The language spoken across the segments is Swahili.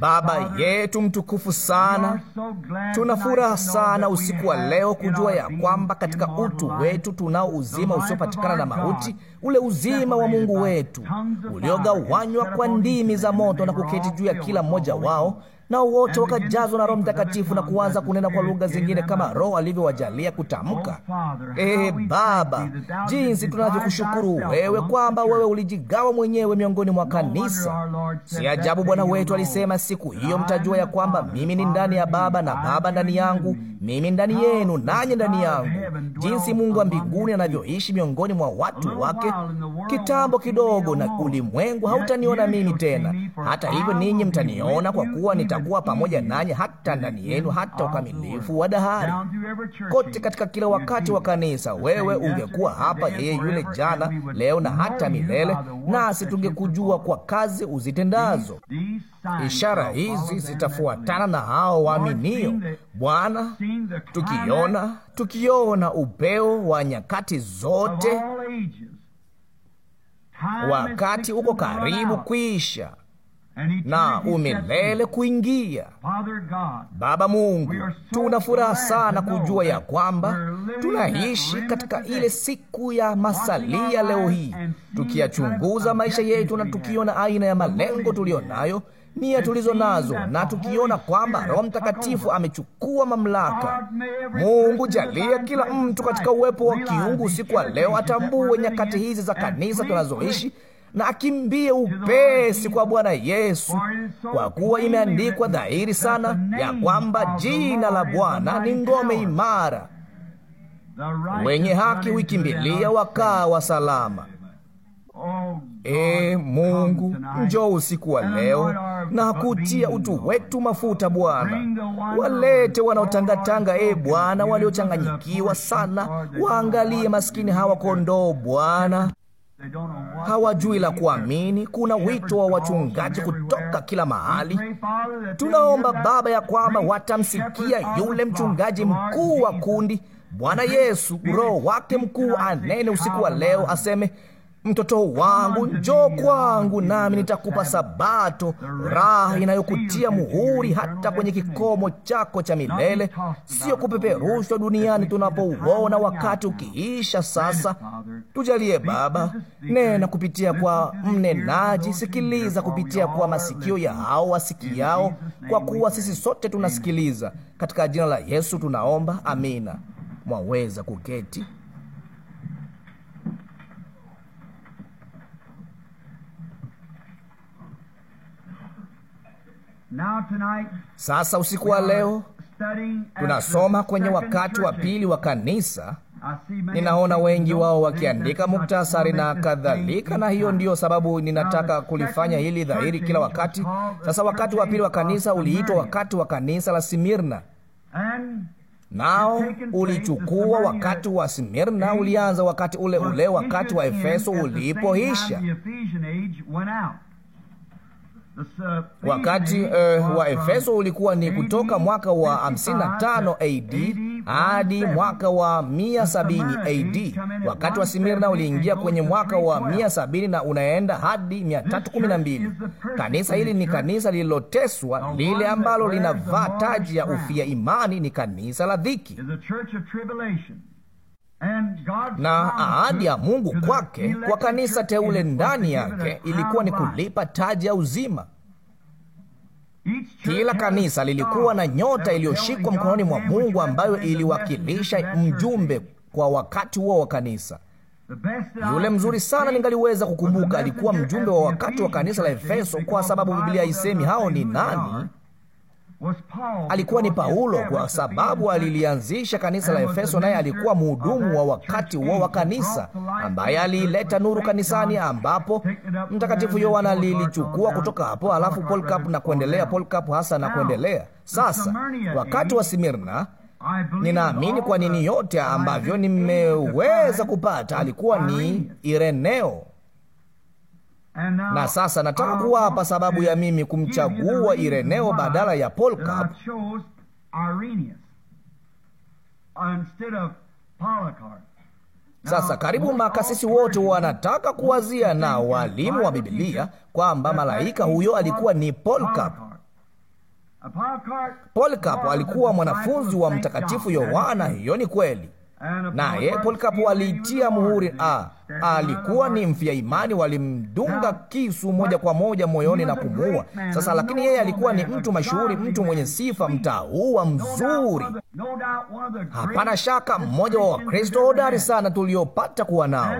Baba yetu mtukufu sana, tuna furaha sana usiku wa leo kujua ya kwamba katika utu wetu tunao uzima usiopatikana na mauti, ule uzima wa Mungu wetu uliogawanywa kwa ndimi za moto na kuketi juu ya kila mmoja wao nao wote wakajazwa na Roho Mtakatifu na kuanza kunena kwa lugha zingine kama Roho alivyowajalia kutamka. Ee Baba, jinsi tunavyokushukuru wewe kwamba wewe ulijigawa mwenyewe miongoni mwa kanisa. Si ajabu Bwana wetu alisema, siku hiyo mtajua ya kwamba mimi ni ndani ya Baba na Baba ndani yangu, mimi ndani yenu nanyi ndani yangu, jinsi Mungu wa mbinguni anavyoishi miongoni mwa watu wake. Kitambo kidogo na ulimwengu hautaniona mimi tena, hata hivyo ninyi mtaniona, kwa kuwa nitakuwa pamoja nanyi hata ndani yenu, hata ukamilifu wa dahari. Kote katika kila wakati wa kanisa, wewe ungekuwa hapa, yeye yule jana, leo na hata milele, nasi tungekujua kwa kazi uzitendazo. Ishara hizi zitafuatana na hao waaminio. Bwana, tukiona tukiona upeo wa nyakati zote, wakati uko karibu kuisha na umilele kuingia. Baba Mungu, tuna furaha sana kujua ya kwamba tunaishi katika ile siku ya masalia leo hii, tukiyachunguza maisha yetu na tukiona aina ya malengo tuliyo nayo mia tulizo nazo, na tukiona kwamba Roho Mtakatifu amechukua mamlaka. Mungu jalia kila mtu katika uwepo wa kiungu usiku wa leo atambue nyakati hizi za kanisa tunazoishi na akimbie upesi kwa Bwana Yesu, kwa kuwa imeandikwa dhahiri sana ya kwamba jina la Bwana ni ngome imara, wenye haki huikimbilia wa salama. E Mungu, njoo usiku wa leo na kutia utu wetu mafuta Bwana. Walete wanaotangatanga, e Bwana, waliochanganyikiwa sana, waangalie maskini hawa kondoo Bwana hawajui la kuamini. Kuna wito wa wachungaji kutoka kila mahali. Tunaomba Baba ya kwamba watamsikia yule mchungaji mkuu wa kundi, Bwana Yesu, Roho wake mkuu anene usiku wa leo, aseme mtoto wangu, njoo kwangu, nami nitakupa sabato, raha inayokutia muhuri hata kwenye kikomo chako cha milele, sio kupeperushwa duniani tunapouona wakati ukiisha. Sasa tujalie Baba, nena kupitia kwa mnenaji, sikiliza kupitia kwa masikio ya hao wasikiao, kwa kuwa sisi sote tunasikiliza. Katika jina la Yesu tunaomba, amina. Mwaweza kuketi. Sasa usiku wa leo tunasoma kwenye wakati wa pili wa kanisa. Ninaona wengi wao wakiandika muktasari na kadhalika, na hiyo ndiyo sababu ninataka kulifanya hili dhahiri kila wakati. Sasa wakati wa pili wa kanisa uliitwa wakati wa kanisa la Simirna, nao ulichukua wakati wa Simirna ulianza wakati ule ule wakati wa Efeso ulipoisha. Uh, wakati uh, wa Efeso ulikuwa ni kutoka mwaka wa 55 AD hadi mwaka wa 170 AD. Wakati wa Simirna uliingia kwenye mwaka wa 170 na unaenda hadi 312. Kanisa hili ni kanisa lililoteswa, lile ambalo linavaa taji ya ufia imani. Ni kanisa la dhiki na ahadi ya Mungu kwake kwa kanisa teule ndani yake ilikuwa ni kulipa taji ya uzima. Kila kanisa lilikuwa na nyota iliyoshikwa mkononi mwa Mungu ambayo iliwakilisha mjumbe kwa wakati huo wa kanisa. Yule mzuri sana ningaliweza kukumbuka alikuwa mjumbe wa wakati wa kanisa la Efeso, kwa sababu Biblia haisemi hao ni nani, alikuwa ni Paulo kwa sababu alilianzisha kanisa la Efeso, naye alikuwa mhudumu wa wakati huo wa kanisa ambaye aliileta nuru kanisani, ambapo mtakatifu Yohana lilichukua kutoka hapo, alafu Polycarp na kuendelea, Polycarp hasa na kuendelea. Sasa wakati wa Simirna ninaamini kwa nini yote ambavyo nimeweza kupata alikuwa ni Ireneo. Na sasa nataka kuwapa sababu ya mimi kumchagua Ireneo badala ya Polycarp sasa karibu makasisi wote wanataka kuwazia na walimu wa Bibilia kwamba malaika huyo alikuwa ni Polycarp. Polycarp alikuwa mwanafunzi wa mtakatifu Yohana, hiyo ni kweli, naye Polycarp alitia muhuri a alikuwa ni mfia imani, walimdunga kisu moja kwa moja moyoni na kumuua. Sasa lakini yeye alikuwa ni mtu mashuhuri, mtu mwenye sifa, mtaua mzuri, hapana shaka, mmoja wa Wakristo hodari sana tuliopata kuwa nao,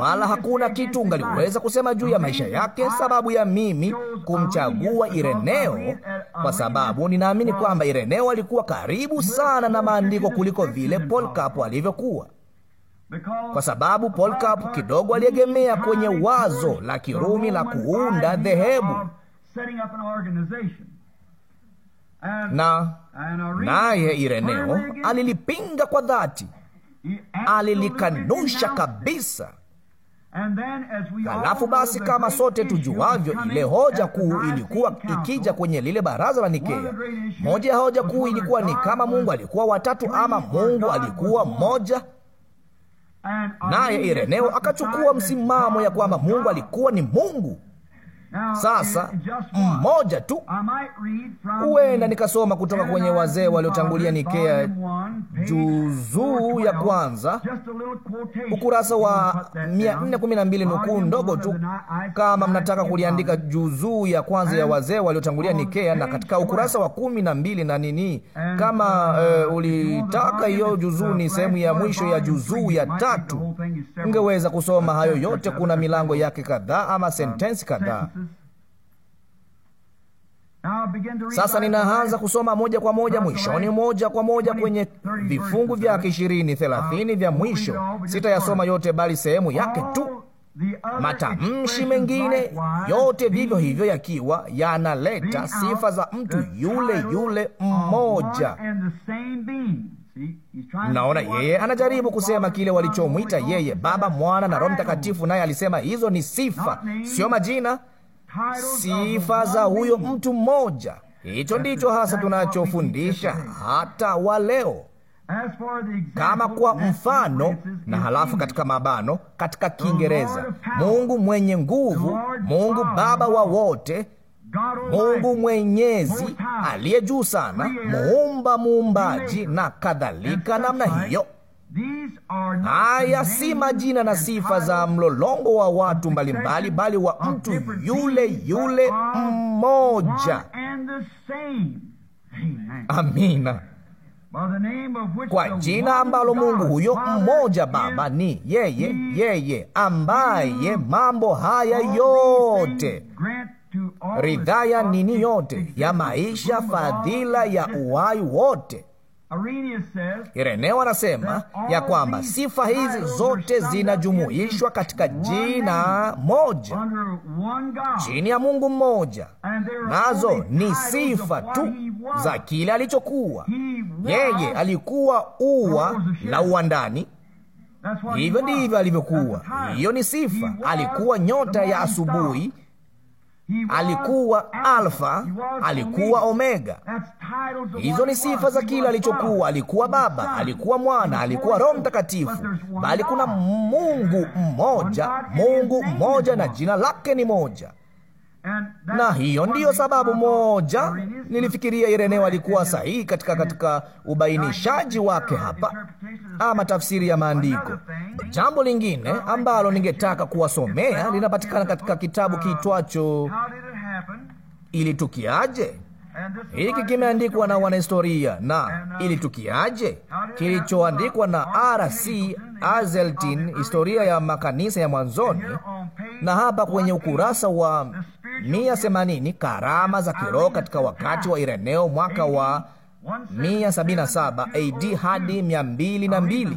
wala hakuna kitu ungaliweza kusema juu ya maisha yake, sababu ya mimi kumchagua Ireneo, kwa sababu ninaamini kwamba Ireneo alikuwa karibu sana na maandiko kuliko vile Paul alivyokuwa kwa sababu Polycarp kidogo aliegemea kwenye wazo la Kirumi la kuunda dhehebu na naye Ireneo alilipinga kwa dhati, alilikanusha kabisa. Halafu basi, kama sote tujuavyo, ile hoja kuu ilikuwa ikija kwenye lile baraza la Nikea. Moja ya hoja kuu ilikuwa ni kama Mungu alikuwa watatu ama Mungu alikuwa mmoja naye Ireneo akachukua msimamo ya kwamba Mungu alikuwa ni Mungu. Sasa mmoja mm, tu huenda nikasoma kutoka kwenye wazee waliotangulia Nikea, juzuu ya kwanza, ukurasa wa 412 nukuu ndogo tu, kama mnataka kuliandika, juzuu ya kwanza ya wazee waliotangulia Nikea, na katika ukurasa wa kumi na mbili na nini, kama uh, uh ulitaka hiyo juzuu ni sehemu ya mwisho ya juzuu ya tatu, ungeweza kusoma hayo yote. Kuna milango yake kadhaa ama um, sentensi kadhaa sasa ninaanza kusoma moja kwa moja mwishoni, moja kwa moja kwenye vifungu vyake ishirini thelathini vya mwisho. Sitayasoma yote, bali sehemu yake tu. Matamshi mengine yote vivyo hivyo, yakiwa yanaleta sifa za mtu yule yule mmoja. Mnaona, yeye anajaribu kusema kile walichomwita yeye Baba, Mwana na Roho Mtakatifu, naye alisema hizo ni sifa, sio majina sifa za huyo mtu mmoja. Hicho ndicho hasa tunachofundisha hata wa leo, kama kwa mfano na halafu katika mabano katika Kiingereza, Mungu mwenye nguvu, Mungu Baba wa wote, Mungu mwenyezi aliye juu sana, muumba muumbaji na kadhalika, namna hiyo. Haya si majina na sifa za mlolongo wa watu mbalimbali, bali wa mtu yule yule mmoja. Amina. Kwa jina ambalo Mungu huyo mmoja Baba ni yeye yeye ambaye mambo haya yote ridhaa ya nini yote ya maisha, fadhila ya uhai wote Ireneo anasema ya kwamba sifa hizi zote zinajumuishwa katika jina moja, chini ya Mungu mmoja, nazo ni sifa tu za kile alichokuwa yeye. Alikuwa ua la uwandani, hivyo ndivyo alivyokuwa. Hiyo ni sifa. Alikuwa nyota ya asubuhi Alikuwa Alfa, alikuwa Omega. Hizo ni sifa za kila alichokuwa. Alikuwa Baba, alikuwa Mwana, alikuwa Roho Mtakatifu, bali kuna Mungu mmoja, Mungu mmoja, na jina lake ni moja na hiyo ndiyo sababu moja nilifikiria Ireneo alikuwa sahihi katika katika ubainishaji wake hapa, ama tafsiri ya maandiko. Jambo lingine ambalo ningetaka kuwasomea linapatikana katika kitabu kiitwacho Ilitukiaje. Hiki kimeandikwa na wanahistoria na uh, Ilitukiaje, kilichoandikwa na RC Azeltin, historia ya makanisa ya mwanzoni, na hapa kwenye ukurasa wa mia themanini karama za kiroho katika wakati wa Ireneo mwaka wa 177 AD hadi 202.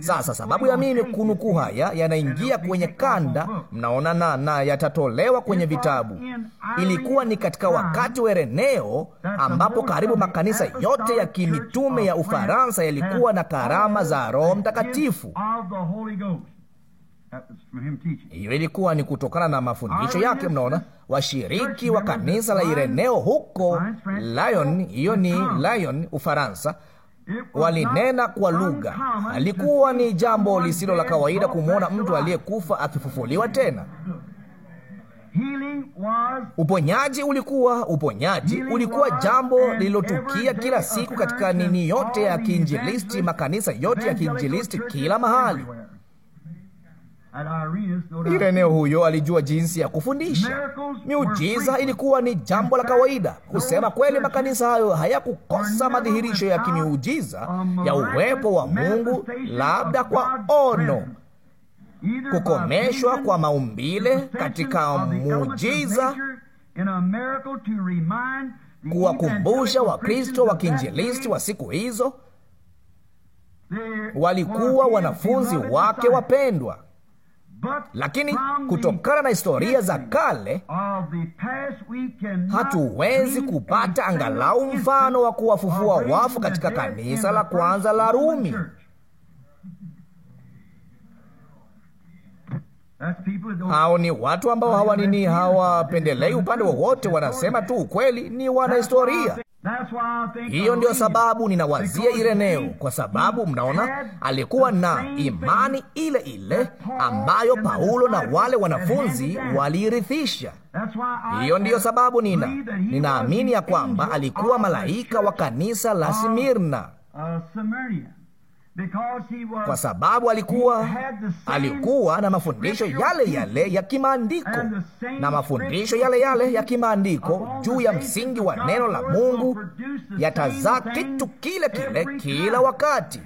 Sasa sababu ya mimi kunukuu haya yanaingia kwenye kanda, mnaona, na na yatatolewa kwenye vitabu. Ilikuwa ni katika wakati wa Ireneo ambapo karibu makanisa yote ya kimitume ya Ufaransa yalikuwa na karama za Roho Mtakatifu. Hiyo ilikuwa ni kutokana na mafundisho yake. Mnaona, washiriki wa kanisa la Ireneo huko Lyon, hiyo ni Lyon, Ufaransa, walinena kwa lugha. Alikuwa ni jambo lisilo la kawaida kumwona mtu aliyekufa akifufuliwa tena. Uponyaji ulikuwa uponyaji ulikuwa jambo lililotukia kila siku katika nini yote ya kiinjilisti, makanisa yote ya kiinjilisti, kila mahali. Ireneo huyo alijua jinsi ya kufundisha. Miujiza ilikuwa ni jambo la kawaida. Kusema kweli, makanisa hayo hayakukosa madhihirisho ya kimiujiza ya uwepo wa Mungu, labda kwa ono kukomeshwa kwa maumbile katika muujiza kuwakumbusha Wakristo wa kinjilisti wa siku hizo walikuwa wanafunzi wake wapendwa. Lakini kutokana na historia za kale hatuwezi kupata angalau mfano wa kuwafufua wafu katika kanisa la kwanza la Rumi. Hao ni watu ambao hawa nini, hawapendelei upande wowote, wanasema tu ukweli, ni wanahistoria. Hiyo ndiyo sababu ninawazia Ireneo, kwa sababu mnaona alikuwa na imani ile ile ambayo Paulo na wale wanafunzi waliirithisha. Hiyo ndiyo sababu nina ninaamini ya kwamba alikuwa malaika wa kanisa la Smirna. Uh, kwa sababu alikuwa alikuwa na mafundisho yale yale ya kimaandiko na mafundisho yale yale ya kimaandiko juu ya msingi wa neno la Mungu yatazaa kitu kile kile kila wakati.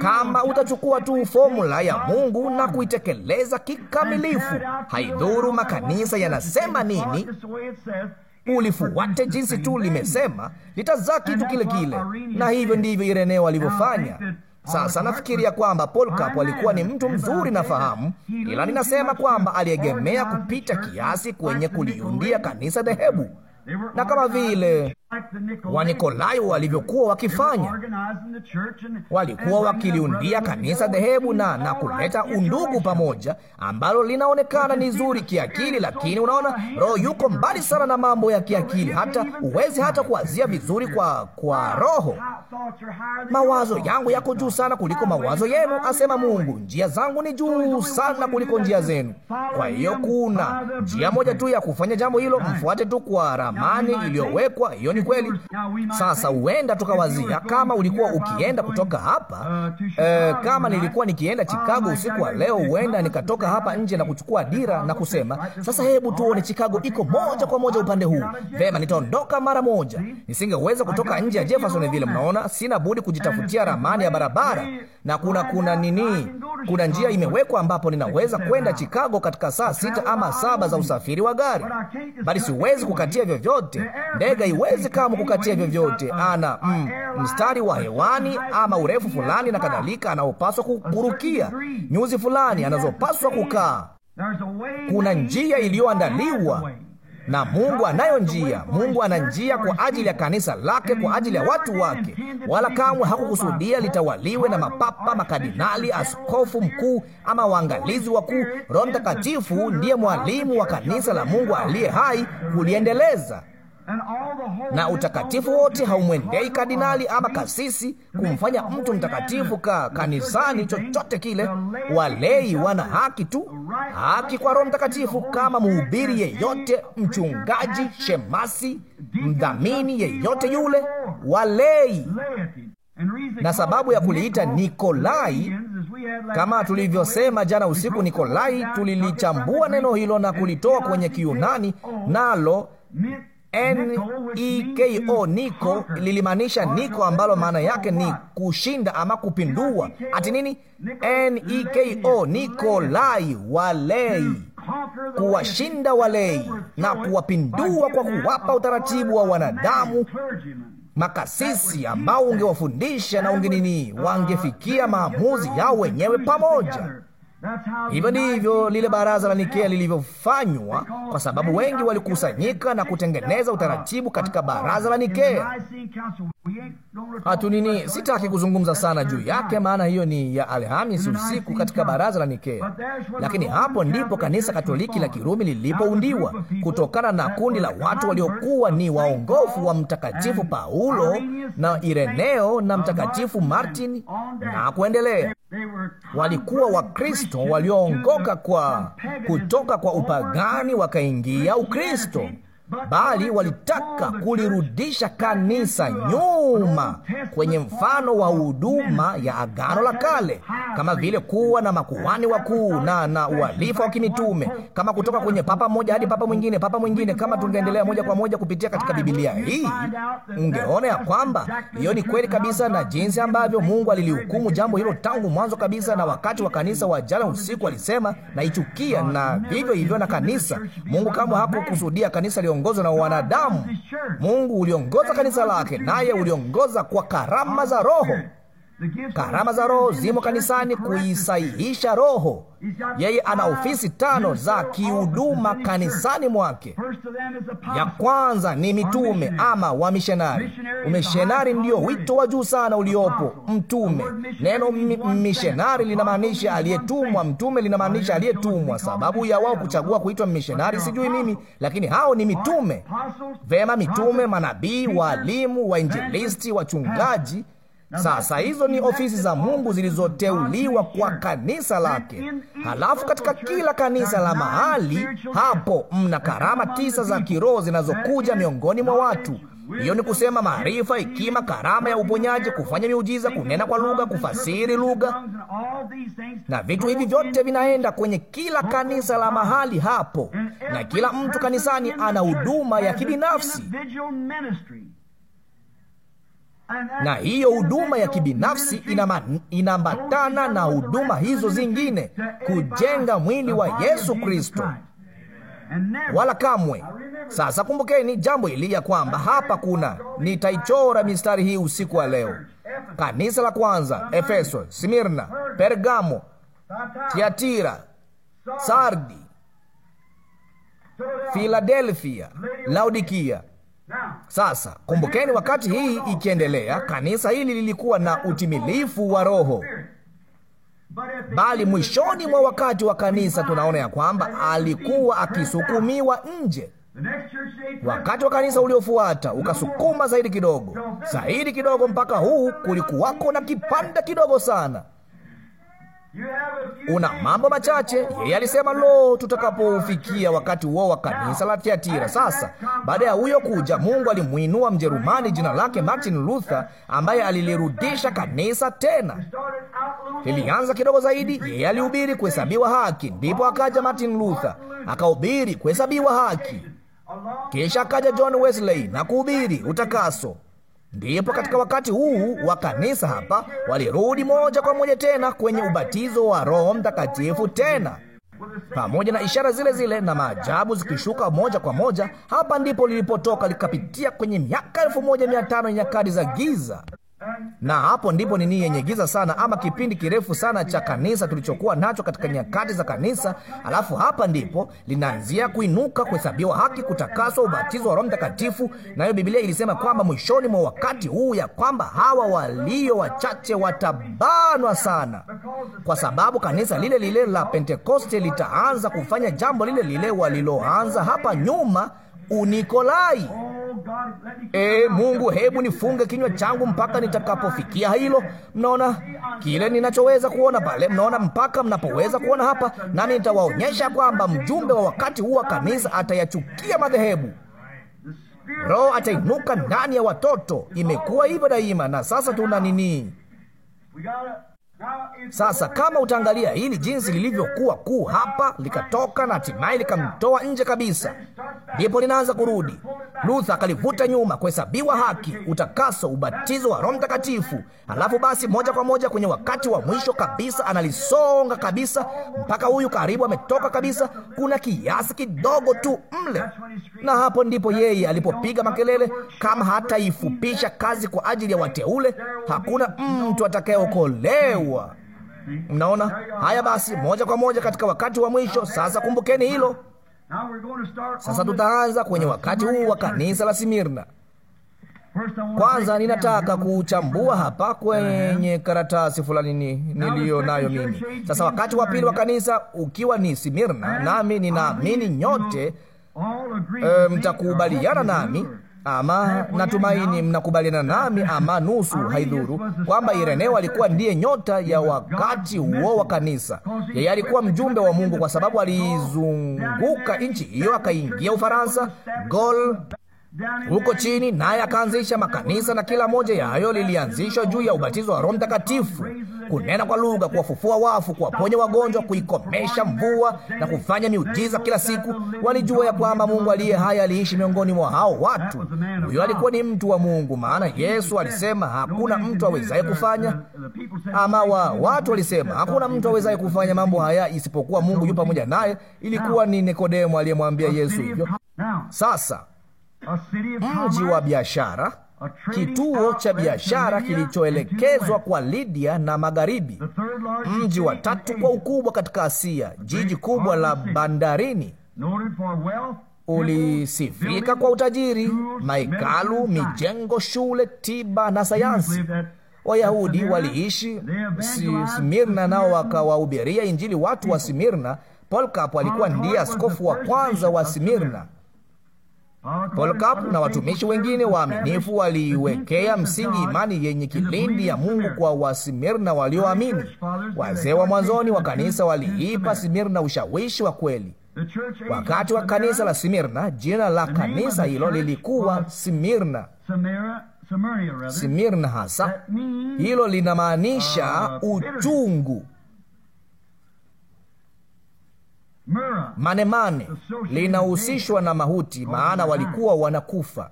Kama utachukua tu fomula ya Mungu na kuitekeleza kikamilifu, haidhuru makanisa yanasema nini ulifuate jinsi tu limesema, litazaa kitu kile kile, na hivyo ndivyo Ireneo alivyofanya. Sasa nafikiri ya kwamba Paul alikuwa ni mtu mzuri na fahamu, ila ninasema kwamba aliegemea kupita kiasi kwenye kuliundia kanisa dhehebu, na kama vile Wanikolai walivyokuwa wakifanya. Walikuwa wakiliundia kanisa dhehebu na, na kuleta undugu pamoja, ambalo linaonekana ni zuri kiakili, lakini unaona, roho yuko mbali sana na mambo ya kiakili, hata huwezi hata kuwazia vizuri kwa, kwa roho. Mawazo yangu yako juu sana kuliko mawazo yenu, asema Mungu. Njia zangu ni juu sana kuliko njia zenu. Kwa hiyo kuna njia moja tu ya kufanya jambo hilo, mfuate tu kwa ramani iliyowekwa hiyo ni kweli. Sasa huenda tukawazia kama ulikuwa ukienda kutoka hapa uh, eh, kama nilikuwa nikienda uh, Chicago usiku wa leo, huenda nikatoka hapa nje na kuchukua dira na kusema sasa, hebu tuone Chicago iko moja kwa moja upande huu. Vema, nitaondoka mara moja. Nisingeweza kutoka nje ya Jeffersonville, mnaona. Sina budi kujitafutia ramani ya barabara na kuna kuna nini, kuna njia imewekwa ambapo ninaweza kwenda Chicago katika saa sita ama saba za usafiri wa gari, bali siwezi kukatia vyovyote. Ndege iwezi kama kukatia vyovyote, ana mm, mstari wa hewani ama urefu fulani na kadhalika, anaopaswa kukurukia, nyuzi fulani anazopaswa kukaa. Kuna njia iliyoandaliwa na Mungu anayo njia. Mungu ana njia kwa ajili ya kanisa lake, kwa ajili ya watu wake. Wala kamwe hakukusudia litawaliwe na mapapa, makadinali askofu mkuu ama waangalizi wakuu. Roho Mtakatifu ndiye mwalimu wa kanisa la Mungu aliye hai kuliendeleza na utakatifu wote haumwendei kardinali ama kasisi kumfanya mtu mtakatifu ka kanisani chochote kile. Walei wana haki tu, haki kwa Roho Mtakatifu kama mhubiri yeyote, mchungaji, shemasi, mdhamini yeyote yule, walei. Na sababu ya kuliita Nikolai kama tulivyosema jana usiku, Nikolai tulilichambua neno hilo na kulitoa kwenye Kiyunani, nalo N-E-K-O niko lilimaanisha niko, ambalo maana yake ni kushinda ama kupindua. Ati nini? N-E-K-O Nikolai, walei, kuwashinda walei na kuwapindua kwa kuwapa utaratibu wa wanadamu makasisi ambao ungewafundisha na ungenini, wangefikia maamuzi yao wenyewe pamoja Hivyo ndivyo lile baraza la Nikea lilivyofanywa, kwa sababu wengi walikusanyika na kutengeneza utaratibu katika baraza la Nikea hatu nini. Sitaki kuzungumza sana juu yake, maana hiyo ni ya Alhamisi usiku katika baraza la Nikea. Lakini hapo ndipo kanisa Katoliki la Kirumi lilipoundiwa kutokana na kundi la watu waliokuwa ni waongofu wa Mtakatifu Paulo na Ireneo na Mtakatifu Martin na kuendelea. Walikuwa Wakristo walioongoka kwa kutoka kwa upagani wakaingia Ukristo bali walitaka kulirudisha kanisa nyuma kwenye mfano wa huduma ya Agano la Kale, kama vile kuwa na makuhani wakuu na na uhalifa wa kimitume, kama kutoka kwenye papa mmoja hadi papa mwingine, papa mwingine. Kama tungeendelea moja kwa moja kupitia katika Biblia hii, ungeona ya kwamba hiyo ni kweli kabisa, na jinsi ambavyo Mungu alilihukumu jambo hilo tangu mwanzo kabisa. Na wakati wa kanisa wa jana usiku alisema, naichukia, na vivyo hivyo na kanisa. Mungu kama hakukusudia kanisa liongozwe uliongozwa na wanadamu. Mungu uliongoza kanisa lake, naye uliongoza kwa karama za Roho. Karama za Roho zimo kanisani kuisaihisha roho. Yeye ana ofisi tano za kihuduma kanisani mwake. Ya kwanza ni mitume ama wamishonari. Umishonari ndio wito wa juu sana uliopo. Mtume, neno mishenari linamaanisha aliyetumwa, mtume linamaanisha aliyetumwa. Sababu ya wao kuchagua kuitwa mishonari sijui mimi, lakini hao ni mitume. Vema, mitume, manabii, waalimu wainjilisti, wachungaji sasa hizo ni ofisi za Mungu zilizoteuliwa kwa kanisa lake. Halafu katika kila kanisa la mahali hapo mna karama tisa za kiroho zinazokuja miongoni mwa watu. Hiyo ni kusema maarifa, hekima, karama ya uponyaji, kufanya miujiza, kunena kwa lugha, kufasiri lugha, na vitu hivi vyote vinaenda kwenye kila kanisa la mahali hapo, na kila mtu kanisani ana huduma ya kibinafsi na hiyo huduma ya kibinafsi inaambatana na huduma hizo zingine, kujenga mwili wa Yesu Kristo, wala kamwe. Sasa kumbukeni jambo hili ya kwamba hapa kuna, nitaichora mistari hii usiku wa leo. Kanisa la kwanza Efeso, Smirna, Pergamo, Tiatira, Sardi, Filadelfia, Laodikia, sasa kumbukeni, wakati hii ikiendelea, kanisa hili lilikuwa na utimilifu wa Roho, bali mwishoni mwa wakati wa kanisa tunaona ya kwamba alikuwa akisukumiwa nje. Wakati wa kanisa uliofuata ukasukuma zaidi kidogo, zaidi kidogo, mpaka huu kulikuwako na kipanda kidogo sana una mambo machache. Yeye alisema lo, tutakapoufikia wakati huo wa kanisa la Tiatira. Sasa baada ya huyo kuja, Mungu alimwinua Mjerumani jina lake Martin Luther, ambaye alilirudisha kanisa tena. Lilianza kidogo zaidi, yeye alihubiri kuhesabiwa haki, ndipo akaja Martin Luther akahubiri kuhesabiwa haki, kisha akaja John Wesley na kuhubiri utakaso. Ndipo katika wakati huu wa kanisa hapa walirudi moja kwa moja tena kwenye ubatizo wa Roho Mtakatifu tena pamoja na ishara zile zile na maajabu zikishuka moja kwa moja. Hapa ndipo lilipotoka likapitia kwenye miaka elfu moja mia tano ya nyakati za giza na hapo ndipo nini yenye giza sana, ama kipindi kirefu sana cha kanisa tulichokuwa nacho katika nyakati za kanisa. Alafu hapa ndipo linaanzia kuinuka, kuhesabiwa haki, kutakaswa, ubatizo wa Roho Mtakatifu. Nayo Biblia ilisema kwamba mwishoni mwa wakati huu ya kwamba hawa walio wachache watabanwa sana, kwa sababu kanisa lile lile la Pentekoste litaanza kufanya jambo lile lile waliloanza hapa nyuma Unikolai. Oh, e, ee, Mungu, hebu nifunge kinywa changu mpaka nitakapofikia hilo. Mnaona kile ninachoweza kuona pale, mnaona mpaka mnapoweza kuona hapa, nami nitawaonyesha kwamba mjumbe wa wakati huu wa kanisa atayachukia madhehebu. Roho atainuka ndani ya watoto. Imekuwa hivyo daima, na sasa tuna nini? Sasa kama utaangalia hili jinsi lilivyokuwa kuu hapa, likatoka na hatimaye likamtoa nje kabisa, ndipo linaanza kurudi. Luther akalivuta nyuma, kuhesabiwa haki, utakaso, ubatizo wa Roho Mtakatifu, alafu basi moja kwa moja kwenye wakati wa mwisho kabisa analisonga kabisa mpaka huyu karibu ametoka kabisa, kuna kiasi kidogo tu mle, na hapo ndipo yeye alipopiga makelele, kama hataifupisha kazi kwa ajili ya wateule, hakuna mtu atakayeokolewa kuwa. Mnaona haya? Basi moja kwa moja katika wakati wa mwisho. Sasa kumbukeni hilo. Sasa tutaanza kwenye wakati huu wa kanisa la Simirna. Kwanza ninataka kuchambua hapa kwenye karatasi fulani niliyo nayo mimi. Sasa wakati wa pili wa kanisa ukiwa ni Simirna, nami ninaamini nyote e, mtakubaliana nami ama natumaini mnakubaliana nami, ama nusu, haidhuru kwamba Ireneo alikuwa ndiye nyota ya wakati huo wa kanisa. Yeye alikuwa mjumbe wa Mungu kwa sababu aliizunguka nchi hiyo, akaingia Ufaransa, gol huko chini, naye akaanzisha makanisa, na kila moja ya hayo lilianzishwa juu ya ubatizo wa Roho Mtakatifu, kunena kwa lugha, kuwafufua wafu, kuwaponya wagonjwa, kuikomesha mvua na kufanya miujiza kila siku. Walijua ya kwamba Mungu aliye hai aliishi miongoni mwa hao watu. Huyo alikuwa ni mtu wa Mungu, maana Yesu alisema hakuna mtu awezaye kufanya ama wa, watu walisema hakuna mtu awezaye kufanya mambo haya isipokuwa Mungu yu pamoja naye. Ilikuwa ni Nikodemo aliyemwambia Yesu hivyo. Sasa mji wa biashara, kituo cha biashara kilichoelekezwa kwa Lidia na magharibi, mji wa tatu kwa ukubwa katika Asia, jiji kubwa la bandarini ulisifika kwa utajiri, mahekalu, mijengo, shule, tiba na sayansi. Wayahudi waliishi Smirna, nao wakawahubiria Injili watu wa Smirna. Paul alikuwa ndiye askofu wa kwanza wa Smirna. Paul na watumishi wengine waaminifu waliiwekea msingi imani yenye kilindi ya Mungu kwa Wasimirna walioamini. Wazee wa mwanzoni wa kanisa waliipa Simirna ushawishi wa kweli. Wakati wa kanisa la Simirna, jina la kanisa hilo lilikuwa Simirna. Simirna hasa hilo linamaanisha uchungu. manemane linahusishwa na mauti, maana walikuwa wanakufa.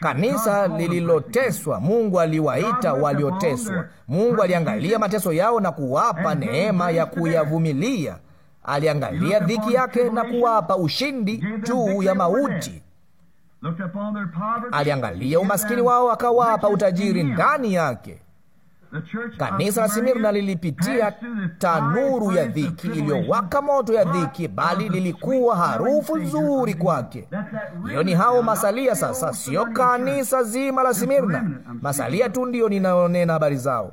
Kanisa lililoteswa, Mungu aliwaita walioteswa. Mungu aliangalia mateso yao na kuwapa neema ya kuyavumilia. Aliangalia dhiki yake na kuwapa ushindi juu ya mauti. Aliangalia umaskini wao akawapa utajiri ndani yake. Kanisa la Simirna lilipitia tanuru ya dhiki iliyowaka moto ya dhiki, bali lilikuwa harufu nzuri kwake. Hiyo ni hao masalia sasa, sio kanisa zima la Simirna. Masalia tu ndiyo ninaonena habari zao.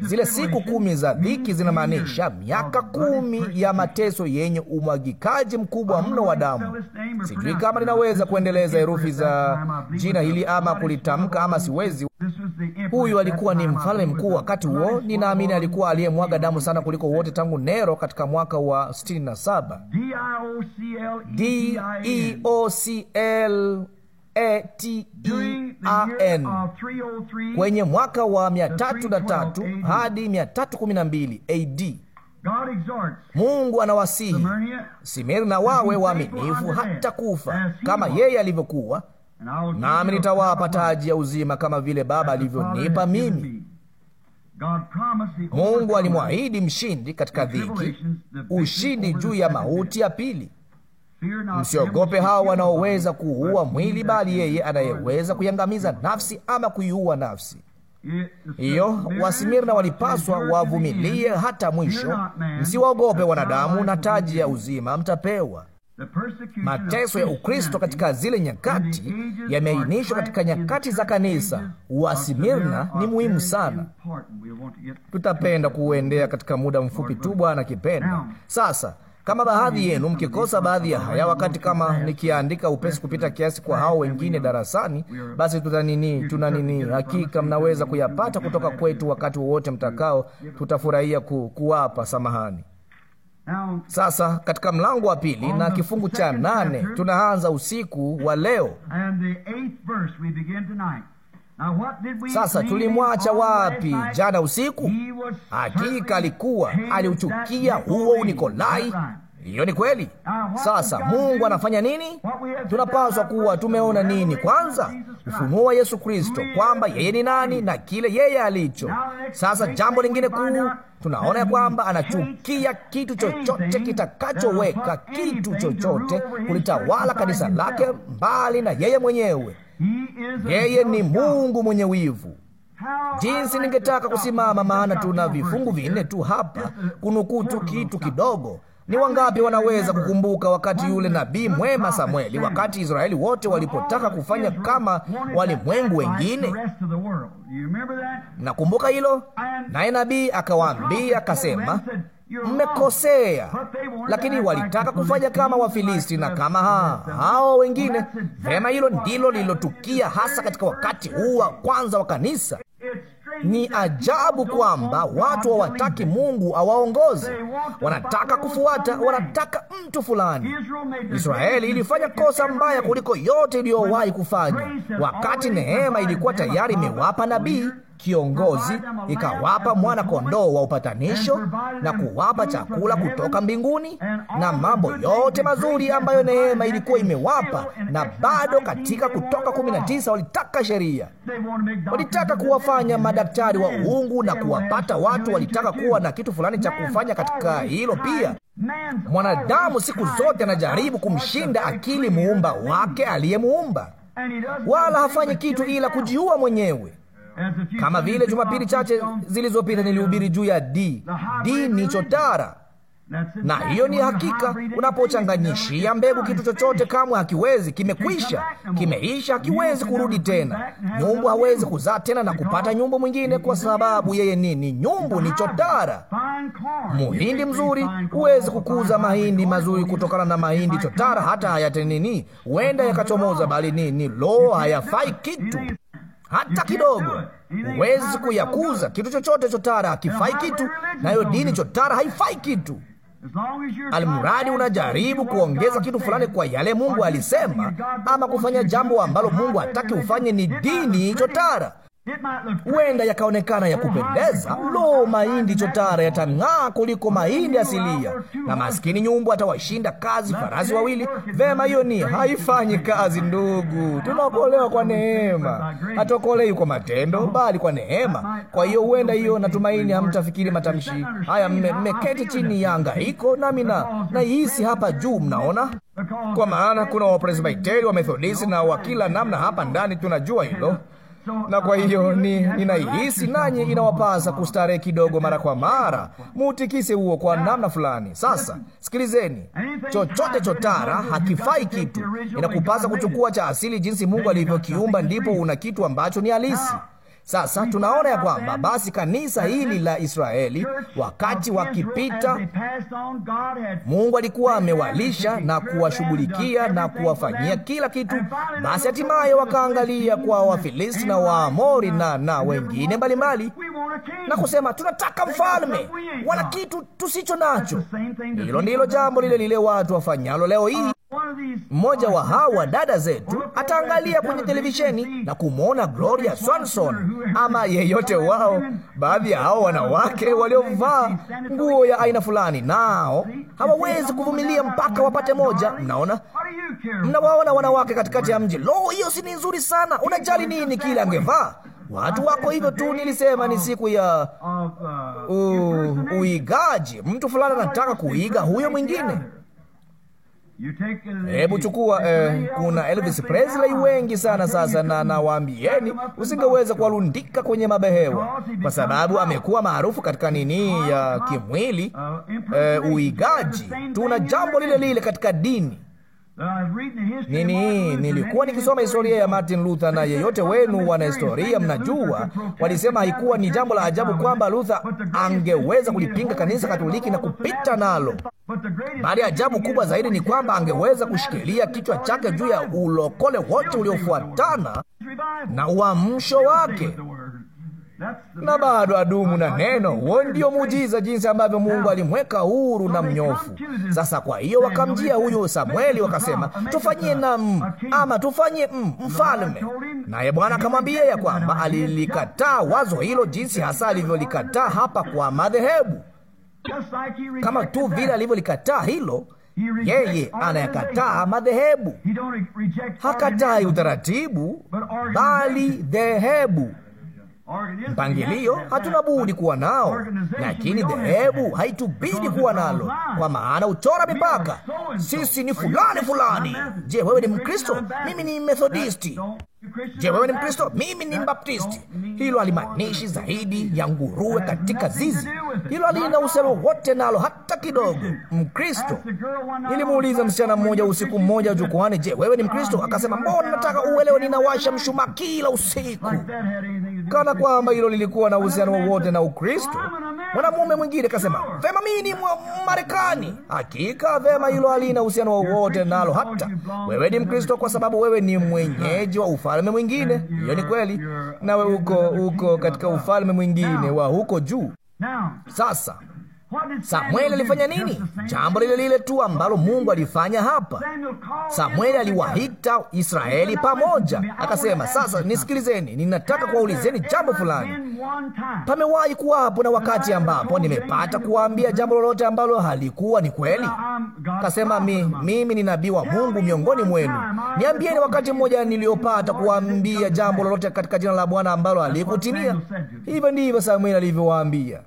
Zile siku kumi za dhiki zinamaanisha miaka kumi ya mateso yenye umwagikaji mkubwa mno wa damu. Sijui kama ninaweza kuendeleza herufi za jina hili ama kulitamka ama siwezi. Huyu alikuwa ni mfalme Kaisari mkuu wakati huo. Ninaamini alikuwa aliyemwaga damu sana kuliko wote tangu Nero katika mwaka wa 67. E N kwenye mwaka wa 303 hadi 312 AD. Mungu anawasihi Simirna wawe waaminifu hata kufa kama yeye alivyokuwa, nami nitawapa taji ya uzima kama vile Baba alivyonipa mimi. Mungu alimwahidi mshindi katika dhiki, ushindi juu ya mauti ya pili. Msiogope hao wanaoweza kuua mwili, bali yeye anayeweza kuiangamiza nafsi ama kuiua nafsi. Hiyo Wasimirna walipaswa wavumilie hata mwisho. Msiwaogope wanadamu, na taji ya uzima mtapewa. Mateso ya Ukristo katika zile nyakati yameainishwa katika nyakati za kanisa. Wa Simirna ni muhimu sana, tutapenda kuuendea katika muda mfupi tu, Bwana kipenda. Sasa kama baadhi yenu mkikosa baadhi ya haya, wakati kama nikiandika upesi kupita kiasi kwa hao wengine darasani, basi tuta nini, tuna nini, hakika mnaweza kuyapata kutoka kwetu wakati wowote mtakao. Tutafurahia ku, kuwapa samahani. Sasa katika mlango wa pili na kifungu cha nane tunaanza usiku wa leo. Sasa tulimwacha wapi jana usiku? Hakika alikuwa aliuchukia huo Unikolai hiyo ni kweli. Ah, Sasa Mungu anafanya nini? Tunapaswa kuwa tumeona nini kwanza? Ufunuo wa Yesu Kristo, kwamba yeye ni nani na kile yeye alicho. Sasa jambo lingine kuu tunaona ya kwamba anachukia kitu chochote kitakachoweka kitu chochote kulitawala kanisa lake mbali na yeye mwenyewe. Yeye ni Mungu mwenye wivu. Jinsi ningetaka kusimama, maana tuna vifungu vinne tu hapa, kunukuu tu kitu kidogo ni wangapi wanaweza kukumbuka wakati yule nabii mwema samweli wakati Israeli wote walipotaka kufanya kama walimwengu wengine? Nakumbuka hilo. Naye nabii akawaambia akasema, mmekosea, lakini walitaka kufanya kama Wafilisti na kama ha, hao wengine. Vema, hilo ndilo lililotukia hasa katika wakati huu wa kwanza wa kanisa. Ni ajabu kwamba watu hawataki Mungu awaongoze, wanataka kufuata, wanataka mtu fulani. Israeli ilifanya kosa mbaya kuliko yote iliyowahi kufanya, wakati neema ilikuwa tayari imewapa nabii kiongozi, ikawapa mwana-kondoo wa upatanisho na kuwapa chakula kutoka mbinguni na mambo yote mazuri ambayo neema ilikuwa imewapa. Na bado katika Kutoka 19 walitaka sheria, walitaka kuwafanya madaktari wa uungu na kuwapata watu, walitaka kuwa na kitu fulani cha kufanya katika hilo pia. Mwanadamu siku zote anajaribu kumshinda akili muumba wake aliyemuumba, wala hafanyi kitu ila kujiua mwenyewe. Kama vile jumapili chache zilizopita nilihubiri juu ya D. D ni chotara, na hiyo ni hakika. Unapochanganyishia mbegu kitu chochote, kamwe hakiwezi, kimekwisha, kimeisha, hakiwezi kurudi tena. Nyumbu hawezi kuzaa tena na kupata nyumbu mwingine, kwa sababu yeye nini? Nyumbu ni chotara. Muhindi mzuri huwezi kukuza mahindi mazuri kutokana na mahindi chotara, hata hayate nini, huenda yakachomoza, bali nini, lo, hayafai kitu hata kidogo. Huwezi kuyakuza kitu chochote. Chotara hakifai kitu, nayo dini chotara haifai kitu. Almuradi unajaribu kuongeza kitu fulani kwa yale Mungu alisema, ama kufanya jambo ambalo Mungu hataki ufanye. Ni dini chotara huenda yakaonekana ya kupendeza. Lo, mahindi chotara yatang'aa kuliko mahindi asilia, na maskini nyumbu atawashinda kazi farasi wawili. Vema, hiyo ni haifanyi kazi. Ndugu, tunaokolewa kwa neema, hatuokolewi kwa matendo, bali kwa neema. Kwa hiyo huenda hiyo, natumaini hamtafikiri matamshi haya. Mmeketi chini ya hiko nami na naihisi hapa juu, mnaona kwa maana kuna Wapresbiteri, wa methodisi na wa kila namna hapa ndani, tunajua hilo na kwa hiyo ni ninaihisi, nanyi inawapasa kustarehe kidogo mara kwa mara, muutikise huo kwa namna fulani. Sasa sikilizeni, chochote chotara hakifai kitu. Inakupasa kuchukua cha asili jinsi Mungu alivyokiumba, ndipo una kitu ambacho ni halisi. Sasa tunaona ya kwamba basi kanisa hili la Israeli wakati wakipita, Mungu alikuwa amewalisha na kuwashughulikia na kuwafanyia kila kitu. Basi hatimaye wakaangalia kwa Wafilisti na Waamori na, na wengine mbalimbali na kusema tunataka mfalme, wana kitu tusicho nacho. Hilo ndilo jambo lile lile watu wafanyalo leo hii. Uh, mmoja wa hawa dada zetu ataangalia kwenye televisheni na kumwona Gloria Swanson ama yeyote wao, baadhi ya hao wanawake waliovaa nguo ya aina fulani, nao hawawezi kuvumilia mpaka wapate moja. Mnaona, mnawaona wanawake katikati ya mji. Lo, hiyo si ni nzuri sana. Unajali nini kile angevaa? Watu wako hivyo tu. Nilisema ni siku ya uh, uigaji. Mtu fulani anataka kuiga huyo mwingine. Hebu chukua eh, kuna Elvis Presley wengi sana sasa, na nawaambieni, usingeweza kuwarundika kwenye mabehewa kwa sababu amekuwa maarufu katika nini ya kimwili, uh, eh, uigaji. Tuna jambo lile lile katika dini. Uh, nini, nilikuwa nikisoma historia ya Martin Luther, na yeyote wenu wanahistoria mnajua, walisema haikuwa ni jambo la ajabu kwamba Luther angeweza kulipinga kanisa Katoliki na kupita nalo, bali ajabu kubwa zaidi ni kwamba angeweza kushikilia kichwa chake juu ya ulokole wote uliofuatana na uamsho wake na bado adumu na neno. Huo ndio muujiza, jinsi ambavyo Mungu alimweka huru na mnyofu. Sasa kwa hiyo wakamjia huyo samweli wakasema, tufanyie nam ama tufanye mm, mfalme, naye Bwana akamwambia ya kwamba alilikataa wazo hilo, jinsi hasa alivyolikataa hapa kwa madhehebu, kama tu vile alivyolikataa hilo yeye anayakataa madhehebu, hakatai utaratibu, bali dhehebu. Mpangilio hatuna budi kuwa nao, lakini dhehebu haitubidi kuwa nalo, kwa maana uchora mipaka. Sisi ni fulani fulani. Je, wewe ni Mkristo? Mimi ni Methodisti. Je, wewe ni Mkristo? Mimi ni Mbaptisti. Hilo alimanishi zaidi ya nguruwe katika zizi. Hilo alina uhusiano wote nalo hata kidogo. Mkristo. Nilimuuliza msichana mmoja usiku mmoja jukwani, je, wewe ni Mkristo? Akasema, mbona nataka uelewe, ninawasha mshumaa kila usiku, kana kwamba hilo lilikuwa na uhusiano wowote na Ukristo. Mwanamume mwingine kasema, vema, mimi ni Marekani. Hakika vema, hilo halina uhusiano wowote nalo hata. Wewe ni Mkristo kwa sababu wewe ni mwenyeji wa ufalme mwingine. Hiyo ni kweli, nawe uko uko katika ufalme mwingine wa huko juu. Sasa Samueli alifanya nini? Jambo lile lile tu ambalo Mungu alifanya hapa. Samueli aliwaita Israeli pamoja, akasema, sasa nisikilizeni, ninataka kuwaulizeni jambo fulani. Pamewahi kuwapo na wakati ambapo nimepata kuwaambia jambo lolote ambalo halikuwa ni kweli? Kasema mi, mimi ni nabii wa Mungu miongoni mwenu. Niambieni wakati mmoja niliopata kuwaambia jambo lolote katika jina la Bwana ambalo halikutimia. Hivyo ndivyo Samueli alivyowaambia.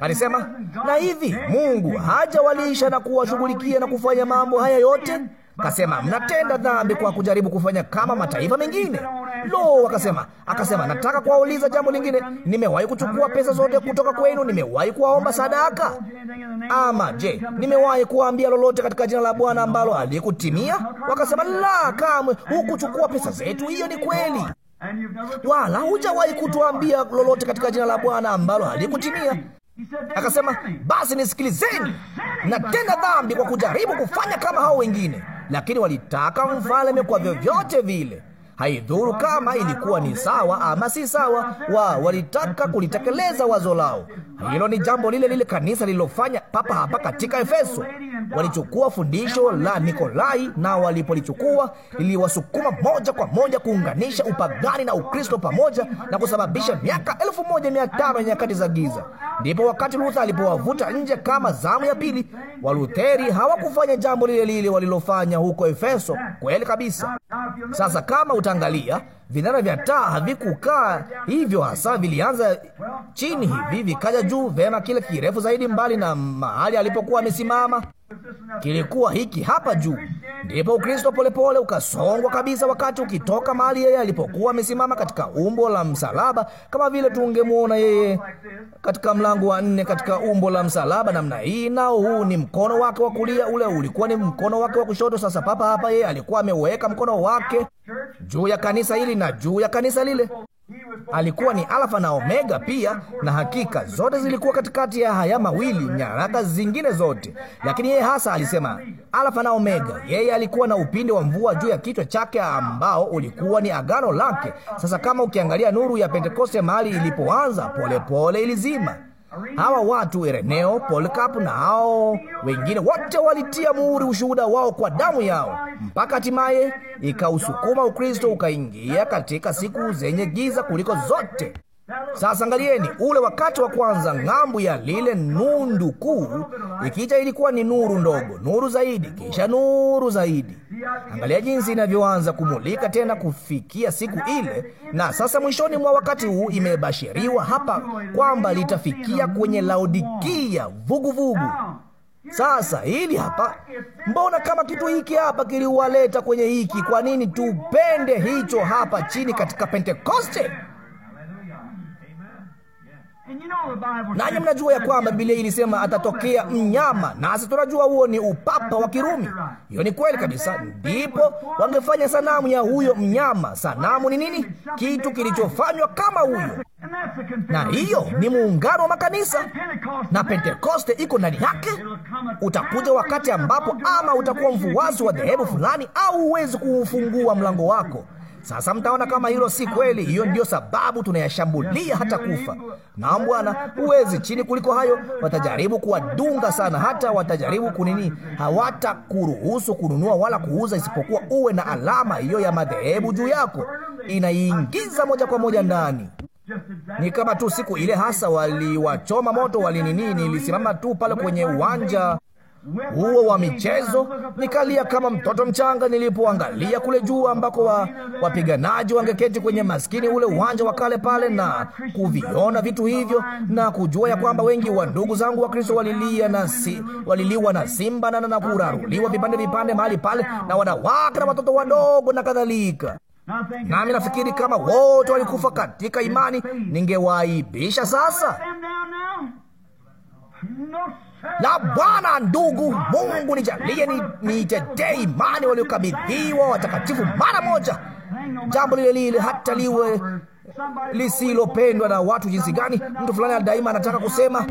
Alisema, na hivi Mungu haja waliisha na kuwashughulikia na kufanya mambo haya yote? Kasema, mnatenda dhambi kwa kujaribu kufanya kama mataifa mengine. Lo, akasema akasema, nataka kuwauliza jambo lingine. Nimewahi kuchukua pesa zote kutoka kwenu? Nimewahi kuwaomba sadaka? Ama je, nimewahi kuwaambia lolote katika jina la Bwana ambalo alikutimia? Wakasema, la, kamwe hukuchukua pesa zetu. Hiyo ni kweli wala hujawahi kutuambia lolote katika jina la Bwana ambalo halikutimia. Akasema, basi nisikilizeni, natenda dhambi kwa kujaribu kufanya kama hao wengine. Lakini walitaka mfalme kwa vyovyote vile haidhuru kama ilikuwa ni sawa ama si sawa. Wa walitaka kulitekeleza wazo lao. Hilo ni jambo lile lile kanisa lililofanya papa hapa katika Efeso. Walichukua fundisho la Nikolai, na walipolichukua liliwasukuma moja kwa moja kuunganisha upagani na Ukristo pamoja na kusababisha miaka elfu moja mia tano ya nyakati za giza. Ndipo wakati Luther alipowavuta nje kama zamu ya pili, Walutheri hawakufanya jambo lile lile walilofanya huko Efeso. Kweli kabisa. Sasa kama utaangalia vinara vya taa havikukaa hivyo hasa, vilianza chini hivi vikaja juu, vema, kile kirefu zaidi, mbali na mahali alipokuwa amesimama kilikuwa hiki hapa juu. Ndipo Ukristo polepole ukasongwa kabisa, wakati ukitoka mahali yeye alipokuwa amesimama katika umbo la msalaba, kama vile tungemwona yeye katika mlango wa nne katika umbo la msalaba namna hii, nao huu ni mkono wake wa kulia, ule ulikuwa ni mkono wake wa kushoto. Sasa papa hapa yeye alikuwa ameweka mkono wake juu ya kanisa hili na juu ya kanisa lile alikuwa ni Alfa na Omega pia, na hakika zote zilikuwa katikati ya haya mawili, nyaraka zingine zote, lakini yeye hasa alisema Alfa na Omega. Yeye alikuwa na upinde wa mvua juu ya kichwa chake ambao ulikuwa ni agano lake. Sasa kama ukiangalia nuru ya Pentekoste mahali ilipoanza, polepole ilizima Hawa watu Ireneo, Polikapu na hao wengine wote walitia muhuri ushuhuda wao kwa damu yao, mpaka hatimaye ikausukuma Ukristo ukaingia katika siku zenye giza kuliko zote. Sasa angalieni ule wakati wa kwanza, ng'ambu ya lile nundu kuu ikija, ilikuwa ni nuru ndogo, nuru zaidi, kisha nuru zaidi. Angalia jinsi inavyoanza kumulika tena kufikia siku ile. Na sasa mwishoni mwa wakati huu imebashiriwa hapa kwamba litafikia kwenye Laodikia, vuguvugu. Sasa hili hapa, mbona kama kitu hiki hapa kiliwaleta kwenye hiki? Kwa nini tupende hicho hapa chini katika Pentekoste? Nanyi mnajua ya kwamba Biblia ilisema atatokea mnyama, nasi tunajua huo ni upapa wa Kirumi. Hiyo ni kweli kabisa. Ndipo wangefanya sanamu ya huyo mnyama. Sanamu ni nini? Kitu kilichofanywa kama huyo, na hiyo ni muungano wa makanisa, na Pentekoste iko ndani yake. Utakuja wakati ambapo ama utakuwa mfuasi wa dhehebu fulani, au huwezi kuufungua mlango wako sasa mtaona kama hilo si kweli. Hiyo ndio sababu tunayashambulia hata kufa. Na Bwana, huwezi chini kuliko hayo. Watajaribu kuwadunga sana, hata watajaribu kunini, hawatakuruhusu kununua wala kuuza, isipokuwa uwe na alama hiyo ya madhehebu juu yako. Inaiingiza moja kwa moja ndani ni kama tu siku ile hasa waliwachoma moto, walinini. Nilisimama tu pale kwenye uwanja huo wa michezo, nikalia kama mtoto mchanga nilipoangalia kule juu ambako wa, wapiganaji wangeketi kwenye maskini ule uwanja wa kale pale, na kuviona vitu hivyo na kujua ya kwamba wengi wa ndugu zangu wa Kristo walilia na si, waliliwa na simba na, na kuraruliwa vipande vipande mahali pale na wanawake na watoto wadogo na kadhalika. Nami nafikiri kama wote walikufa katika imani, ningewaibisha sasa na Bwana, ndugu Mungu, nijalie nitetee ni imani waliokabidhiwa watakatifu mara moja, jambo lile lile hata liwe lisilopendwa na watu jinsi gani. Mtu fulani daima anataka kusema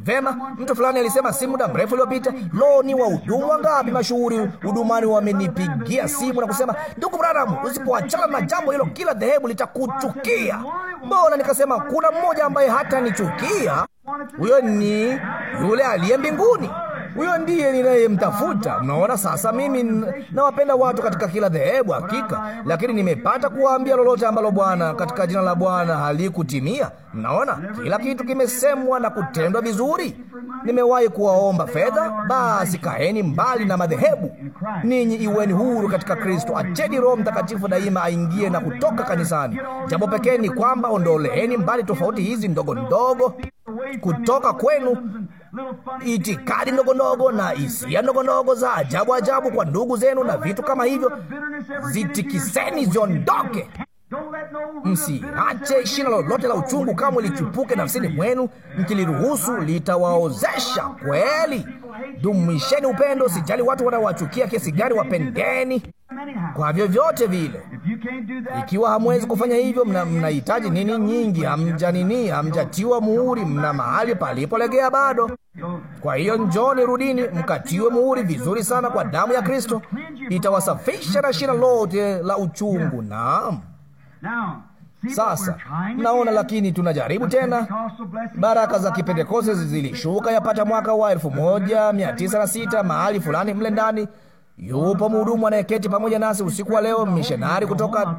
vema. Mtu fulani alisema si muda mrefu uliopita, lo, ni wahudumu wangapi mashuhuri hudumani wamenipigia simu na kusema, ndugu Branham, usipoachana na jambo hilo, kila dhehebu litakuchukia. Mbona nikasema kuna mmoja ambaye hata nichukia huyo ni yule aliye mbinguni. Huyo ndiye ninayemtafuta. Mnaona sasa, mimi nawapenda watu katika kila dhehebu, hakika, lakini nimepata kuwaambia lolote ambalo Bwana katika jina la Bwana halikutimia. Mnaona, kila kitu kimesemwa na kutendwa vizuri. Nimewahi kuwaomba fedha, basi kaeni mbali na madhehebu, ninyi iweni huru katika Kristo. Acheni Roho Mtakatifu daima aingie na kutoka kanisani. Jambo pekee ni kwamba ondoleeni mbali tofauti hizi ndogo ndogo kutoka kwenu itikadi ndogondogo na hisia ndogondogo za ajabu ajabu kwa ndugu zenu na vitu kama hivyo, zitikiseni ziondoke. Msiache shina lolote la uchungu kamwe lichipuke nafsini mwenu, mkiliruhusu litawaozesha kweli. Dumisheni upendo, sijali watu wanawachukia kiasi gani, wapendeni kwa vyovyote vile. Ikiwa hamwezi kufanya hivyo, mnahitaji mna nini nyingi. Hamja nini, hamjatiwa muhuri, mna mahali palipolegea bado. Kwa hiyo njoni, rudini, mkatiwe muhuri vizuri sana kwa damu ya Kristo, itawasafisha na shina lote la uchungu. Naam. Sasa mnaona, lakini tunajaribu tena. Baraka za Kipentekoste zilishuka yapata mwaka wa sita mahali fulani mle ndani. Yupo mhudumu anayeketi pamoja nasi usiku wa leo, mishonari kutoka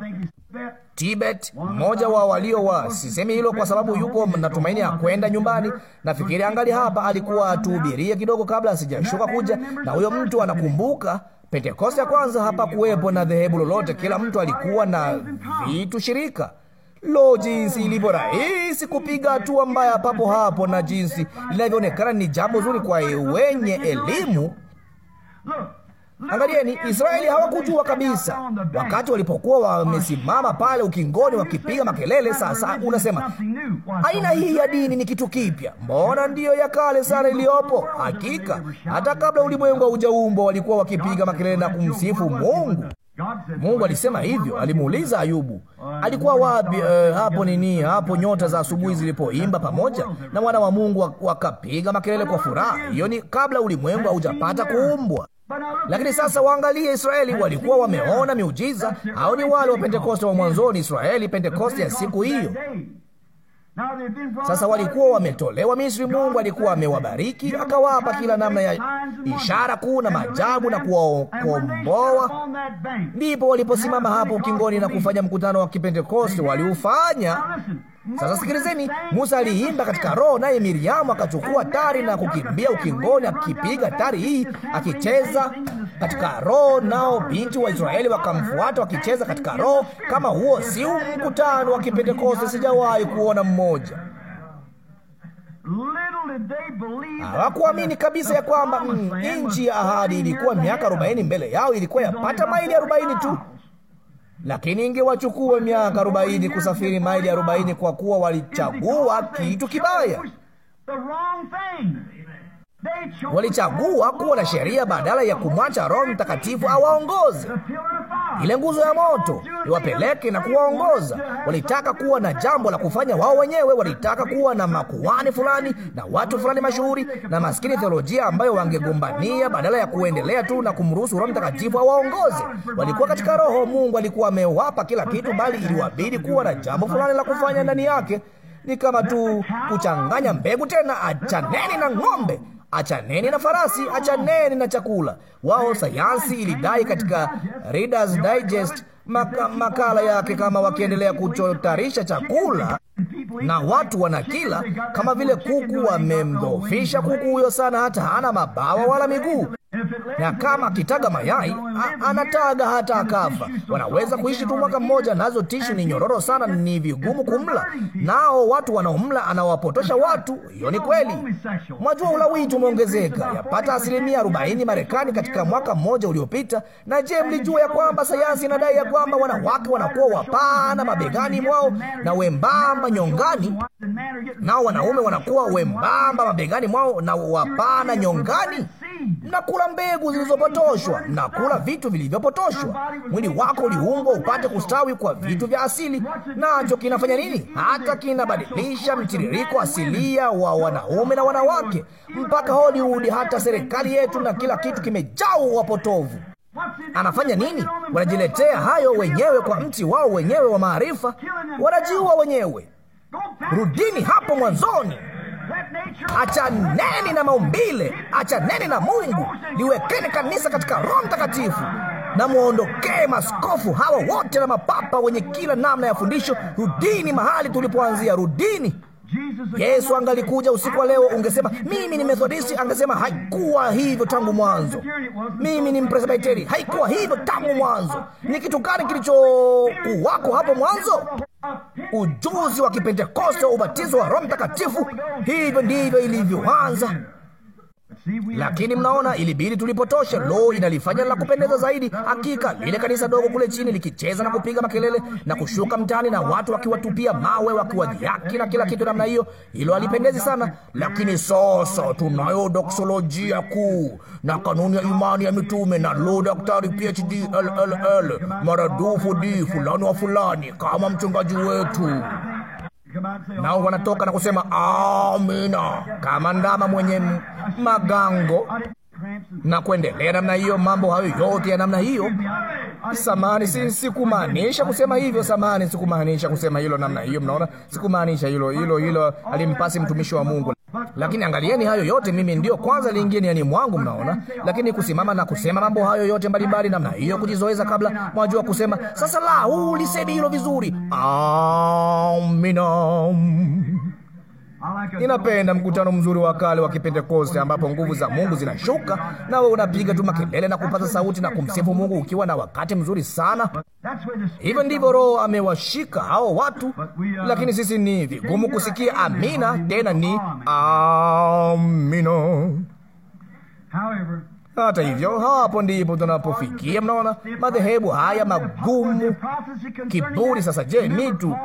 Tibet, mmoja wa walio wa. Sisemi hilo kwa sababu yupo, natumaini ya kwenda nyumbani. Nafikiri angali hapa, alikuwa atuhubirie kidogo kabla asijashuka kuja, na huyo mtu anakumbuka Pentekoste ya kwanza hapakuwepo na dhehebu lolote, kila mtu alikuwa na vitu shirika. Lo, jinsi ilivyo rahisi kupiga hatua mbaya papo hapo, na jinsi linavyoonekana ni jambo zuri kwa wenye elimu. Angalieni, Israeli hawakujua kabisa. Wakati walipokuwa wamesimama pale ukingoni wakipiga makelele, sasa unasema aina hii ya dini ni kitu kipya, mbona ndiyo ya kale sana iliyopo. Hakika hata kabla ulimwengu haujaumbwa walikuwa wakipiga makelele na kumsifu Mungu. Mungu alisema hivyo. Alimuuliza Ayubu, alikuwa wapi Uh, hapo nini, hapo nyota za asubuhi zilipoimba pamoja na wana wa Mungu wakapiga makelele kwa furaha. Hiyo ni kabla ulimwengu haujapata kuumbwa. Lakini sasa waangalie Israeli, walikuwa wameona miujiza. Hao ni wale wa Pentekoste wa mwanzoni, Israeli Pentekoste ya siku hiyo. Sasa walikuwa wametolewa Misri, Mungu alikuwa amewabariki akawapa kila namna ya ishara kuu na maajabu na kuwakomboa. Ndipo waliposimama hapo ukingoni na kufanya mkutano wa Kipentekoste, waliufanya sasa sikilizeni, Musa aliimba katika roho, naye Miriamu akachukua tari na kukimbia ukingoni, akipiga tari hii, akicheza katika roho, nao binti wa Israeli wakamfuata wakicheza katika roho. Kama huo si mkutano wa Kipentekoste, sijawahi kuona mmoja. Hawakuamini kabisa ya kwamba mm, nchi ya ahadi ilikuwa miaka arobaini mbele yao, ilikuwa yapata maili arobaini tu lakini ingewachukua miaka arobaini kusafiri maili arobaini kwa kuwa walichagua kitu kibaya. Walichagua kuwa na sheria badala ya kumwacha Roho Mtakatifu awaongoze ile nguzo ya moto iwapeleke na kuwaongoza. Walitaka kuwa na jambo la kufanya wao wenyewe, walitaka kuwa na makuhani fulani na watu fulani mashuhuri na maskini, theolojia ambayo wangegombania badala ya kuendelea tu na kumruhusu Roho Mtakatifu awaongoze. Walikuwa katika Roho, Mungu alikuwa amewapa kila kitu, bali iliwabidi kuwa na jambo fulani la kufanya ndani yake. Ni kama tu kuchanganya mbegu tena. Achaneni na ng'ombe. Achaneni na farasi, achaneni na chakula. Wao sayansi ilidai katika Reader's Digest maka, makala yake kama wakiendelea kuchotarisha chakula na watu wanakila kama vile kuku. Wamemdhoofisha kuku huyo sana, hata hana mabawa wala miguu na kama akitaga mayai a, anataga hata akafa. Wanaweza kuishi tu mwaka mmoja, nazo tishu ni nyororo sana, ni vigumu kumla. Nao watu wanaomla anawapotosha watu. Hiyo ni kweli. Mwajua ulawiti umeongezeka yapata asilimia arobaini Marekani katika mwaka mmoja uliopita. Na je, mlijua ya kwamba sayansi inadai ya kwamba wanawake wanakuwa wapana mabegani mwao na wembamba nyongani, nao wanaume wanakuwa wembamba mabegani mwao na wapana nyongani? Mnakula mbegu zilizopotoshwa na kula vitu vilivyopotoshwa. Mwili wako uliumbwa upate kustawi kwa vitu vya asili, nacho kinafanya nini? Hata kinabadilisha mtiririko asilia wa wanaume na wanawake, mpaka Hollywood, hata serikali yetu na kila kitu kimejaa wapotovu. Anafanya nini? Wanajiletea hayo wenyewe kwa mti wao wenyewe wa maarifa, wanajiua wenyewe. Rudini hapo mwanzoni. Achaneni na maumbile, achaneni na Mungu, liwekeni kanisa katika Roho Mtakatifu na muondokee maskofu hawa wote na mapapa wenye kila namna ya fundisho. Rudini mahali tulipoanzia, rudini Yesu angalikuja usiku wa leo, ungesema mimi ni Methodisti, angesema haikuwa hivyo tangu mwanzo. Mimi ni Mpresbiteri, haikuwa hivyo tangu mwanzo. Ni kitu gani kilichokuwako hapo mwanzo? Ujuzi wa Kipentekoste, ubatizo wa Roho Mtakatifu. Hivyo ndivyo ilivyoanza lakini mnaona, ilibidi tulipotosha. Lo, inalifanya la kupendeza zaidi. Hakika lile kanisa dogo kule chini likicheza na kupiga makelele na kushuka mtaani na watu wakiwatupia mawe wakiwadhihaki na kila kitu namna hiyo, hilo halipendezi sana. Lakini sasa tunayo doksolojia kuu na kanuni ya imani ya mitume, na lo, daktari PhD LLL maradufu di fulani wa fulani, kama mchungaji wetu nao wanatoka na kusema amina, kama ndama mwenye magango na kuendelea namna hiyo, mambo hayo yote ya namna hiyo. Samani, si sikumaanisha kusema hivyo. Samani, sikumaanisha kusema hilo namna hiyo. Mnaona, sikumaanisha hilo hilo hilo, alimpasi mtumishi wa Mungu. Lakini angalieni hayo yote, mimi ndio kwanza liingie yani mwangu, mnaona. Lakini kusimama na kusema mambo hayo yote mbalimbali namna hiyo, kujizoeza kabla mwajua kusema. Sasa la, lisemi hilo vizuri. Amina. Ninapenda mkutano mzuri wa kale wa Kipentekoste ambapo nguvu za Mungu zinashuka, nawe unapiga tu makelele na kupaza sauti na kumsifu Mungu ukiwa na wakati mzuri sana. Hivyo ndivyo Roho amewashika hao watu, lakini sisi ni vigumu kusikia amina, tena ni amina. Hata hivyo, hapo ndipo tunapofikia. Mnaona madhehebu haya magumu, kiburi. Sasa je, mitu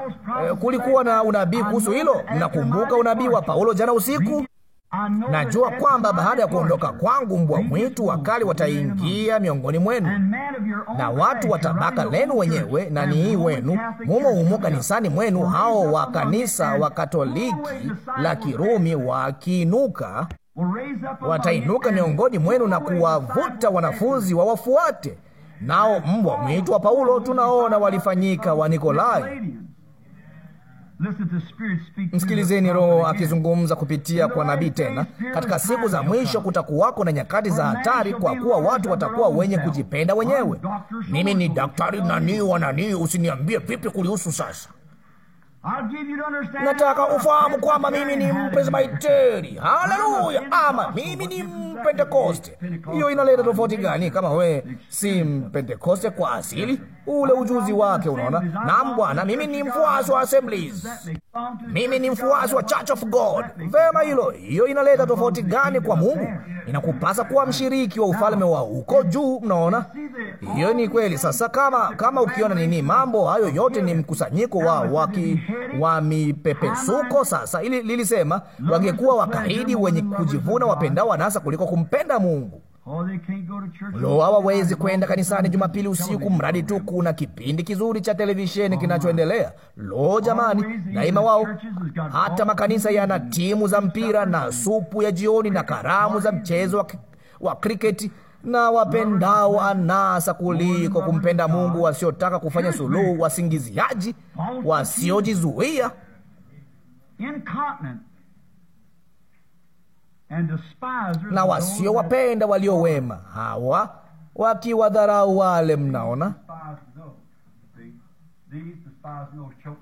eh, kulikuwa na unabii kuhusu hilo? Mnakumbuka unabii wa Paulo jana usiku? Najua kwamba baada ya kuondoka kwangu mbwa mwitu wakali wataingia miongoni mwenu, na watu wa tabaka lenu wenyewe na nii wenu, mumo humo kanisani mwenu, hao wa kanisa wa Katoliki la Kirumi wakiinuka watainuka miongoni mwenu na kuwavuta wanafunzi wawafuate. Nao mbwa mwitu wa Paulo tunaona walifanyika wa Nikolai. Msikilizeni Roho akizungumza kupitia kwa nabii. Tena katika siku za mwisho kutakuwako na nyakati za hatari, kwa kuwa watu watakuwa wenye kujipenda wenyewe. Mimi ni daktari nanii wa nanii, usiniambie vipi kulihusu sasa. Nataka ufahamu kwamba mimi ni mpresbiteri, haleluya, ama mimi ni mpentekoste. Hiyo inaleta tofauti gani kama we si mpentekoste kwa asili? ule ujuzi wake. Unaona? Naam Bwana, mimi ni mfuasi wa Assemblies, mimi ni mfuasi wa Church of God. Vema, hilo hiyo inaleta tofauti gani kwa Mungu? Inakupasa kuwa mshiriki wa ufalme wa huko juu. Mnaona, hiyo ni kweli. Sasa kama kama ukiona nini, mambo hayo yote ni mkusanyiko wa waki, wa mipepesuko. Sasa ili lilisema wangekuwa wakaidi, wenye kujivuna, wapendao wanasa kuliko kumpenda Mungu. Oh, Lo, hawawezi kwenda kanisani Jumapili usiku, mradi tu kuna kipindi kizuri cha televisheni oh, kinachoendelea. Lo, jamani, daima wao. Hata makanisa yana timu za mpira na supu ya jioni na karamu za mchezo wa, wa kriketi na wapendao anasa kuliko kumpenda Mungu, wasiotaka kufanya suluhu, wasingiziaji wasiojizuia na wasiowapenda walio wema, hawa wakiwadharau wale, mnaona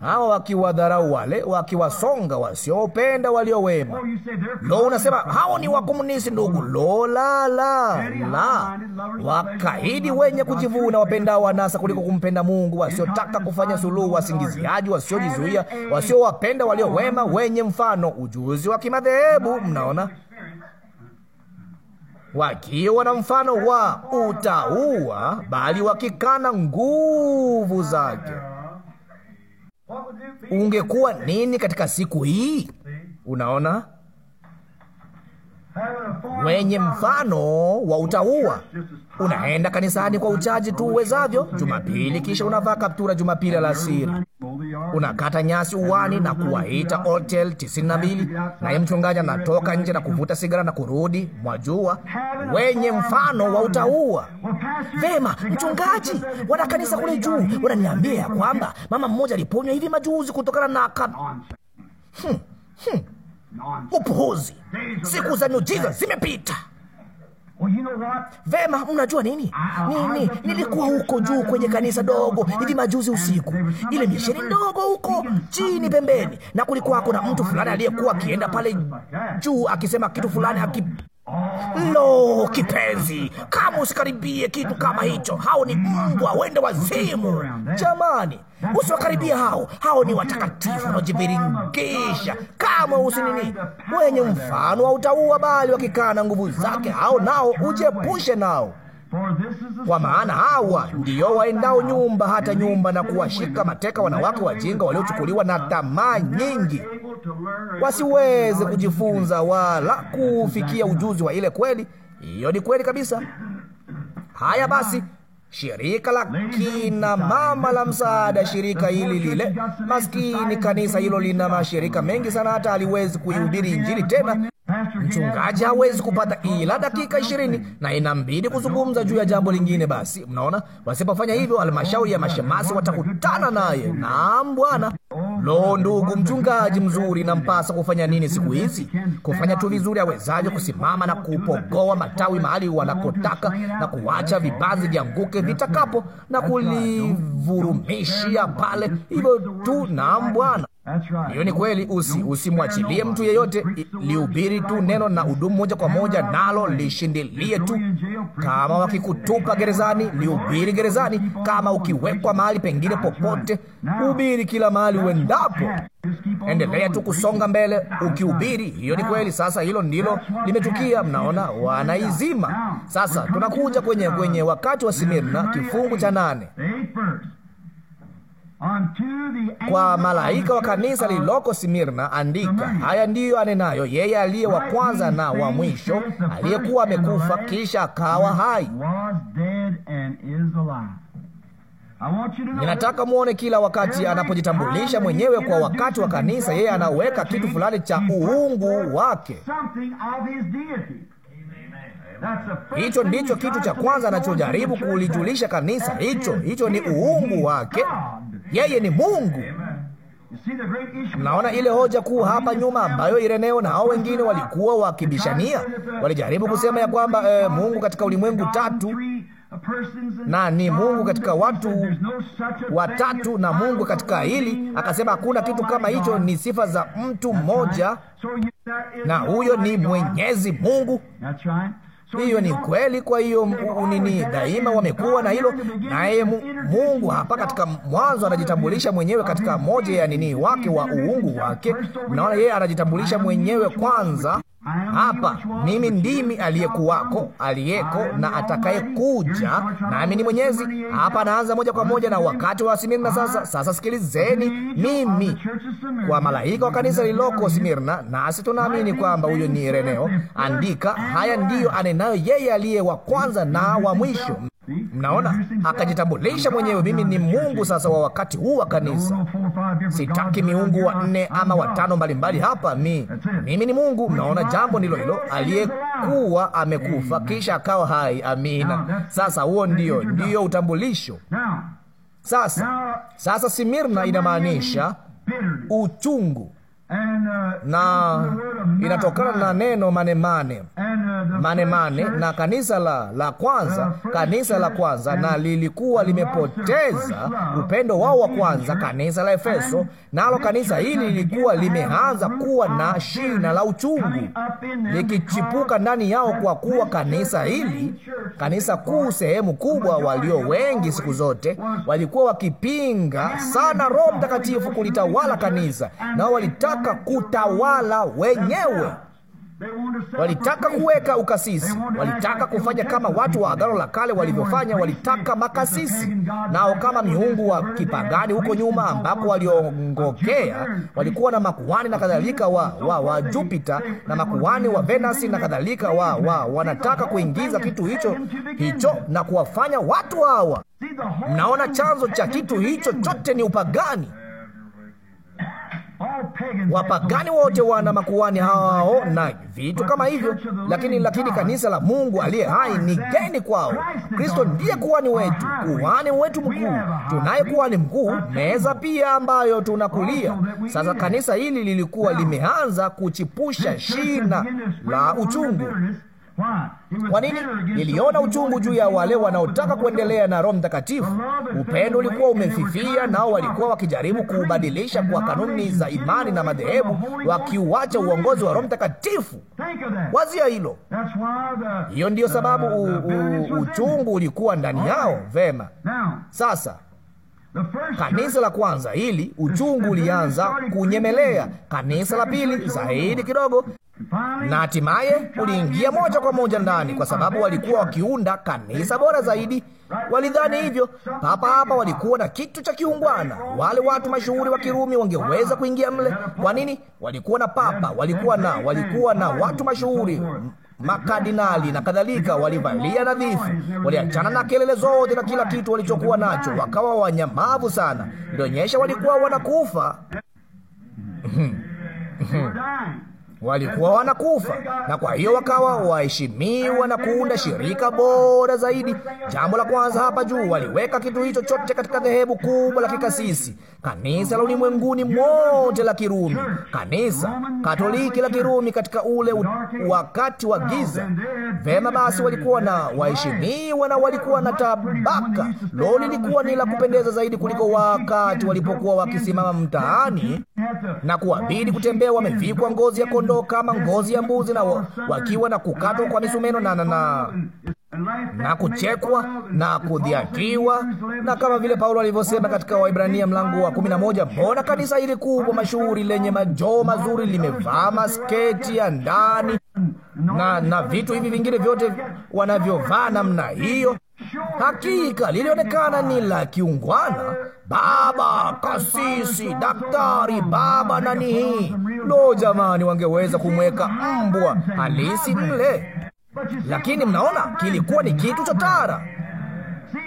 hawa wakiwadharau wale, wakiwasonga wasiopenda walio wema. Lo, unasema hao ni wakomunisti ndugu. Lo, la la la, wakaidi wenye kujivuna, wapendao wanasa kuliko kumpenda Mungu, wasiotaka kufanya suluhu, wasingiziaji, wasiojizuia, wasiowapenda walio wema, wenye mfano ujuzi wa kimadhehebu. Mnaona wakiwa na mfano wa utaua, bali wakikana nguvu zake. Ungekuwa nini katika siku hii? Unaona, wenye mfano wa utaua unaenda kanisani kwa uchaji tu uwezavyo Jumapili, kisha unavaa kaptura Jumapili alasiri, unakata nyasi uwani na kuwaita hotel 92 na Naye mchungaji anatoka nje na kuvuta sigara na kurudi. Mwajua wenye mfano wa utaua. Vema mchungaji, wana kanisa kule juu wananiambia kwamba mama mmoja aliponywa hivi majuzi kutokana na kab... hmm, hmm. Upuuzi! Siku za miujiza zimepita. Vema, mnajua nini? Nini, nilikuwa huko juu kwenye kanisa dogo hivi majuzi usiku, ile misheni ndogo huko chini pembeni, na kulikuwako na mtu fulani aliyekuwa akienda pale juu akisema kitu fulani aki Lo, kipenzi, kama usikaribie kitu kama hicho. Hao ni mbwa wende wazimu, jamani, usiwakaribia hao. Hao ni watakatifu wanaojiviringisha kama usinini, wenye mfano wa utauwa, bali wakikaa na nguvu zake, hao nao ujiepushe nao. Kwa maana hawa ndiyo waendao nyumba hata nyumba na kuwashika mateka wanawake wajinga waliochukuliwa na tamaa nyingi, wasiweze kujifunza wala kufikia ujuzi wa ile kweli. Hiyo ni kweli kabisa. Haya basi, shirika la kina mama la msaada, shirika hili lile maskini. Kanisa hilo lina mashirika mengi sana, hata aliwezi kuihubiri injili tena. Mchungaji hawezi kupata ila dakika ishirini na inambidi kuzungumza juu ya jambo lingine. Basi mnaona, wasipofanya hivyo, halmashauri ya mashemasi watakutana naye. Naam, Bwana. Lo, ndugu mchungaji mzuri, nampasa kufanya nini siku hizi? Kufanya tu vizuri awezavyo, kusimama na kupogoa matawi mahali wanakotaka na kuacha vibanzi vianguke vitakapo, na kulivurumishia pale hivyo tu. Naam Bwana. Hiyo ni kweli. Usi usimwachilie mtu yeyote, lihubiri tu neno na udumu moja kwa moja nalo, lishindilie tu. Kama wakikutupa gerezani, lihubiri gerezani. Kama ukiwekwa mahali pengine popote, hubiri kila mahali uendapo. Endelea tu kusonga mbele ukihubiri. Hiyo ni kweli. Sasa hilo ndilo limetukia, mnaona, wanaizima. Sasa tunakuja kwenye kwenye wakati wa Simirna, kifungu cha nane. Kwa malaika wa kanisa lililoko Simirna andika, haya ndiyo anenayo yeye aliye wa kwanza na wa mwisho, aliyekuwa amekufa kisha akawa hai. Ninataka mwone kila wakati anapojitambulisha mwenyewe kwa wakati wa kanisa, yeye anaweka kitu fulani cha uungu wake. Hicho ndicho kitu cha kwanza anachojaribu kulijulisha kanisa, hicho hicho ni uungu wake yeye ni Mungu. Mnaona ile hoja kuu hapa nyuma ambayo Ireneo na hao wengine walikuwa wakibishania, walijaribu kusema ya kwamba eh, Mungu katika ulimwengu tatu na ni Mungu katika watu watatu na Mungu katika hili. Akasema hakuna kitu kama hicho, ni sifa za mtu mmoja, na huyo ni Mwenyezi Mungu. Hiyo ni kweli. Kwa hiyo nini, daima wamekuwa na hilo, naye Mungu hapa katika mwanzo anajitambulisha mwenyewe katika moja ya nini wake wa uungu wake. Mnaona, yeye anajitambulisha mwenyewe kwanza hapa mimi ndimi aliyekuwako, aliyeko na atakayekuja, nami ni Mwenyezi. Hapa anaanza moja kwa moja na wakati wa Simirna. Sasa sasa, sikilizeni mimi, kwa malaika wa kanisa liloko Simirna, nasi tunaamini kwamba huyo ni Ireneo. Andika haya, ndiyo anenayo yeye aliye wa kwanza na wa mwisho Mnaona, akajitambulisha mwenyewe, mimi ni Mungu sasa wa wakati huu wa kanisa. Sitaki miungu wa nne ama watano mbalimbali hapa, mi mimi ni Mungu. Mnaona, jambo ndilo hilo, aliyekuwa amekufa kisha akawa hai. Amina. Sasa huo ndio ndio utambulisho. Sasa sasa, Simirna inamaanisha uchungu Uh, na inatokana na neno manemane uh, manemane mane, na kanisa la, la kwanza kanisa la kwanza, na lilikuwa limepoteza upendo wao wa kwanza, kanisa la Efeso. Nalo kanisa hili lilikuwa limeanza kuwa na shina la uchungu likichipuka ndani yao, kwa kuwa kanisa hili, kanisa kuu, sehemu kubwa, walio wengi siku zote walikuwa wakipinga sana Roho Mtakatifu kulitawala kanisa, nao walitaka walitaka kutawala wenyewe, walitaka kuweka ukasisi, walitaka kufanya kama watu wa Agano la Kale walivyofanya. Walitaka makasisi nao kama miungu wa kipagani huko nyuma ambako waliongokea. Walikuwa na makuhani na kadhalika wa, wa, wa Jupita na makuhani wa Venasi na kadhalika wa, wa, wanataka kuingiza kitu hicho hicho na kuwafanya watu hawa. Mnaona, chanzo cha kitu hicho chote ni upagani. Wapagani wote wana makuhani hao na vitu kama hivyo, lakini lakini kanisa la Mungu aliye hai ni geni kwao. Kristo ndiye kuhani wetu, kuhani wetu mkuu. Tunaye kuhani mkuu, meza pia ambayo tunakulia. Sasa kanisa hili lilikuwa limeanza kuchipusha shina la uchungu. Kwa nini? Niliona uchungu juu ya wale wanaotaka kuendelea na Roho Mtakatifu. Upendo ulikuwa umefifia, nao walikuwa wakijaribu kuubadilisha kwa kanuni za imani na madhehebu, wakiuacha uongozi wa Roho Mtakatifu. Wazia hilo. Hiyo ndiyo sababu u, u, uchungu ulikuwa ndani yao. Vema, sasa Kanisa la kwanza hili uchungu ulianza kunyemelea, kanisa la pili zaidi kidogo, na hatimaye uliingia moja kwa moja ndani, kwa sababu walikuwa wakiunda kanisa bora zaidi. Walidhani hivyo papa hapa, walikuwa na kitu cha kiungwana. Wale watu mashuhuri wa Kirumi wangeweza kuingia mle. Kwa nini? Walikuwa na papa, walikuwa na walikuwa na watu mashuhuri makadinali na kadhalika, walivalia nadhifu, waliachana na kelele zote na kila kitu walichokuwa nacho, wakawa wanyamavu sana. Ilionyesha walikuwa wanakufa walikuwa wanakufa, na kwa hiyo wakawa waheshimiwa na kuunda shirika bora zaidi. Jambo la kwanza hapa juu, waliweka kitu hicho chote katika dhehebu kubwa la kikasisi, kanisa la ulimwenguni mote la Kirumi, kanisa Katoliki la Kirumi katika ule wakati wa giza. Vema basi, walikuwa na waheshimiwa na walikuwa na tabaka. Lo, lilikuwa ni la kupendeza zaidi kuliko wakati walipokuwa wakisimama mtaani na kuabidi kutembea wamevikwa ngozi ya kondo kondo kama ngozi ya mbuzi, na wakiwa na kukatwa kwa misumeno na, na, na na kuchekwa na kudhiakiwa, na kama vile Paulo alivyosema katika Waibrania mlango wa 11, mbona kanisa hili kubwa mashuhuri lenye majoo mazuri limevaa masketi ya ndani na, na vitu hivi vingine vyote wanavyovaa namna hiyo, Hakika lilionekana ni la kiungwana, baba kasisi, daktari, baba nani hii. Lo, jamani, wangeweza kumweka mbwa halisi mle, lakini mnaona kilikuwa ni kitu chotara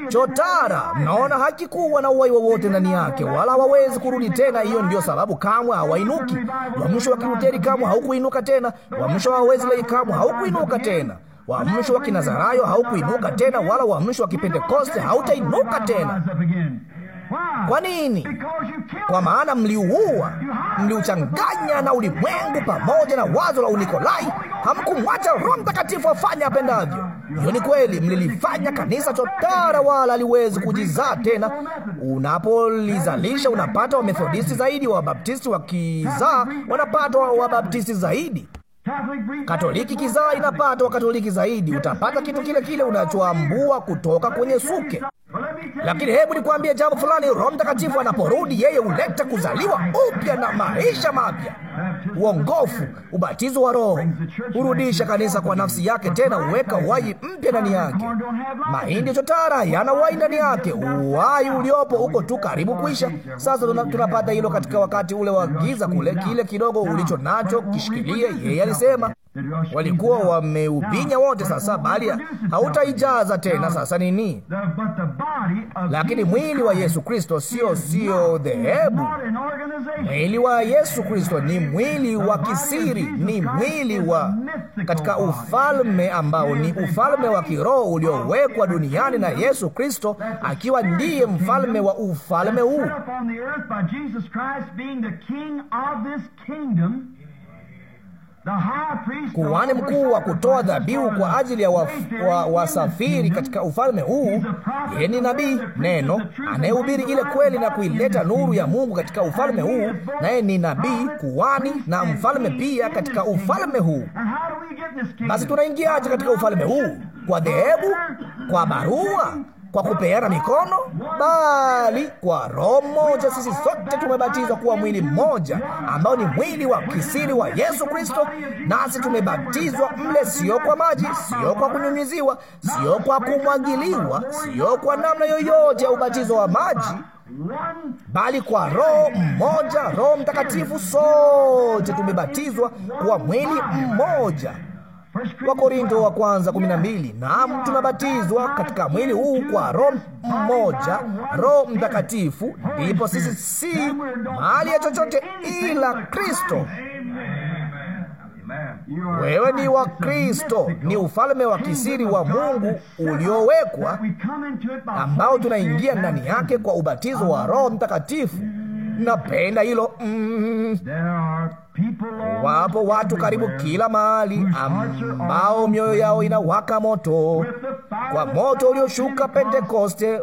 chotara. Mnaona, hakikuwa na uwai wowote ndani yake, wala hawawezi kurudi tena. Hiyo ndiyo sababu kamwe hawainuki. Uamsho wa Kiluteri kamwe haukuinuka tena. Uamsho wa Wesley kamwe haukuinuka tena. Uamsho wa Kinazarayo haukuinuka tena, wala uamsho wa Kipentekoste hautainuka tena. Kwa nini? Kwa maana mliuua, mliuchanganya na ulimwengu pamoja na wazo la Unikolai. Hamkumwacha Roho Mtakatifu afanye apendavyo. Hiyo ni kweli, mlilifanya kanisa chotara, wala aliwezi kujizaa tena. Unapolizalisha unapata Wamethodisti zaidi, Wabaptisti wakizaa wanapata Wabaptisti zaidi. Katoliki kizaa inapata Wakatoliki zaidi, utapata kitu kile kile unachoambua kutoka kwenye suke. Lakini hebu nikwambie jambo fulani. Roho Mtakatifu anaporudi, yeye huleta kuzaliwa upya na maisha mapya, uongofu, ubatizo wa Roho hurudisha kanisa kwa nafsi yake tena, huweka uhai mpya ndani yake. Mahindi chotara yana uhai ndani yake, uhai uliopo uko tu karibu kuisha. Sasa tunapata hilo katika wakati ule wa giza kule, kile kidogo ulicho nacho kishikilie. Yeye alisema walikuwa wameubinya wote sasa, bali hautaijaza tena sasa nini, lakini mwili wa Yesu Kristo sio sio dhehebu. Mwili wa Yesu Kristo ni mwili wa kisiri, ni mwili wa katika ufalme ambao ni ufalme wa kiroho uliowekwa duniani na Yesu Kristo akiwa ndiye mfalme wa ufalme huu. Kuhani mkuu wa kutoa dhabihu kwa ajili ya wasafiri wa, wa katika ufalme huu. Yeye ni nabii neno anayehubiri ile kweli na kuileta nuru ya Mungu katika ufalme huu, naye ni nabii, kuhani na mfalme pia katika ufalme huu. Basi tunaingiaje katika ufalme huu? Kwa dhehebu? Kwa barua? kwa kupeana mikono, bali kwa roho mmoja sisi sote tumebatizwa kuwa mwili mmoja ambao ni mwili wa kisiri wa Yesu Kristo, nasi tumebatizwa mle, sio kwa maji, sio kwa kunyunyiziwa, sio kwa kumwagiliwa, sio kwa namna yoyote ya ubatizo wa maji bali kwa roho mmoja, Roho Mtakatifu. Sote tumebatizwa kuwa mwili mmoja. Wakorintho wa kwanza 12. Naam, tunabatizwa katika mwili huu kwa roho mmoja, Roho Mtakatifu, ndipo sisi si mali ya chochote ila Kristo. Wewe ni wa Kristo, ni ufalme wa kisiri wa Mungu uliowekwa, ambao tunaingia ndani yake kwa ubatizo wa Roho Mtakatifu. Napenda hilo mm. Wapo watu karibu kila mahali ambao mioyo yao inawaka moto kwa moto ulioshuka Pentekoste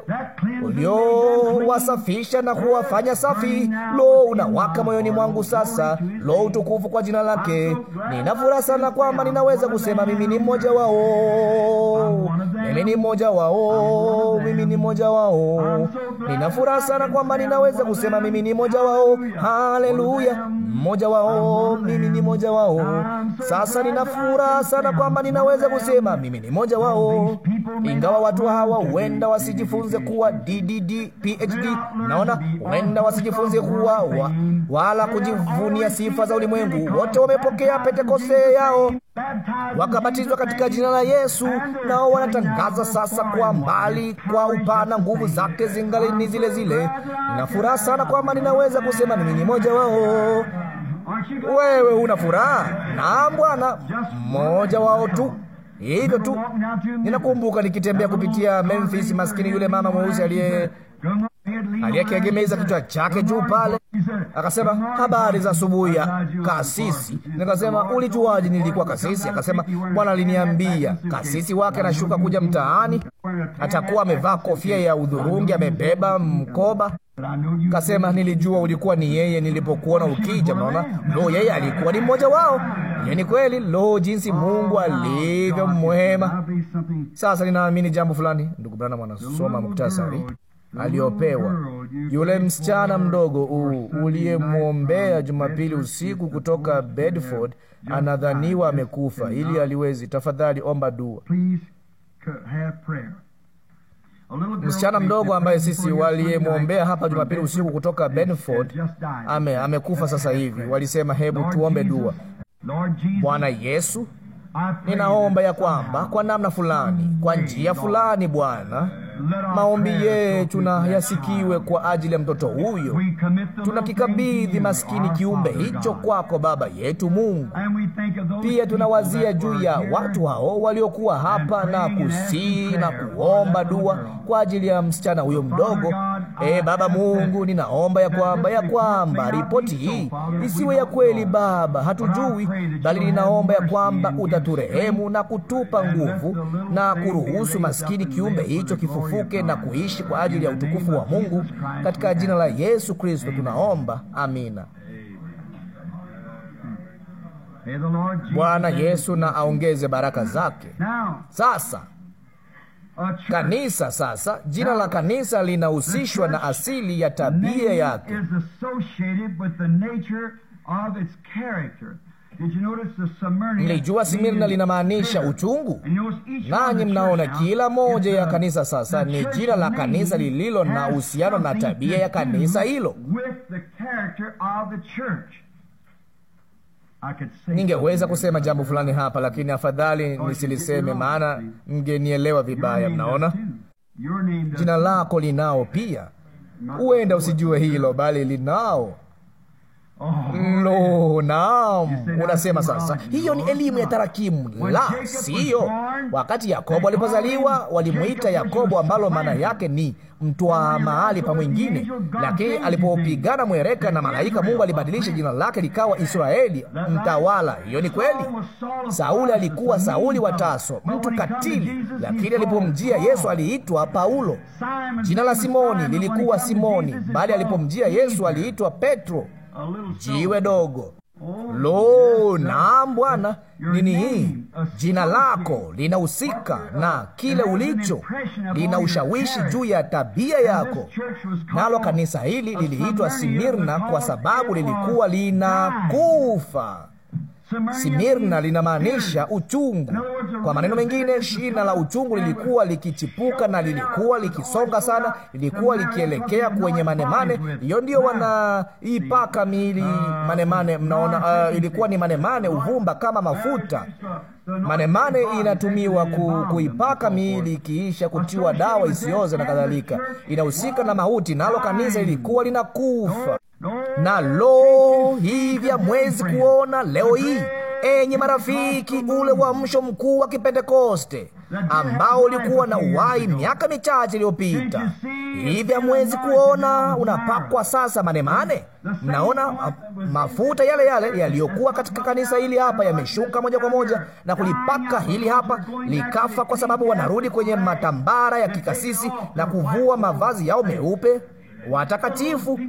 uliowasafisha na kuwafanya safi. Lo, unawaka moyoni mwangu sasa. Lo, utukufu kwa jina lake. Nina furaha sana kwamba ninaweza kusema mimi ni mmoja wao, mimi ni mmoja wao, mimi ni mmoja wao. Nina furaha sana kwamba ninaweza kusema mimi ni Hallelujah. wao. Haleluya. mmoja wao, mimi ni mmoja wao. Sasa nina furaha sana kwamba ninaweza kusema mimi ni mmoja wao, ingawa watu hawa huenda wasijifunze kuwa DDD PhD. Naona huenda wasijifunze kuwa wa, wala kujivunia sifa za ulimwengu. Wote wamepokea Pentekoste yao wakabatizwa katika jina la Yesu, nao wanatangaza sasa kwa mbali, kwa upana, nguvu zake zingali ni zile zile. Nina furaha sana kwamba ninaweza kusema mimi ni mmoja wao wewe una furaha? Naam Bwana, mmoja wao tu hivyo tu. Ninakumbuka nikitembea kupitia Memphis, maskini yule mama mweusi aliye aliyekiegemeza kichwa chake juu pale, akasema habari za asubuhi ya kasisi. Nikasema ulijuaje nilikuwa kasisi? Akasema Bwana aliniambia kasisi wake anashuka kuja mtaani, atakuwa amevaa kofia ya udhurungi, amebeba mkoba Kasema, nilijua ulikuwa ni yeye nilipokuona ukija. Mnaona, lo, yeye alikuwa ni mmoja wao. Ye ni kweli. Lo, jinsi oh, Mungu alivyo mwema! Sasa ninaamini jambo fulani, ndugu Bwana, mwanasoma muktasari aliyopewa yule msichana mdogo uliyemwombea Jumapili usiku kutoka Bedford, anadhaniwa amekufa. Ili aliwezi, tafadhali omba dua msichana mdogo ambaye sisi waliyemwombea hapa Jumapili usiku kutoka benford ame, amekufa sasa hivi. Walisema hebu tuombe dua. Bwana Yesu, ninaomba ya kwamba kwa namna fulani, kwa njia fulani, Bwana maombi yetu na yasikiwe kwa ajili ya mtoto huyo. Tunakikabidhi maskini kiumbe hicho kwako, Baba yetu Mungu. Pia tunawazia juu ya watu hao waliokuwa hapa na kusii na kuomba dua kwa ajili ya msichana huyo mdogo. E Baba Mungu, ninaomba ya kwamba ya kwamba ripoti oh hii isiwe ya kweli Baba, hatujui, bali ninaomba ya kwamba utaturehemu na kutupa nguvu na kuruhusu maskini kiumbe hicho kifufu ufufuke na kuishi kwa ajili ya utukufu wa Mungu. Katika jina la Yesu Kristo tunaomba, amina. Bwana Yesu na aongeze baraka zake. Sasa kanisa sasa, jina la kanisa linahusishwa na asili ya tabia yake. Mlijua Smirna linamaanisha uchungu, nanyi mnaona kila moja ya kanisa sasa ni jina la kanisa lililo na uhusiano na tabia ya kanisa hilo. Ningeweza kusema jambo fulani hapa, lakini afadhali oh, nisiliseme, maana mngenielewa vibaya. Mnaona, jina lako linao pia, huenda usijue hilo, bali linao Lo, mm, naam, unasema sasa, hiyo ni elimu ya tarakimu. La, siyo. Wakati Yakobo alipozaliwa walimwita Yakobo, ambalo maana yake ni mtwa mahali pa mwingine, lakini alipopigana mwereka na malaika, Mungu alibadilisha jina lake likawa Israeli, mtawala. Hiyo ni kweli. Sauli alikuwa Sauli wa taso mtu katili, lakini alipomjia Yesu aliitwa Paulo. Jina la Simoni lilikuwa Simoni, bali alipomjia Yesu aliitwa Petro jiwe dogo. Oh, Lo, naam Bwana, nini hii? Jina lako linahusika na kile ulicho, lina ushawishi juu ya tabia yako. Nalo kanisa hili liliitwa Simirna kwa sababu lilikuwa linakufa. Simirna linamaanisha uchungu. Kwa maneno mengine, shina la uchungu lilikuwa likichipuka na lilikuwa likisonga sana, lilikuwa likielekea kwenye manemane. Hiyo ndio wanaipaka miili manemane. Mnaona, uh, ilikuwa ni manemane, uvumba kama mafuta Manemane inatumiwa ku, kuipaka miili ikiisha kutiwa dawa isioze na kadhalika, inahusika na mauti, nalo kanisa ilikuwa linakufa. Na lo, hivya mwezi kuona leo hii enyi marafiki, ule uamsho mkuu wa Kipentekoste ambao ulikuwa na uhai miaka michache iliyopita. Hivi hamwezi kuona unapakwa sasa manemane? Mnaona mafuta yale yale yaliyokuwa katika kanisa hili hapa yameshuka moja kwa moja na kulipaka hili hapa, likafa kwa sababu wanarudi kwenye matambara ya kikasisi na kuvua mavazi yao meupe watakatifu,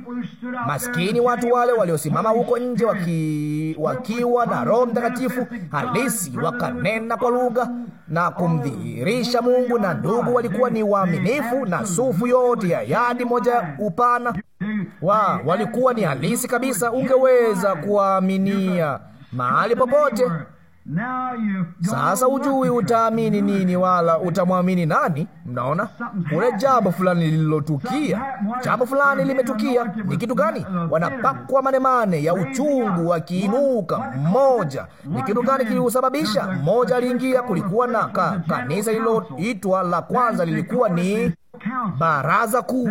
maskini watu wale waliosimama huko nje waki, wakiwa na Roho Mtakatifu halisi, wakanena kwa lugha na kumdhihirisha Mungu, na ndugu walikuwa ni waaminifu, na sufu yote ya yadi moja upana wa walikuwa ni halisi kabisa, ungeweza kuaminia mahali popote. Sasa ujui utaamini nini wala utamwamini nani. Mnaona kule jambo fulani lililotukia, jambo fulani limetukia. Ni kitu gani? Wanapakwa manemane ya uchungu wakiinuka mmoja. Ni kitu gani kiliusababisha? Mmoja aliingia, kulikuwa na ka, kanisa lililoitwa la kwanza lilikuwa ni baraza kuu.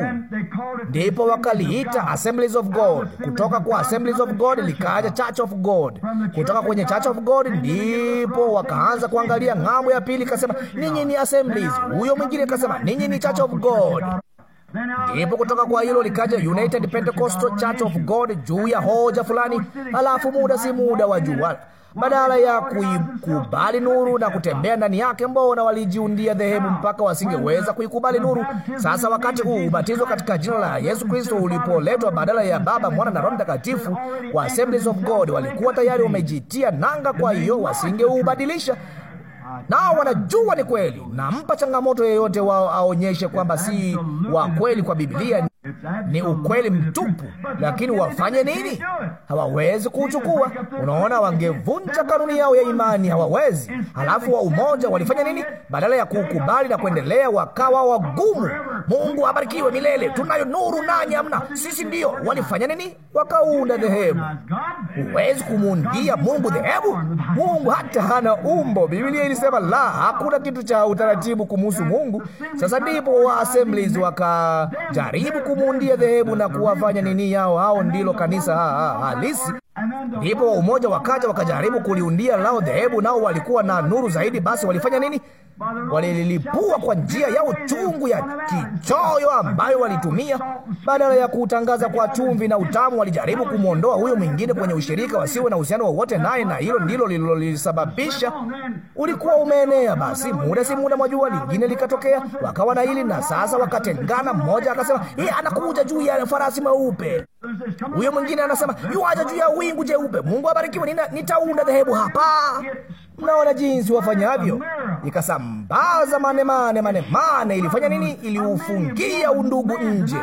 Ndipo wakaliita Assemblies of God, kutoka kwa Assemblies of God likaja Church of God, kutoka kwenye Church of God ndipo wakaanza kuangalia ng'ambo ya pili, kasema ninyi ni Assemblies, huyo mwingine kasema ninyi ni Church of God. Ndipo kutoka kwa hilo likaja United Pentecostal Church of God juu ya hoja fulani, alafu muda si muda wa jua badala ya kuikubali nuru na kutembea ndani yake, mbona walijiundia dhehebu mpaka wasingeweza kuikubali nuru? Sasa wakati huu ubatizo katika jina la Yesu Kristo ulipoletwa badala ya Baba, Mwana na Roho Mtakatifu kwa Assemblies of God, walikuwa tayari wamejitia nanga, kwa hiyo wasingeubadilisha nao wanajua ni kweli. Nampa changamoto yeyote wao aonyeshe kwamba si wa kweli kwa Biblia ni ukweli mtupu, lakini wafanye nini? Hawawezi kuuchukua. Unaona, wangevunja kanuni yao ya imani, hawawezi. Halafu wa umoja walifanya nini? Badala ya kukubali na kuendelea, wakawa wagumu. Mungu abarikiwe milele. Tunayo nuru, nanyi hamna. Sisi ndiyo. Walifanya nini? Wakaunda dhehebu. Huwezi kumuundia Mungu dhehebu. Mungu hata hana umbo. Biblia alisema la, hakuna kitu cha utaratibu kumhusu Mungu. Sasa ndipo wa Assemblies wakajaribu kumuundia dhehebu na kuwafanya nini yao. Hao ndilo kanisa halisi ha, ha, Ndipo wa umoja wakaja wakajaribu kuliundia lao dhehebu, nao walikuwa na nuru zaidi. Basi walifanya nini? Walilipua kwa njia ya uchungu ya kichoyo ambayo walitumia. Badala ya kuutangaza kwa chumvi na utamu, walijaribu kumwondoa huyo mwingine kwenye ushirika, wasiwe na uhusiano wowote naye, na hilo ndilo lilolisababisha. Ulikuwa umeenea. Basi muda si muda, mwajua, lingine likatokea, wakawa na hili na sasa wakatengana. Mmoja akasema yeye anakuja juu ya farasi meupe, huyo mwingine anasema yuaja juu ya wingu jeupe. Mungu abarikiwe, nitaunda dhehebu hapa. Mnaona jinsi wafanyavyo. Ikasambaza mane mane mane mane. Ilifanya nini? Iliufungia undugu nje.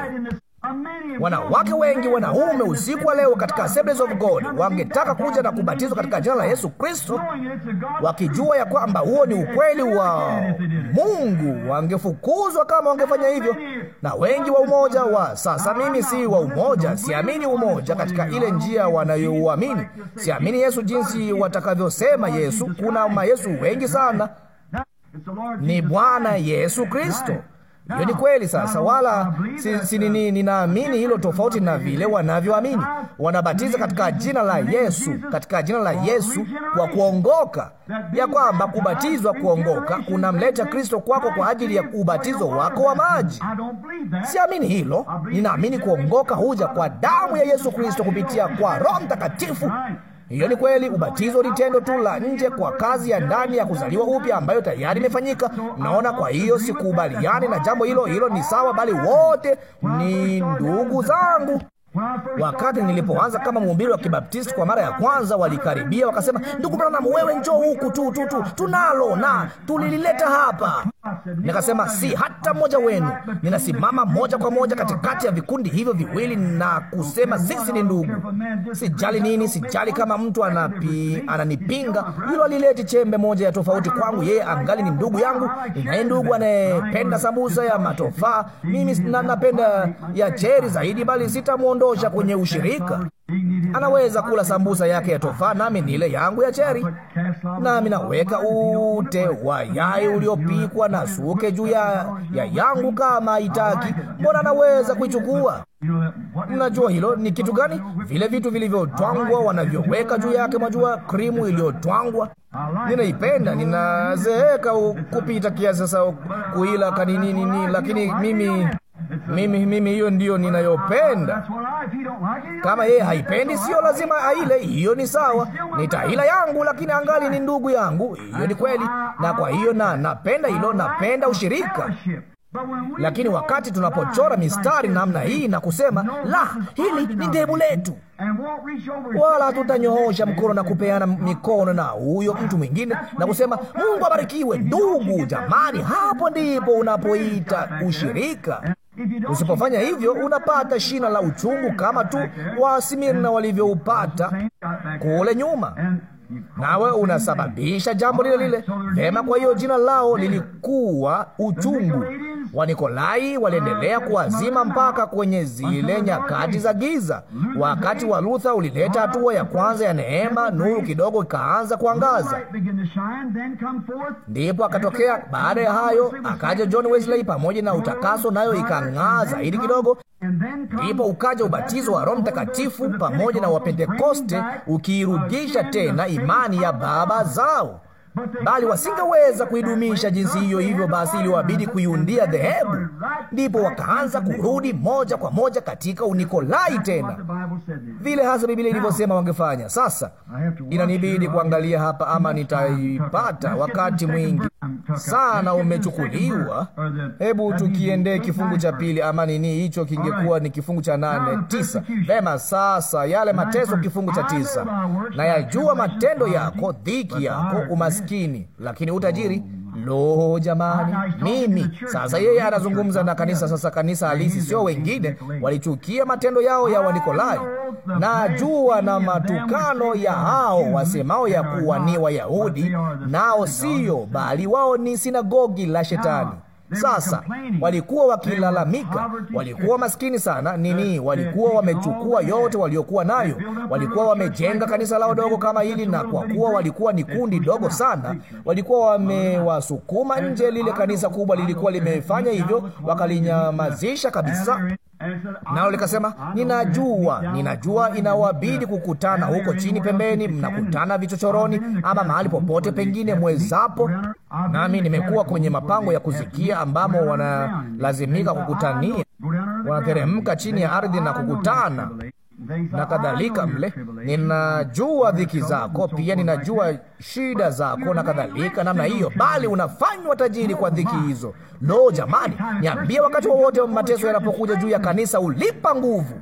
Wanawake wengi, wanaume, usiku wa leo katika Assemblies of God wangetaka kuja na kubatizwa katika jina la Yesu Kristo, wakijua ya kwamba huo ni ukweli wa Mungu. Wangefukuzwa kama wangefanya hivyo, na wengi wa umoja wa sasa. Mimi si wa umoja, siamini umoja katika ile njia wanayouamini. Siamini Yesu jinsi watakavyosema Yesu. Kuna mayesu wengi sana, ni Bwana Yesu Kristo hiyo ni kweli. Sasa wala si, si, ni, uh, ninaamini hilo tofauti na vile wanavyoamini. Wanabatiza katika jina la Yesu, katika jina la Yesu kwa kuongoka, ya kwamba kubatizwa kuongoka kunamleta Kristo kwako kwa ajili ya ubatizo wako wa maji. Siamini hilo. Ninaamini kuongoka huja kwa damu ya Yesu Kristo kupitia kwa Roho Mtakatifu hiyo ni kweli. Ubatizo ni tendo tu la nje kwa kazi ya ndani ya kuzaliwa upya ambayo tayari imefanyika. naona Kwa hiyo sikubaliani na jambo hilo. Hilo ni sawa, bali wote ni ndugu zangu. Wakati nilipoanza kama mhubiri wa Kibaptisti kwa mara ya kwanza, walikaribia wakasema, ndugu Branham, wewe njoo huku tu tu tu, tunalo na tulilileta hapa. Nikasema si hata mmoja wenu. Ninasimama moja kwa moja katikati ya vikundi hivyo viwili na kusema sisi ni ndugu. Sijali nini, sijali kama mtu anapi, ananipinga. Hilo alileti chembe moja ya tofauti kwangu, yeye angali ni ndugu yangu. Ninaye ndugu anayependa sambusa ya matofaa, mimi napenda ya cheri zaidi, bali sitamwondoa kutosha kwenye ushirika. Anaweza kula sambusa yake ya tofaa, nami nile yangu ya cheri, nami naweka ute wa yai uliopikwa na suke juu ya, ya yangu kama itaki. Mbona anaweza kuichukua? Mnajua hilo ni kitu gani? Vile vitu vilivyotwangwa wanavyoweka juu yake, mwajua, krimu iliyotwangwa. Ninaipenda, ninazeeka kupita kiasi sasa kuila kaninini, lakini mimi mimi mimi hiyo ndiyo ninayopenda. Kama yeye haipendi, sio lazima aile. Hiyo ni sawa, nitaila yangu, lakini angali ni ndugu yangu. Hiyo ni kweli, na kwa hiyo na napenda hilo, napenda ushirika lakini wakati tunapochora mistari namna hii na kusema la, hili ni debu letu, wala hatutanyoosha mkono na kupeana mikono na huyo mtu mwingine na kusema Mungu abarikiwe, ndugu, jamani, hapo ndipo unapoita ushirika. Usipofanya hivyo unapata shina la uchungu kama tu wa Simirna walivyoupata kule nyuma nawe unasababisha jambo lile lile. Vema, kwa hiyo jina lao lilikuwa uchungu. Wanikolai waliendelea kuwazima mpaka kwenye zile nyakati za giza. Wakati wa Lutha ulileta hatua ya kwanza ya neema, nuru kidogo ikaanza kuangaza, ndipo akatokea. Baada ya hayo akaja John Wesley pamoja na utakaso, nayo ikang'aa zaidi kidogo. Ndipo ukaja ubatizo wa Roho Mtakatifu pamoja na Wapentekoste ukiirudisha tena imani ya baba zao. bali wasingeweza kuidumisha jinsi hiyo. Hivyo basi, iliwabidi kuiundia dhehebu. Ndipo wakaanza kurudi moja kwa moja katika Unikolai, tena vile hasa Biblia ilivyosema wangefanya. Sasa inanibidi kuangalia hapa, ama nitaipata. Wakati mwingi sana umechukuliwa. Hebu tukiendee kifungu cha pili, ama nini hicho kingekuwa ni kifungu cha nane tisa. Vema, sasa yale mateso, kifungu cha tisa, na yajua matendo yako, dhiki yako, umaskini maskini, lakini utajiri. Loho jamani, mimi sasa. Yeye anazungumza na kanisa sasa, kanisa halisi, sio wengine. Walichukia matendo yao ya Wanikolai na jua na matukano ya hao wasemao ya kuwa ni Wayahudi, nao sio, bali wao ni sinagogi la Shetani. Sasa walikuwa wakilalamika, walikuwa maskini sana nini, walikuwa wamechukua yote waliokuwa nayo, walikuwa wamejenga kanisa lao dogo kama hili, na kwa kuwa walikuwa ni kundi dogo sana, walikuwa wamewasukuma nje. Lile kanisa kubwa lilikuwa limefanya hivyo, wakalinyamazisha kabisa. Nao likasema ninajua, ninajua inawabidi kukutana huko chini pembeni, mnakutana vichochoroni ama mahali popote pengine mwezapo, nami nimekuwa kwenye mapango ya kuzikia ambamo wanalazimika kukutania, wanateremka chini ya ardhi na kukutana na kadhalika mle. Ninajua dhiki zako, pia ninajua shida zako na kadhalika namna hiyo, bali unafanywa tajiri kwa dhiki hizo. Lo, jamani, niambie, wakati wowote mateso yanapokuja juu ya kanisa, ulipa nguvu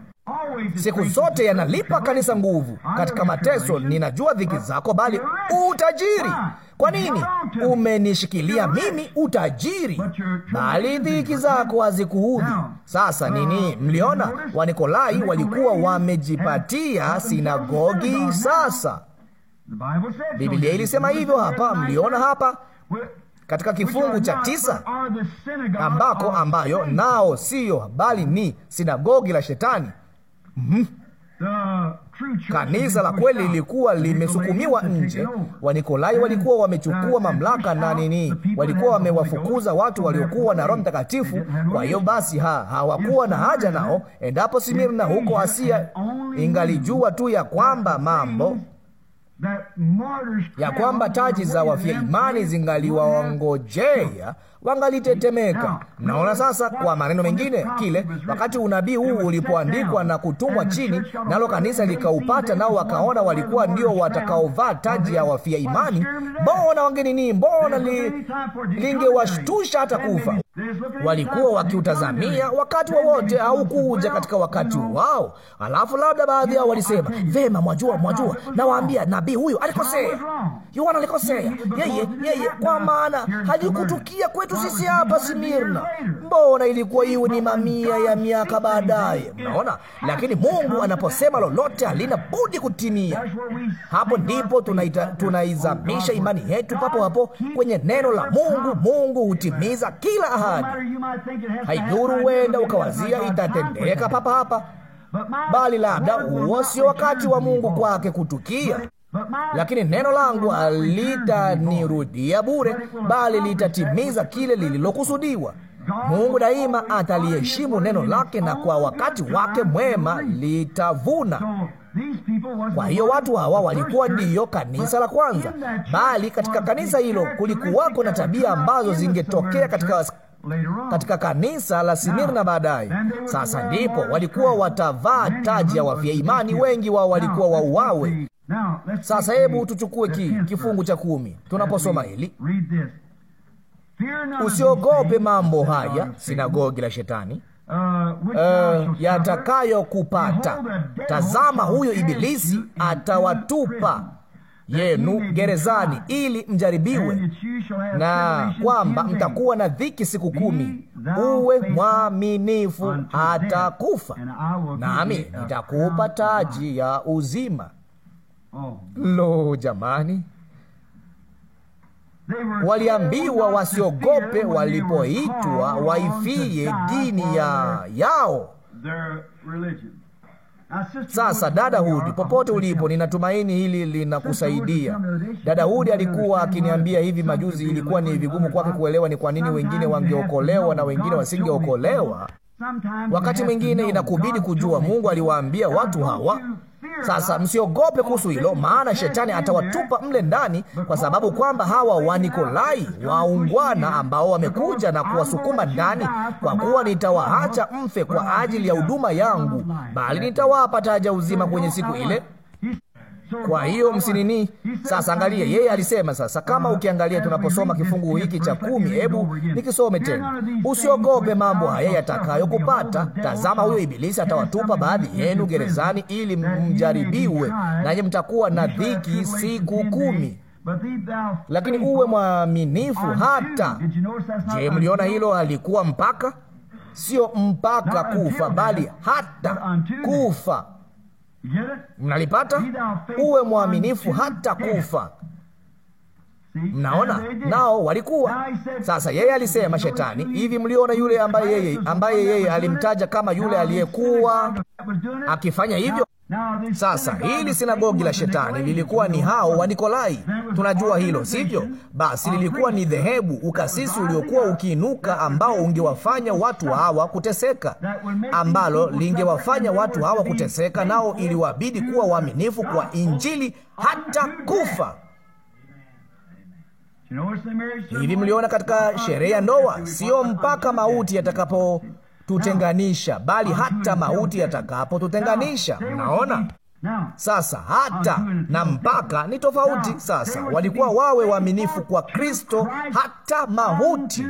Siku zote yanalipa kanisa nguvu. Katika mateso, ninajua dhiki zako, bali utajiri. Kwa nini umenishikilia mimi utajiri, bali dhiki zako hazikuudhi? Sasa nini? Mliona Wanikolai walikuwa wamejipatia sinagogi. Sasa Biblia ilisema hivyo hapa, mliona hapa katika kifungu cha tisa ambako ambayo nao siyo bali ni sinagogi la Shetani. Mm -hmm. Kanisa la kweli lilikuwa limesukumiwa nje. Wanikolai walikuwa wamechukua mamlaka na nini, walikuwa wamewafukuza watu waliokuwa na Roho Mtakatifu. Kwa hiyo basi ha, hawakuwa na haja nao, endapo Simirna huko Asia ingalijua tu ya kwamba mambo ya kwamba taji za wafia imani zingaliwaongojea wangalitetemeka. Mnaona sasa, kwa maneno mengine, kile wakati unabii huu ulipoandikwa na kutumwa chini, nalo kanisa likaupata, nao wakaona walikuwa ndio watakaovaa taji ya wafia imani, mbona wangenini, mbona li, lingewashtusha hata kufa walikuwa wakiutazamia wakati wowote wa au kuja katika wakati wao. Alafu labda baadhi yao walisema vema, mwajua, mwajua, nawaambia nabii huyo alikosea, Yohana alikosea, yeye yeye, kwa maana halikutukia kwetu sisi hapa Simirna. Mbona ilikuwa iwe ni mamia ya miaka baadaye? Mnaona, lakini Mungu anaposema lolote halina budi kutimia. Hapo ndipo tunaita, tunaizamisha imani yetu papo hapo kwenye neno la Mungu. Mungu hutimiza kila ahadi. Haidhuru huenda ukawazia itatendeka papa hapa, bali labda huo sio wakati wa Mungu kwake kutukia lakini neno langu alitanirudia bure, bali litatimiza kile lililokusudiwa. Mungu daima ataliheshimu neno lake, na kwa wakati wake mwema litavuna. Kwa hiyo watu hawa walikuwa ndiyo kanisa la kwanza, bali katika kanisa hilo kulikuwako na tabia ambazo zingetokea katika katika kanisa la Simirna baadaye. Sasa ndipo walikuwa watavaa taji ya wafia imani, wengi wao walikuwa wauawe. Sasa hebu tuchukue ki, kifungu cha kumi tunaposoma hili Usiogope mambo haya, sinagogi la Shetani, uh, uh yatakayokupata. Tazama, huyo Ibilisi atawatupa yenu gerezani ili mjaribiwe, na kwamba mtakuwa na dhiki siku kumi. Uwe mwaminifu hata kufa, nami nitakupa taji ya uzima. Oh. Lo, jamani! Waliambiwa wasiogope walipoitwa waifie dini ya yao sasa dada Hudi, popote ulipo, ninatumaini hili linakusaidia. Dada Hudi alikuwa akiniambia hivi majuzi, ilikuwa ni vigumu kwake kuelewa ni kwa nini wengine wangeokolewa na wengine wasingeokolewa. Wakati mwingine inakubidi kujua. Mungu aliwaambia watu hawa sasa msiogope kuhusu hilo, maana shetani atawatupa mle ndani, kwa sababu kwamba hawa Wanikolai waungwana ambao wamekuja na kuwasukuma ndani, kwa kuwa nitawaacha mfe kwa ajili ya huduma yangu, bali nitawapa taja uzima kwenye siku ile. Kwa hiyo msinini. Sasa angalia, yeye alisema sasa, kama uh-huh. ukiangalia tunaposoma kifungu hiki cha kumi, hebu nikisome tena, usiogope mambo haya yatakayokupata. Tazama, huyo Ibilisi atawatupa baadhi yenu gerezani ili mjaribiwe, nanyi mtakuwa na dhiki siku kumi lakini uwe mwaminifu hata. Je, mliona hilo? Alikuwa mpaka, sio mpaka kufa, bali hata kufa. Mnalipata? Uwe mwaminifu hata kufa. Mnaona, nao walikuwa sasa. Yeye alisema Shetani, hivi mliona yule ambaye yeye ambaye yeye alimtaja kama yule aliyekuwa akifanya hivyo? Sasa hili sinagogi la Shetani lilikuwa ni hao wa Nikolai, tunajua hilo sivyo? Basi lilikuwa ni dhehebu, ukasisi uliokuwa ukiinuka, ambao ungewafanya watu hawa kuteseka, ambalo lingewafanya watu hawa kuteseka, nao iliwabidi kuwa waaminifu kwa Injili hata kufa. Hivi mliona katika sherehe ya ndoa, sio mpaka mauti yatakapo tutenganisha bali hata mauti yatakapotutenganisha. Naona sasa hata na mpaka ni tofauti. Sasa walikuwa wawe waaminifu kwa Kristo hata mauti.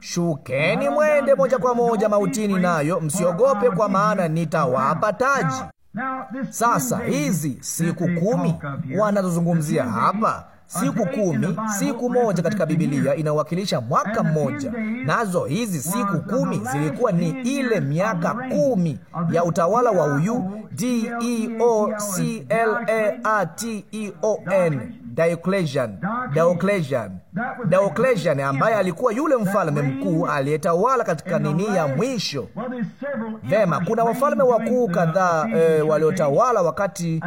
Shukeni mwende moja kwa moja mautini, nayo msiogope, kwa maana nitawapa taji. Sasa hizi siku kumi wanazozungumzia hapa Siku kumi, siku moja katika Biblia inawakilisha mwaka mmoja, nazo hizi siku kumi zilikuwa ni ile miaka kumi ya utawala wa huyu e e D E O C L e A R T E O N Diocletian, Diocletian, Diocletian ambaye alikuwa yule mfalme mkuu aliyetawala katika nini ya mwisho. Vema, kuna wafalme wakuu kadhaa e, waliotawala wakati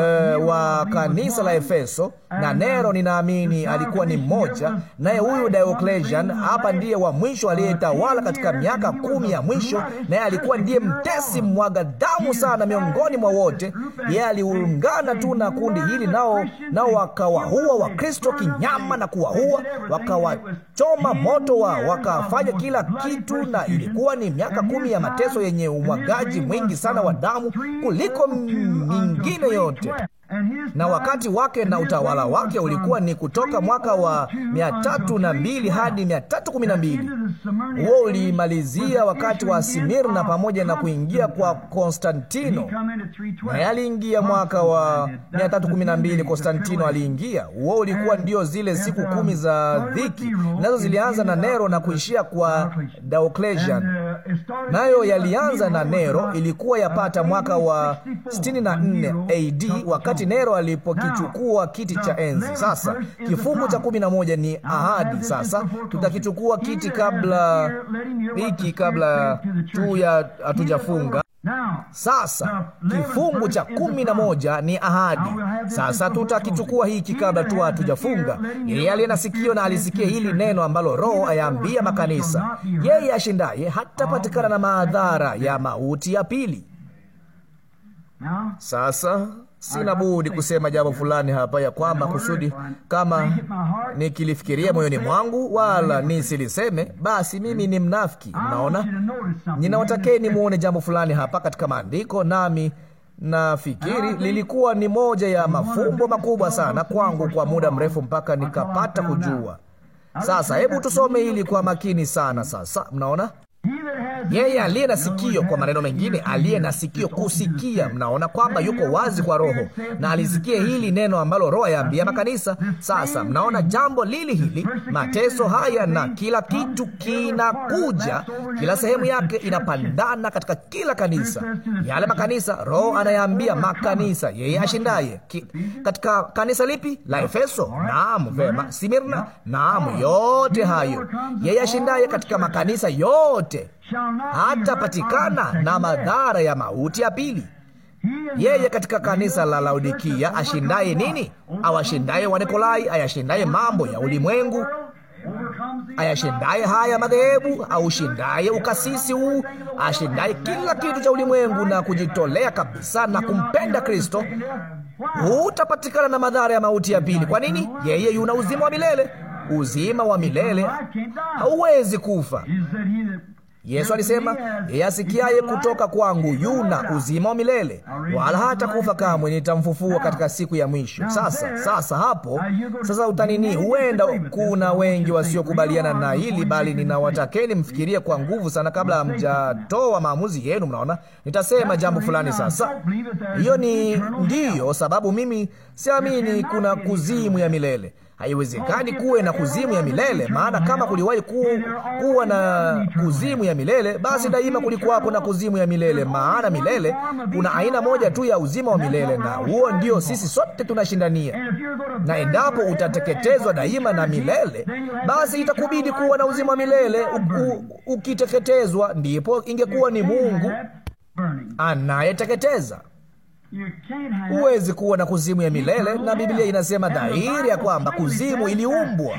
e, wa kanisa la Efeso na uh, Nero, ninaamini alikuwa ni mmoja naye. Huyu Diocletian hapa ndiye wa mwisho aliyetawala katika miaka kumi ya mwisho, naye alikuwa ndiye mtesi mwaga damu sana miongoni mwa wote. Yeye aliungana tu na kundi hili nao nao wakawaua Wakristo kinyama na kuwaua, wakawachoma moto wa wakafanya kila kitu, na ilikuwa ni miaka kumi ya mateso yenye umwagaji mwingi sana wa damu kuliko mingine yote na wakati wake na utawala wake ulikuwa ni kutoka mwaka wa mia tatu na mbili hadi mia tatu kumi na mbili. Huo ulimalizia wakati wa Simirna pamoja na kuingia kwa Konstantino, naye aliingia mwaka wa mia tatu kumi na mbili. Konstantino aliingia. Huo ulikuwa ndio zile siku kumi za dhiki, nazo zilianza na Nero na kuishia kwa Diocletian, uh, nayo uh, yalianza na Nero. Ilikuwa yapata uh, mwaka wa 64 AD wakati wakati Nero alipokichukua kiti cha enzi. Sasa kifungu cha kumi na moja ni ahadi. Sasa tutakichukua kiti kabla hiki, kabla tu ya hatujafunga. Sasa kifungu cha kumi na moja ni ahadi. Sasa tutakichukua hiki kabla tu hatujafunga. Yeye aliye na sikio na alisikia hili neno ambalo Roho ayaambia makanisa, yeye ashindaye hatapatikana na madhara ya mauti ya pili. Sasa sina budi kusema jambo fulani hapa ya kwamba kusudi kama nikilifikiria moyoni mwangu wala nisiliseme, basi mimi ni mnafiki. Mnaona, ninawatakeni muone jambo fulani hapa katika maandiko, nami nafikiri lilikuwa ni moja ya mafumbo makubwa sana kwangu kwa muda mrefu, mpaka nikapata kujua. Sasa hebu tusome hili kwa makini sana. Sasa mnaona yeye aliye na sikio, kwa maneno mengine, aliye na sikio kusikia. Mnaona kwamba yuko wazi kwa Roho, na alisikia hili neno ambalo Roho yaambia makanisa. Sasa mnaona jambo lili hili, mateso haya na kila kitu kinakuja, kila sehemu yake inapandana katika kila kanisa, yale makanisa. Roho anayaambia makanisa, yeye ashindaye katika kanisa lipi? La Efeso. Naam, vema. Simirna. Naam, yote hayo, yeye ashindaye katika makanisa yote hatapatikana na madhara ya mauti ya pili. Yeye katika kanisa la Laodikia ashindaye nini? Awashindaye Wanikolai, ayashindaye mambo ya ulimwengu, ayashindaye haya madhehebu, aushindaye ukasisi huu, ashindaye kila kitu cha ulimwengu na kujitolea kabisa na kumpenda Kristo, hutapatikana na madhara ya mauti ya pili. Kwa nini? Yeye yuna uzima wa milele. Uzima wa milele hauwezi kufa. Yesu alisema, yeye asikiaye kutoka kwangu yuna uzima wa milele, wala hata kufa kamwe, nitamfufua katika siku ya mwisho. Sasa sasa hapo sasa utanini, huenda kuna wengi wasiokubaliana na hili, bali ninawatakeni mfikirie kwa nguvu sana kabla hamjatoa maamuzi yenu. Mnaona, nitasema jambo fulani sasa. Hiyo ni ndiyo sababu mimi siamini kuna kuzimu ya milele. Haiwezekani kuwe na kuzimu ya milele, maana kama kuliwahi ku, kuwa na kuzimu ya milele, basi daima kulikuwako na kuzimu ya milele, maana milele kuna aina moja tu ya uzima wa milele, na huo ndio sisi sote tunashindania. Na endapo utateketezwa daima na milele, basi itakubidi kuwa na uzima wa milele ukiteketezwa, ndipo ingekuwa ni Mungu anayeteketeza. Huwezi kuwa na kuzimu ya milele, na Biblia inasema dhahiri ya kwamba kuzimu iliumbwa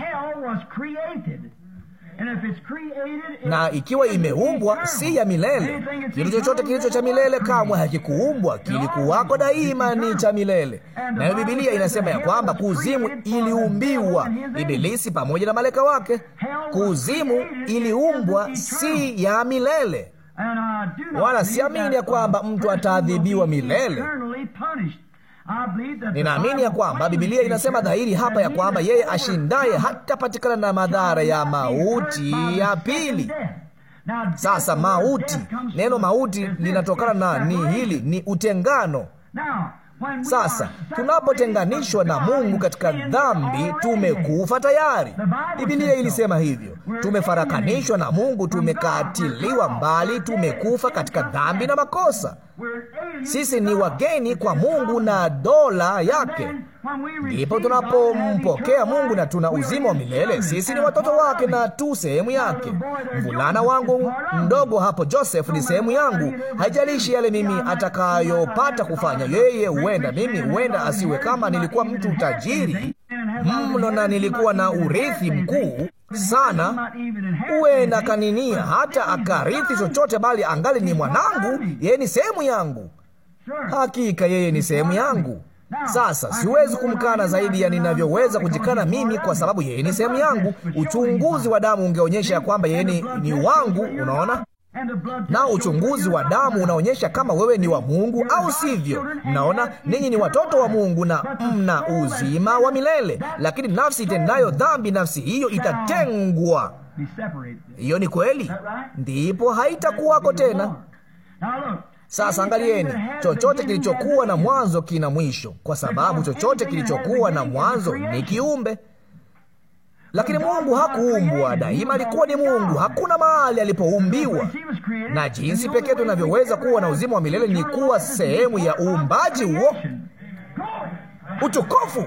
na ikiwa imeumbwa si ya milele. Kitu chochote kilicho cha milele kamwe hakikuumbwa, kilikuwako daima, ni cha milele. Nayo Bibilia inasema ya kwamba kuzimu iliumbiwa, Ibilisi pamoja na malaika wake. Kuzimu iliumbwa, si ya milele wala siamini ya kwamba mtu ataadhibiwa milele. Ninaamini ya kwamba Bibilia inasema dhahiri hapa ya kwamba yeye ashindaye hatapatikana na madhara ya mauti ya pili. Sasa mauti, neno mauti linatokana na ni hili, ni utengano sasa tunapotenganishwa na Mungu katika dhambi, tumekufa tayari. bibilia ilisema hivyo, tumefarakanishwa na Mungu, tumekatiliwa mbali, tumekufa katika dhambi na makosa. Sisi ni wageni kwa Mungu na dola yake, ndipo tunapompokea Mungu na tuna uzima wa milele. Sisi ni watoto wake na tu sehemu yake. Mvulana wangu mdogo hapo Joseph ni sehemu yangu. Haijalishi yale mimi atakayopata kufanya yeye, huenda mimi, huenda asiwe. Kama nilikuwa mtu tajiri mno na nilikuwa na urithi mkuu sana uwe na kaninia hata akarithi chochote, bali angali ni mwanangu, yeye ni sehemu yangu. Hakika yeye ni sehemu yangu. Sasa siwezi kumkana zaidi ya ninavyoweza kujikana mimi, kwa sababu yeye ni sehemu yangu. Uchunguzi wa damu ungeonyesha ya kwamba yeye ni wangu. Unaona, na uchunguzi wa damu unaonyesha kama wewe ni wa Mungu au sivyo. Mnaona, ninyi ni watoto wa Mungu na mna uzima wa milele, lakini nafsi itendayo dhambi, nafsi hiyo itatengwa. Hiyo ni kweli, ndipo haitakuwako tena. Sasa angalieni, chochote kilichokuwa na mwanzo kina mwisho, kwa sababu chochote kilichokuwa na mwanzo ni kiumbe lakini Mungu hakuumbwa, daima alikuwa ni Mungu, hakuna mahali alipoumbiwa. Na jinsi pekee tunavyoweza kuwa na uzima wa milele ni kuwa sehemu ya uumbaji huo. Utukufu!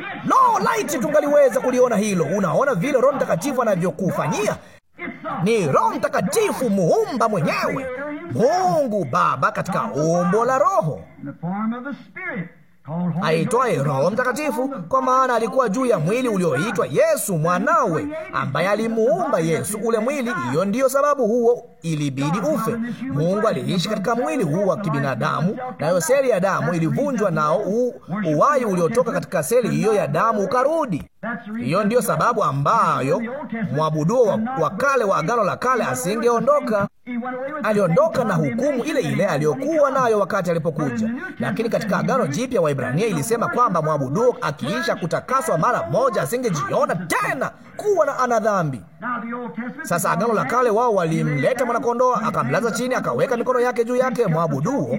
Lo, no, laiti tungaliweza kuliona hilo. Unaona vile Roho Mtakatifu anavyokufanyia. Ni Roho Mtakatifu muumba mwenyewe, Mungu Baba katika umbo la Roho aitwaye Roho Mtakatifu, kwa maana alikuwa juu ya mwili ulioitwa Yesu mwanawe, ambaye alimuumba Yesu. Ule mwili, hiyo ndiyo sababu huo ilibidi ufe. Mungu aliishi katika mwili huu wa kibinadamu, nayo seli ya damu ilivunjwa, nao uwai uliotoka katika seli hiyo ya damu ukarudi. Hiyo ndiyo sababu ambayo mwabuduo wa kale wa Agano la Kale asingeondoka aliondoka na hukumu ile ile aliyokuwa nayo wakati alipokuja. Lakini katika Agano Jipya Waibrania ilisema kwamba mwabuduo akiisha kutakaswa mara moja asingejiona tena kuwa na ana dhambi. Sasa Agano la Kale wao walimleta mwanakondoo, akamlaza chini, akaweka mikono yake juu yake mwabuduo,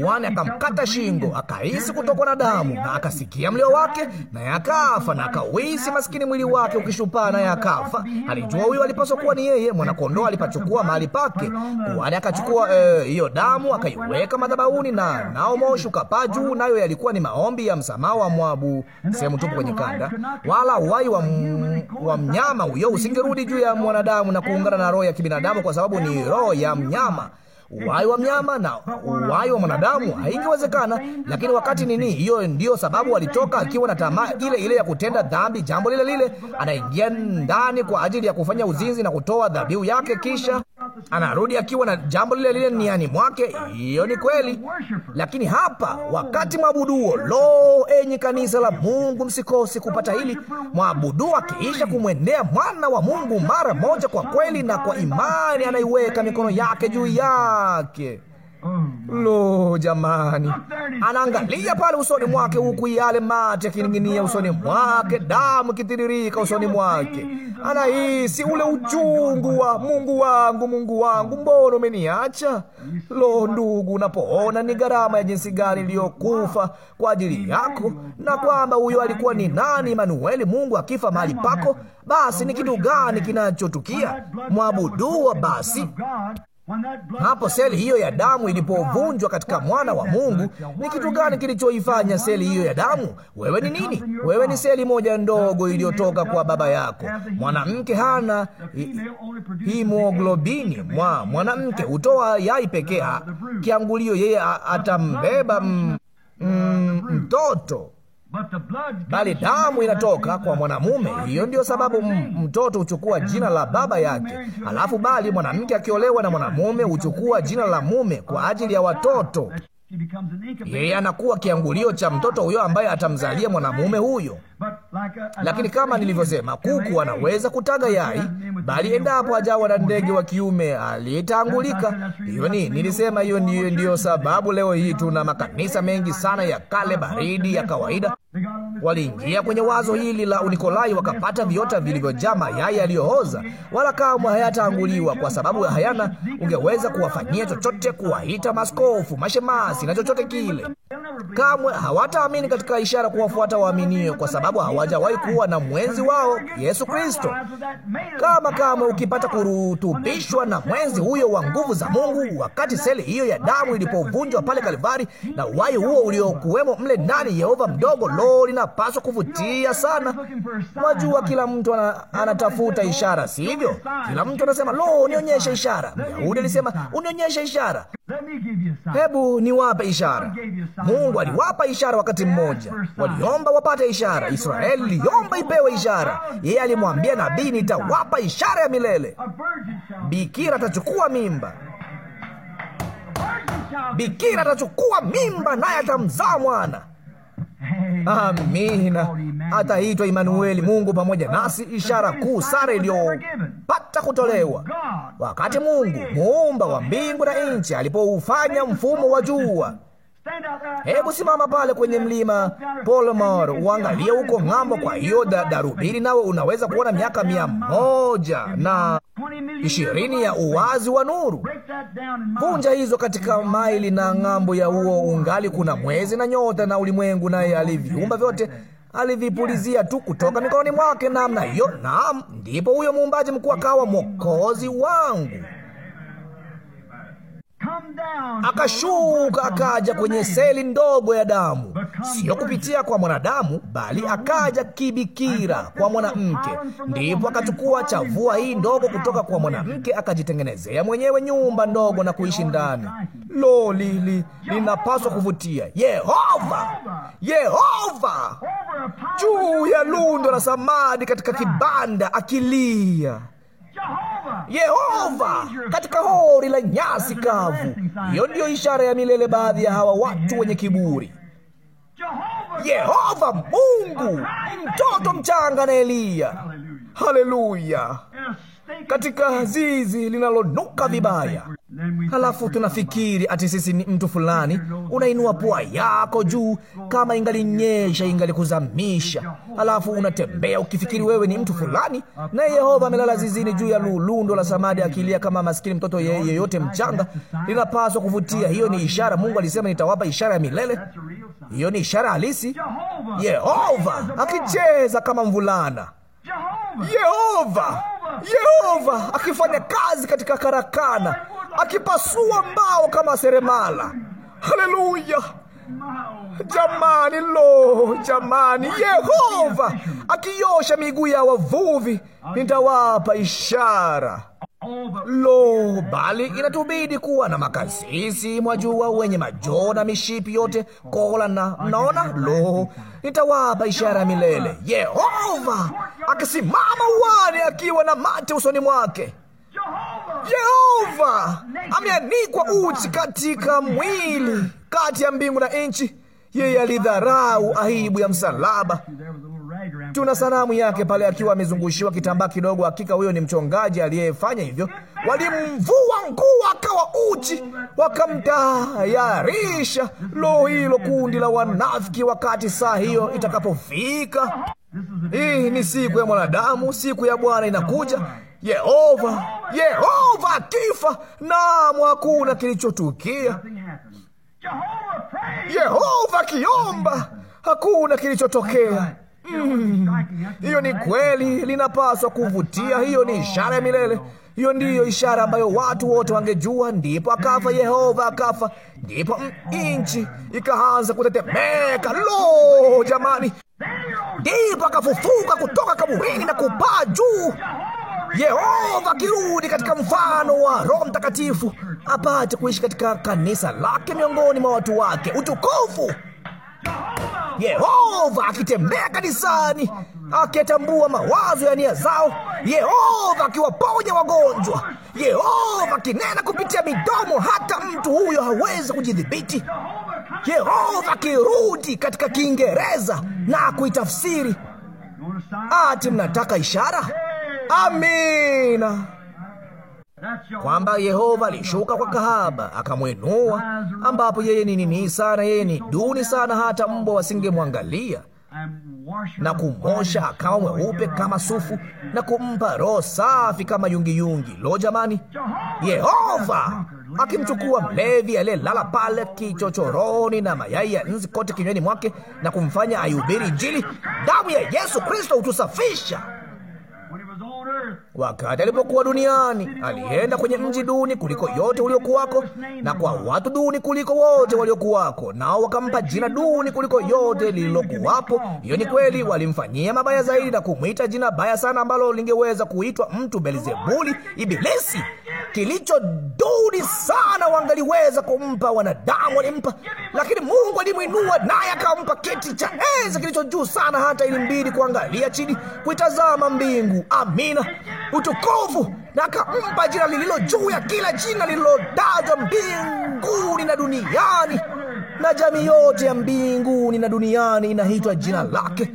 Kuhani akamkata shingo, akahisi kutokwa na damu, na akasikia mlio wake, naye akafa, na akauhisi maskini mwili wake ukishupaa, naye akafa. Alijua huyo alipaswa kuwa ni yeye. Mwanakondoo alipachukua mahali pake. Kuhani akachukua eh, hiyo damu akaiweka madhabahuni, na nao moshi ukapaa juu, nayo yalikuwa ni maombi ya msamaha wa mwabu. Sehemu tupu kwenye kanda, wala uhai wa, wa mnyama huyo usingerudi juu ya mwanadamu na kuungana na roho ya kibinadamu, kwa sababu ni roho ya mnyama uhai wa mnyama na uhai wa mwanadamu. Haingewezekana. Lakini wakati nini, hiyo ndiyo sababu alitoka akiwa na tamaa ile ile ya kutenda dhambi, jambo lile lile. Anaingia ndani kwa ajili ya kufanya uzinzi na kutoa dhabihu yake, kisha anarudi akiwa na jambo lile lile niani mwake. Hiyo ni kweli, lakini hapa wakati mwabuduo, lo, enyi kanisa la Mungu, msikose kupata hili. Mwabuduo akiisha kumwendea mwana wa Mungu mara moja kwa kweli na kwa imani, anaiweka mikono yake juu ya yake. Mm, Lo, jamani, anaangalia pale usoni mwake, huku yale mate yakining'inia usoni mwake, damu ikitiririka usoni mwake. Anahisi ule uchungu wa Mungu wangu, Mungu wangu, mbona umeniacha? Lo, ndugu, unapoona ni gharama ya jinsi gani iliyokufa kwa ajili yako, na kwamba huyo alikuwa ni nani, Emanueli, Mungu akifa mahali pako, basi ni kitu gani kinachotukia? Mwabuduwa basi hapo seli hiyo ya damu ilipovunjwa katika mwana wa Mungu, ni kitu gani kilichoifanya seli hiyo ya damu? Wewe ni nini? Wewe ni seli moja ndogo iliyotoka kwa baba yako. Mwanamke hana himoglobini, mwa mwanamke hutoa yai pekee. Kiangulio yeye atambeba mtoto bali damu inatoka kwa mwanamume. Hiyo ndiyo sababu mtoto huchukua jina la baba yake, alafu bali mwanamke akiolewa na mwanamume huchukua jina la mume kwa ajili ya watoto. Yeye anakuwa kiangulio cha mtoto huyo ambaye atamzalia mwanamume huyo. Lakini kama nilivyosema, kuku anaweza kutaga yai, bali endapo ajawa na ndege wa kiume alitangulika. Hiyo ni nilisema, hiyo ndiyo sababu leo hii tuna makanisa mengi sana ya kale baridi ya kawaida. Waliingia kwenye wazo hili la Unikolai wakapata viota vilivyojaa mayai yaliyooza, wala kamwe hayatanguliwa kwa sababu hayana. Ungeweza kuwafanyia chochote, kuwaita maskofu, mashemasi na chochote kile, kamwe hawataamini katika ishara kuwafuata waaminio kwa sababu sababu hawajawahi kuwa na mwenzi wao Yesu Kristo. Kama kama ukipata kurutubishwa na mwenzi huyo wa nguvu za Mungu, wakati seli hiyo ya damu ilipovunjwa pale Kalvari na uhai huo uliokuwemo mle ndani, Yehova mdogo, lo, linapaswa kuvutia sana. Wajua, kila mtu ana, anatafuta ishara, sivyo? Kila mtu anasema lo, unionyeshe ishara. Myahudi alisema unionyeshe ishara. Hebu niwape ishara. Mungu aliwapa ishara wakati mmoja, waliomba wapate ishara. Israeli liliomba ipewe ishara. Yeye alimwambia nabii, nitawapa ishara ya milele, bikira atachukua mimba bikira atachukua mimba naye atamzaa mwana. Amina, ataitwa Imanueli, Mungu pamoja nasi, ishara kuu, sara iliyopata kutolewa. Wakati Mungu muumba wa mbingu na nchi alipoufanya mfumo wa jua Hebu simama pale kwenye mlima Palomar, uangalie huko ng'ambo. Kwa hiyo da, darubini nawe unaweza kuona miaka mia moja na ishirini ya uwazi wa nuru. Kunja hizo katika maili, na ng'ambo ya huo ungali kuna mwezi na nyota na ulimwengu, naye aliviumba vyote alivipulizia tu kutoka mikononi mwake namna hiyo. Naam, ndipo huyo muumbaji mkuu akawa mwokozi wangu akashuka akaja kwenye seli ndogo ya damu, sio kupitia kwa mwanadamu, bali akaja kibikira kwa mwanamke. Ndipo akachukua chavua hii ndogo kutoka kwa mwanamke, akajitengenezea mwenyewe nyumba ndogo na kuishi ndani. Lo, lili linapaswa kuvutia Yehova, Yehova juu ya lundo la samadi katika kibanda akilia Yehova katika hori la nyasi kavu. Hiyo ndiyo ishara ya milele baadhi ya hawa watu wenye kiburi. Yehova Mungu, mtoto mchanga na Eliya. Haleluya! katika zizi linalonuka vibaya. Halafu tunafikiri ati sisi ni mtu fulani. Unainua pua yako juu, kama ingalinyesha ingalikuzamisha. Halafu unatembea ukifikiri wewe ni mtu fulani, naye Yehova amelala zizini juu ya lulundo la samadi, akilia kama maskini mtoto yeyote mchanga. Linapaswa kuvutia. Hiyo ni ishara. Mungu alisema nitawapa ishara ya milele. Hiyo ni ishara halisi. Yehova akicheza kama mvulana. Yehova Yehova akifanya kazi katika karakana, akipasua mbao kama seremala. Haleluya! Jamani, lo, jamani, Yehova akiosha miguu ya wavuvi, nitawapa ishara Lo, bali inatubidi kuwa na makasisi mwajua, wenye majoo na mishipi yote kola, na mnaona, lo, nitawapa ishara ya milele. Yehova akisimama uwani akiwa na mate usoni mwake. Yehova ameanikwa uchi katika mwili kati ya mbingu na nchi. Yeye alidharau aibu ya msalaba. Tuna sanamu yake pale akiwa amezungushiwa kitambaa kidogo. Hakika huyo ni mchongaji aliyefanya hivyo. Walimvua nguo akawa uchi, wakamtayarisha. Lo, hilo kundi la wanafiki! Wakati saa hiyo itakapofika, hii ni siku ya mwanadamu, siku ya Bwana inakuja. Yehova, Yehova akifa, naam, hakuna kilichotukia. Yehova akiomba, hakuna kilichotokea. Mm. Hiyo ni kweli, linapaswa kuvutia. Hiyo ni ishara ya milele. Hiyo ndiyo ishara ambayo watu wote wangejua. Ndipo akafa Yehova, akafa. Ndipo nchi ikaanza kutetemeka. Lo, jamani! Ndipo akafufuka kutoka kaburini na kupaa juu, Yehova akirudi katika mfano wa Roho Mtakatifu apate kuishi katika kanisa lake miongoni mwa watu wake. Utukufu! Yehova akitembea kanisani akitambua mawazo ya nia zao, Yehova akiwaponya wagonjwa, Yehova akinena kupitia midomo, hata mtu huyo hawezi kujidhibiti. Yehova akirudi katika Kiingereza na kuitafsiri. Ati mnataka ishara? Amina kwamba Yehova alishuka kwa kahaba akamwinua, ambapo yeye ni nini sana, yeye ni duni sana, hata mbwa wasingemwangalia na kumosha akawa mweupe kama sufu na kumpa roho safi kama yungiyungi yungi. Lo, jamani, Yehova akimchukua mlevi aliyelala pale kichochoroni na mayai ya nzi kote kinyweni mwake na kumfanya aihubiri Injili. Damu ya Yesu Kristo hutusafisha. Wakati alipokuwa duniani, alienda kwenye mji duni kuliko yote uliokuwako, na kwa watu duni kuliko wote waliokuwako, nao wakampa jina duni kuliko yote lililokuwapo. Hiyo ni kweli, walimfanyia mabaya zaidi na kumwita jina baya sana ambalo lingeweza kuitwa mtu Belzebuli, Ibilisi. Kilicho duni sana wangaliweza kumpa wanadamu, walimpa, lakini Mungu alimwinua naye akampa kiti cha enzi kilicho juu sana, hata ilimbidi kuangalia chini, kuitazama mbingu. Amina utukufu, na akampa jina lililo juu ya kila jina lililotajwa mbinguni na duniani na jamii yote ya mbinguni na duniani inaitwa jina lake.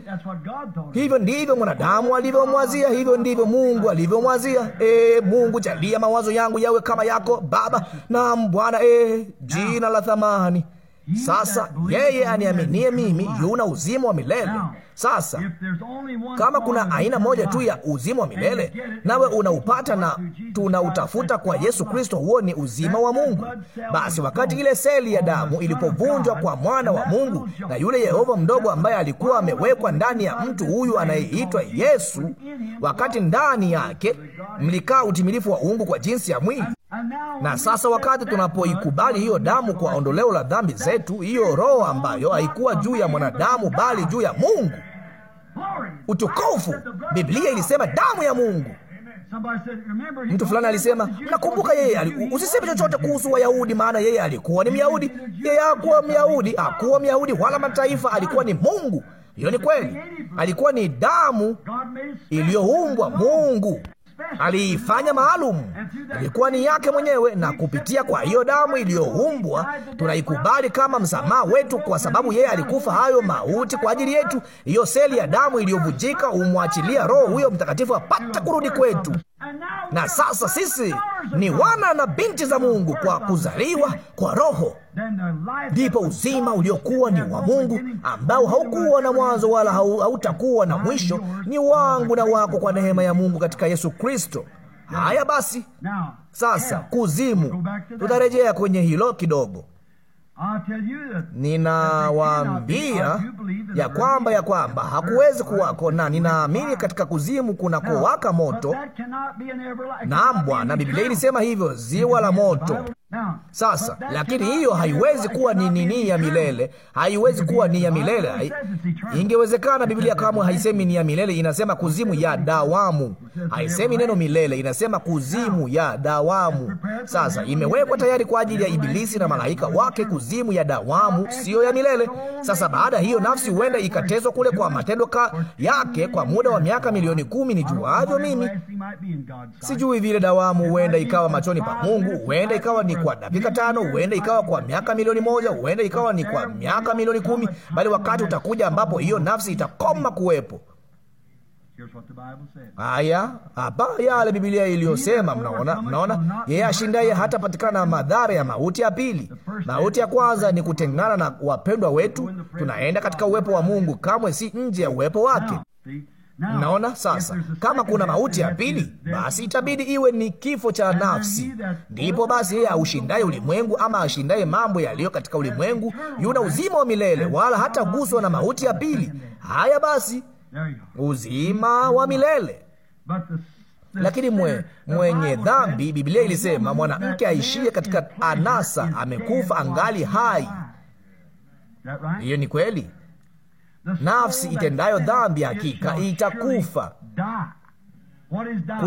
Hivyo ndivyo mwanadamu alivyomwazia, hivyo ndivyo Mungu alivyomwazia. E Mungu, jalia mawazo yangu yawe kama yako Baba. Naam Bwana, e jina la thamani. Sasa yeye aniaminie mimi yuna uzima wa milele. Sasa kama kuna aina moja tu ya uzima wa milele, nawe unaupata na tunautafuta kwa Yesu Kristo, huo ni uzima wa Mungu. Basi wakati ile seli ya damu ilipovunjwa kwa mwana wa Mungu na yule Yehova mdogo ambaye alikuwa amewekwa ndani ya mtu huyu anayeitwa Yesu, wakati ndani yake mlikaa utimilifu wa uungu kwa jinsi ya mwili. Na sasa wakati tunapoikubali hiyo damu kwa ondoleo la dhambi zetu, hiyo roho ambayo haikuwa juu ya mwanadamu bali juu ya Mungu utukufu. Biblia ilisema damu ya Mungu. Mtu fulani alisema, nakumbuka yeye, usiseme chochote kuhusu Wayahudi, maana yeye alikuwa ni Myahudi. Yeye hakuwa Myahudi, hakuwa Myahudi wala mataifa, alikuwa ni Mungu. Hiyo ni kweli, alikuwa ni damu iliyoumbwa Mungu aliifanya maalum, ilikuwa ni yake mwenyewe, na kupitia kwa hiyo damu iliyohumbwa tunaikubali kama msamaha wetu, kwa sababu yeye alikufa hayo mauti kwa ajili yetu. Hiyo seli ya damu iliyovujika humwachilia Roho huyo Mtakatifu apate kurudi kwetu. Na sasa sisi ni wana na binti za Mungu kwa kuzaliwa kwa Roho, ndipo uzima uliokuwa ni wa Mungu ambao haukuwa na mwanzo wala hautakuwa na mwisho ni wangu na wako kwa neema ya Mungu katika Yesu Kristo. Haya basi, sasa kuzimu, tutarejea kwenye hilo kidogo. Ninawaambia ya kwamba ya kwamba hakuwezi kuwako, na ninaamini katika kuzimu kuna kuwaka moto. Naam Bwana, Biblia ilisema hivyo, ziwa la moto. Sasa lakini hiyo haiwezi kuwa ni nini ya milele, haiwezi kuwa ni ya milele. Ingewezekana Biblia kamwe haisemi ni ya milele, inasema kuzimu ya dawamu, haisemi neno milele, inasema kuzimu ya dawamu. Sasa imewekwa tayari kwa ajili ya Ibilisi na malaika wake, kuzimu ya dawamu, siyo ya milele. Sasa baada hiyo nafsi huenda ikateswa kule kwa matendo yake kwa muda wa miaka milioni kumi, juavyo mimi. Sijui vile dawamu huenda ikawa machoni pa Mungu, huenda ikawa ni kwa dakika tano, huenda ikawa kwa miaka milioni moja, huenda ikawa ni kwa miaka milioni kumi, bali wakati utakuja ambapo hiyo nafsi itakoma kuwepo. Haya hapa yale Biblia iliyosema. Mnaona, mnaona yeye ashindaye hatapatikana madhara ya mauti ya pili. Mauti ya kwanza ni kutengana na wapendwa wetu, tunaenda katika uwepo wa Mungu, kamwe si nje ya uwepo wake naona sasa, kama kuna mauti ya pili, basi itabidi iwe ni kifo cha nafsi. Ndipo basi yeye aushindaye ulimwengu, ama ashindaye mambo yaliyo katika ulimwengu, yuna uzima wa milele, wala hataguswa na mauti ya pili. Haya basi, uzima wa milele. Lakini mwe, mwenye dhambi, Biblia ilisema mwanamke aishie katika anasa amekufa angali hai. Hiyo ni kweli. Nafsi itendayo dhambi hakika itakufa.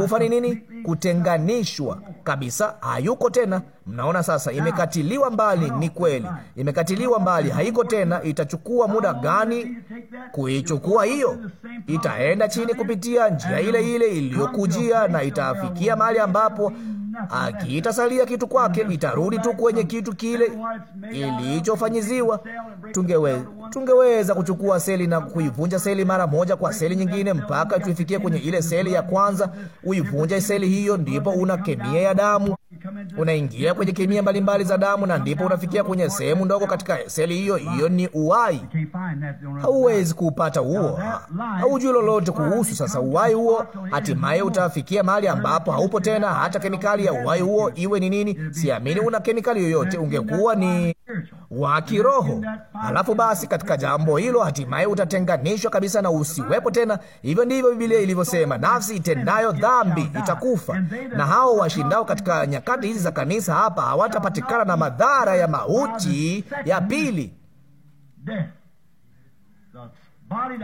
Kufa ni nini? Kutenganishwa kabisa, hayuko tena. Mnaona sasa, imekatiliwa mbali. Ni kweli, imekatiliwa mbali, haiko tena. Itachukua muda gani kuichukua hiyo? Itaenda chini kupitia njia ile ile iliyokujia, na itafikia mahali ambapo akiitasalia kitu kwake, itarudi tu kwenye kitu kile ilichofanyiziwa. Tungewe, tungeweza kuchukua seli na kuivunja seli mara moja kwa seli nyingine mpaka tuifikie kwenye ile seli ya kwanza. uivunja seli hiyo, ndipo una kemia ya damu. Unaingia kwenye kemia mbalimbali mbali za damu, na ndipo unafikia kwenye sehemu ndogo katika seli hiyo. Hiyo ni uhai. Hauwezi kupata huo, haujui lolote kuhusu. Sasa uhai huo hatimaye utafikia mahali ambapo haupo tena, hata kemikali ya uhai huo iwe ni nini. Siamini una kemikali yoyote, ungekuwa ni wa kiroho. Alafu basi katika jambo hilo, hatimaye utatenganishwa kabisa na usiwepo tena. Hivyo ndivyo Biblia ilivyosema, nafsi itendayo dhambi itakufa. Na hao washindao katika nyakati hizi za kanisa hapa hawatapatikana na madhara ya mauti ya pili.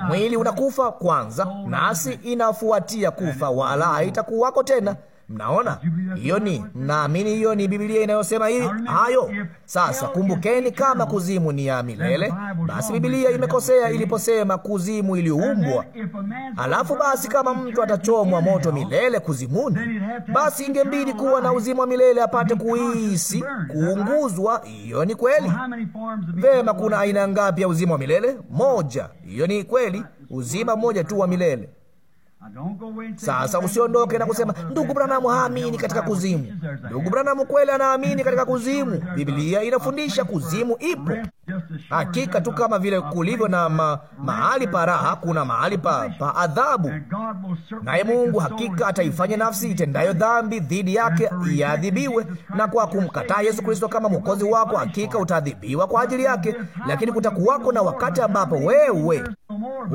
Mwili unakufa kwanza, nafsi inafuatia kufa, wala haitakuwako tena. Mnaona hiyo ni naamini, hiyo ni Biblia inayosema hii hayo. Sasa kumbukeni, kama kuzimu ni ya milele, basi Biblia imekosea iliposema kuzimu iliumbwa. Alafu basi kama mtu atachomwa moto milele kuzimuni, basi ingembidi kuwa na uzima wa milele apate kuhisi kuunguzwa. Hiyo ni kweli. Vema, kuna aina ngapi ya uzima wa milele? Moja. Hiyo ni kweli, uzima mmoja tu wa milele. Sasa usiondoke na kusema ndugu Branamu haamini katika kuzimu. Ndugu Branamu kweli anaamini katika kuzimu. Biblia inafundisha kuzimu ipo hakika tu, kama vile kulivyo na ma, mahali pa raha kuna mahali pa, pa adhabu, naye Mungu hakika ataifanya nafsi itendayo dhambi dhidi yake iadhibiwe, na kwa kumkataa Yesu Kristo kama mwokozi wako hakika utaadhibiwa kwa ajili yake. Lakini kutakuwako na wakati ambapo wewe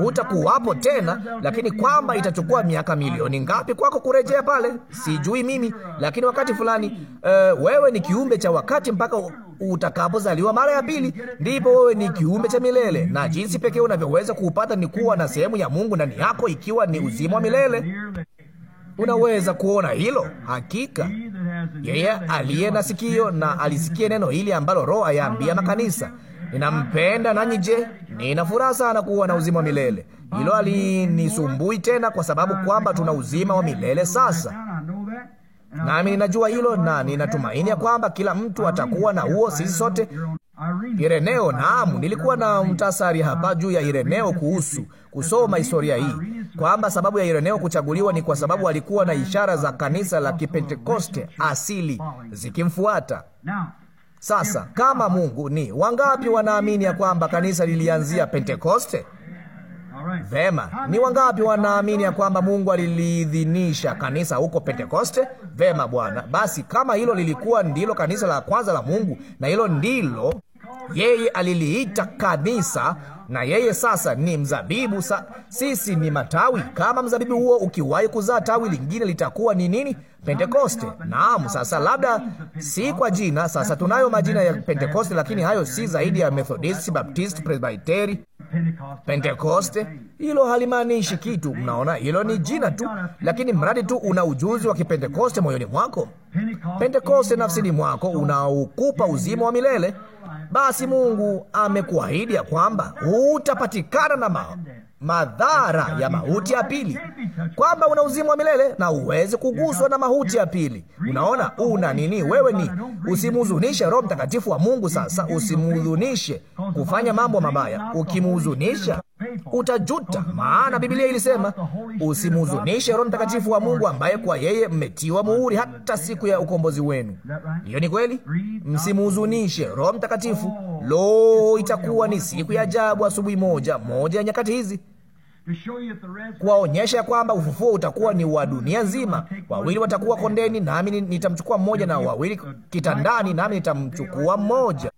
hutakuwapo tena, lakini kwamba ita itachukua miaka milioni ngapi kwako kurejea pale? Sijui mimi, lakini wakati fulani, uh, wewe ni kiumbe cha wakati mpaka utakapozaliwa mara ya pili, ndipo wewe ni kiumbe cha milele, na jinsi pekee unavyoweza kuupata ni kuwa na sehemu ya Mungu ndani yako, ikiwa ni uzima wa milele. Unaweza kuona hilo hakika. Yeye aliye na sikio na alisikie neno hili ambalo Roho ayaambia makanisa. Ninampenda nanyi. Je, nina furaha sana kuwa na uzima wa milele. Hilo alinisumbui tena, kwa sababu ah, kwamba tuna uzima wa milele sasa. Nami ninajua hilo na ninatumaini ya kwamba kila mtu atakuwa na huo. Sisi sote Ireneo. Naam, nilikuwa na mtasari hapa juu ya Ireneo kuhusu kusoma historia hii, kwamba sababu ya Ireneo kuchaguliwa ni kwa sababu alikuwa na ishara za kanisa la Kipentekoste asili zikimfuata. Sasa kama Mungu ni wangapi wanaamini ya kwamba kanisa lilianzia Pentekoste? Vema, ni wangapi wanaamini ya kwamba Mungu aliliidhinisha kanisa huko Pentekoste? Vema Bwana, basi kama hilo lilikuwa ndilo kanisa la kwanza la Mungu na hilo ndilo yeye aliliita kanisa, na yeye sasa ni mzabibu sa, sisi ni matawi. Kama mzabibu huo ukiwahi kuzaa tawi lingine litakuwa ni nini? Pentekoste. Naam, sasa labda si kwa jina. Sasa tunayo majina ya Pentekoste, lakini hayo si zaidi ya Methodist, Baptist, Presbyteri. Pentekoste hilo halimaanishi kitu, mnaona, hilo ni jina tu, lakini mradi tu una ujuzi wa Kipentekoste moyoni mwako, Pentekoste nafsini mwako, unaukupa uzima wa milele. Basi Mungu amekuahidi ya kwamba utapatikana na ma madhara ya mauti ya pili, kwamba una uzima wa milele na uweze kuguswa na mauti ya pili. Unaona una nini? Wewe ni usimhuzunishe Roho Mtakatifu wa Mungu. Sasa usimhuzunishe kufanya mambo mabaya. Ukimhuzunisha utajuta, maana Biblia ilisema usimhuzunishe Roho Mtakatifu wa Mungu ambaye kwa yeye mmetiwa muhuri hata siku ya ukombozi wenu. Hiyo ni kweli, msimhuzunishe Roho Mtakatifu. Lo, itakuwa ni siku ya ajabu asubuhi moja moja ya nyakati hizi kuwaonyesha kwamba ufufuo utakuwa ni wa dunia nzima. Wawili watakuwa kondeni, nami nitamchukua mmoja, na wawili kitandani, nami nitamchukua mmoja.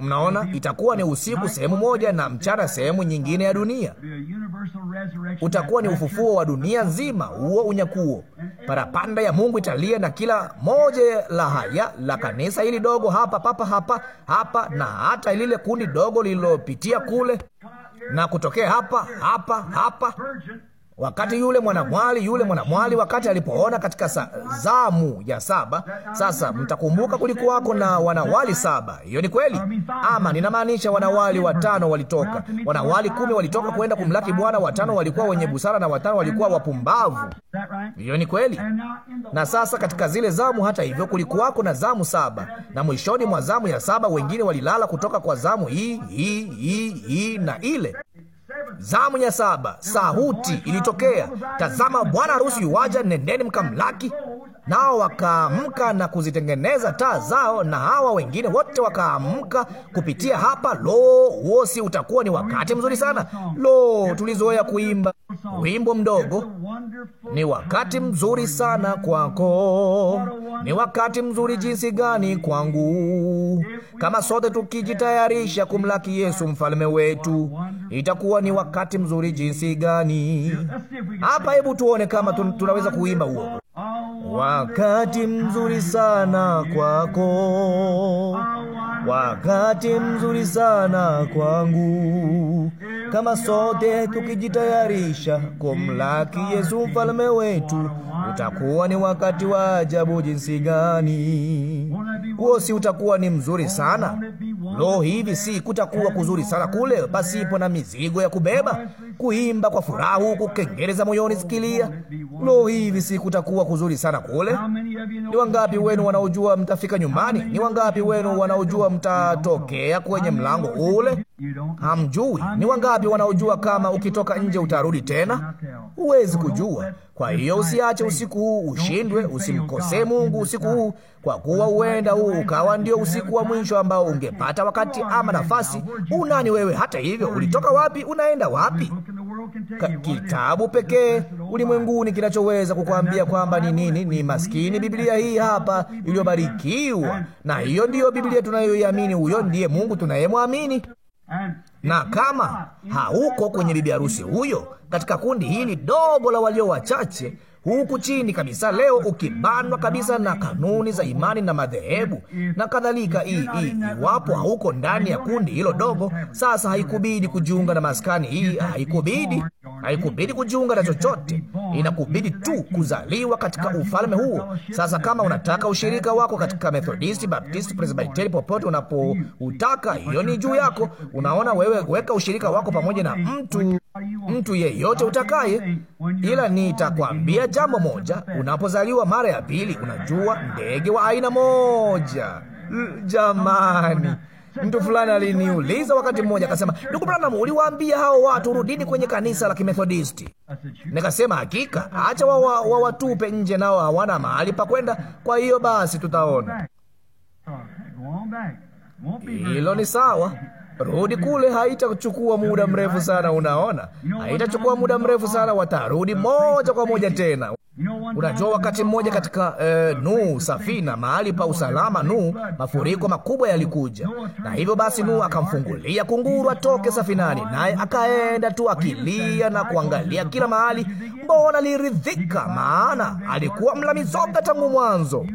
Mnaona, itakuwa ni usiku sehemu moja na mchana sehemu nyingine ya dunia. Utakuwa ni ufufuo wa dunia nzima, huo unyakuo. Parapanda ya Mungu italia, na kila moja la haya la kanisa hili dogo hapa, papa hapa hapa, na hata lile kundi dogo lililopitia kule na kutokea hapa hapa hapa Wakati yule mwanamwali yule mwanamwali wakati alipoona katika sa, zamu ya saba. Sasa mtakumbuka kulikuwako na wanawali saba, hiyo ni kweli, ama ninamaanisha wanawali watano walitoka, wanawali kumi walitoka kwenda kumlaki Bwana, watano walikuwa wenye busara na watano walikuwa wapumbavu, hiyo ni kweli. Na sasa katika zile zamu, hata hivyo, kulikuwako na zamu saba, na mwishoni mwa zamu ya saba wengine walilala kutoka kwa zamu hii hii hii hii na ile Zamu ya saba, sauti ilitokea, tazama, bwana harusi yuwaja, nendeni mkamlaki nao wakaamka na kuzitengeneza taa zao, na hawa wengine wote wakaamka kupitia hapa. Lo, huo si utakuwa ni wakati mzuri sana? Lo, tulizoea kuimba wimbo mdogo, ni wakati mzuri sana kwako, ni wakati mzuri jinsi gani kwangu. Kama sote tukijitayarisha kumlaki Yesu mfalme wetu, itakuwa ni wakati mzuri jinsi gani hapa. Hebu tuone kama tunaweza kuimba huo Wakati mzuri sana kwako, wakati mzuri sana kwangu kama sote tukijitayarisha kumlaki Yesu mfalme wetu, utakuwa ni wakati wa ajabu jinsi gani! Huo si utakuwa ni mzuri sana? Lo, hivi si kutakuwa kuzuri sana kule, pasipo na mizigo ya kubeba, kuimba kwa furaha, huku kengele za moyoni sikilia. Lo, hivi si kutakuwa kuzuri sana kule! Ni wangapi wenu wanaojua mtafika nyumbani? Ni wangapi wenu wanaojua mtatokea kwenye mlango ule? Hamjui. Ni wangapi wangapi wanaojua kama ukitoka nje utarudi tena? Huwezi kujua. Kwa hiyo usiache usiku huu ushindwe, usimkosee Mungu usiku huu, kwa kuwa huenda huu ukawa ndio usiku wa mwisho ambao ungepata wakati ama nafasi. Unani wewe? Hata hivyo, ulitoka wapi? Unaenda wapi? Ka kitabu pekee ulimwenguni kinachoweza kukwambia kwamba ni nini ni maskini Biblia hii hapa iliyobarikiwa, na hiyo ndiyo Biblia tunayoiamini. Huyo ndiye Mungu tunayemwamini na kama hauko kwenye bibi harusi huyo katika kundi hili dogo la walio wachache, huku chini kabisa leo ukibanwa kabisa na kanuni za imani na madhehebu na kadhalika. Iwapo hauko ndani ya kundi hilo dogo, sasa haikubidi kujiunga na maskani hii, haikubidi haikubidi kujiunga na chochote, inakubidi tu kuzaliwa katika ufalme huo. Sasa kama unataka ushirika wako katika Methodisti, Baptisti, Presbiteri, popote unapoutaka, hiyo ni juu yako. Unaona, wewe weka ushirika wako pamoja na mtu mtu yeyote utakaye, ila nitakwambia jambo moja, unapozaliwa mara ya pili, unajua ndege wa aina moja. Jamani, mtu fulani aliniuliza wakati mmoja akasema, ndugu Branham, uliwaambia hao watu rudini kwenye kanisa la Kimethodisti? Nikasema, hakika, acha wawatupe wa, wa nje, nao hawana mahali pa kwenda. Kwa hiyo basi tutaona hilo ni sawa. Rudi kule, haitachukua muda mrefu sana. Unaona, haitachukua muda mrefu sana, watarudi moja kwa moja tena. Unajua, wakati mmoja katika eh, Nuhu safina, mahali pa usalama Nuhu, mafuriko makubwa yalikuja, na hivyo basi Nuhu akamfungulia kunguru atoke safinani, naye akaenda tu akilia na kuangalia kila mahali. Mbona liridhika, maana alikuwa mla mizoga tangu mwanzo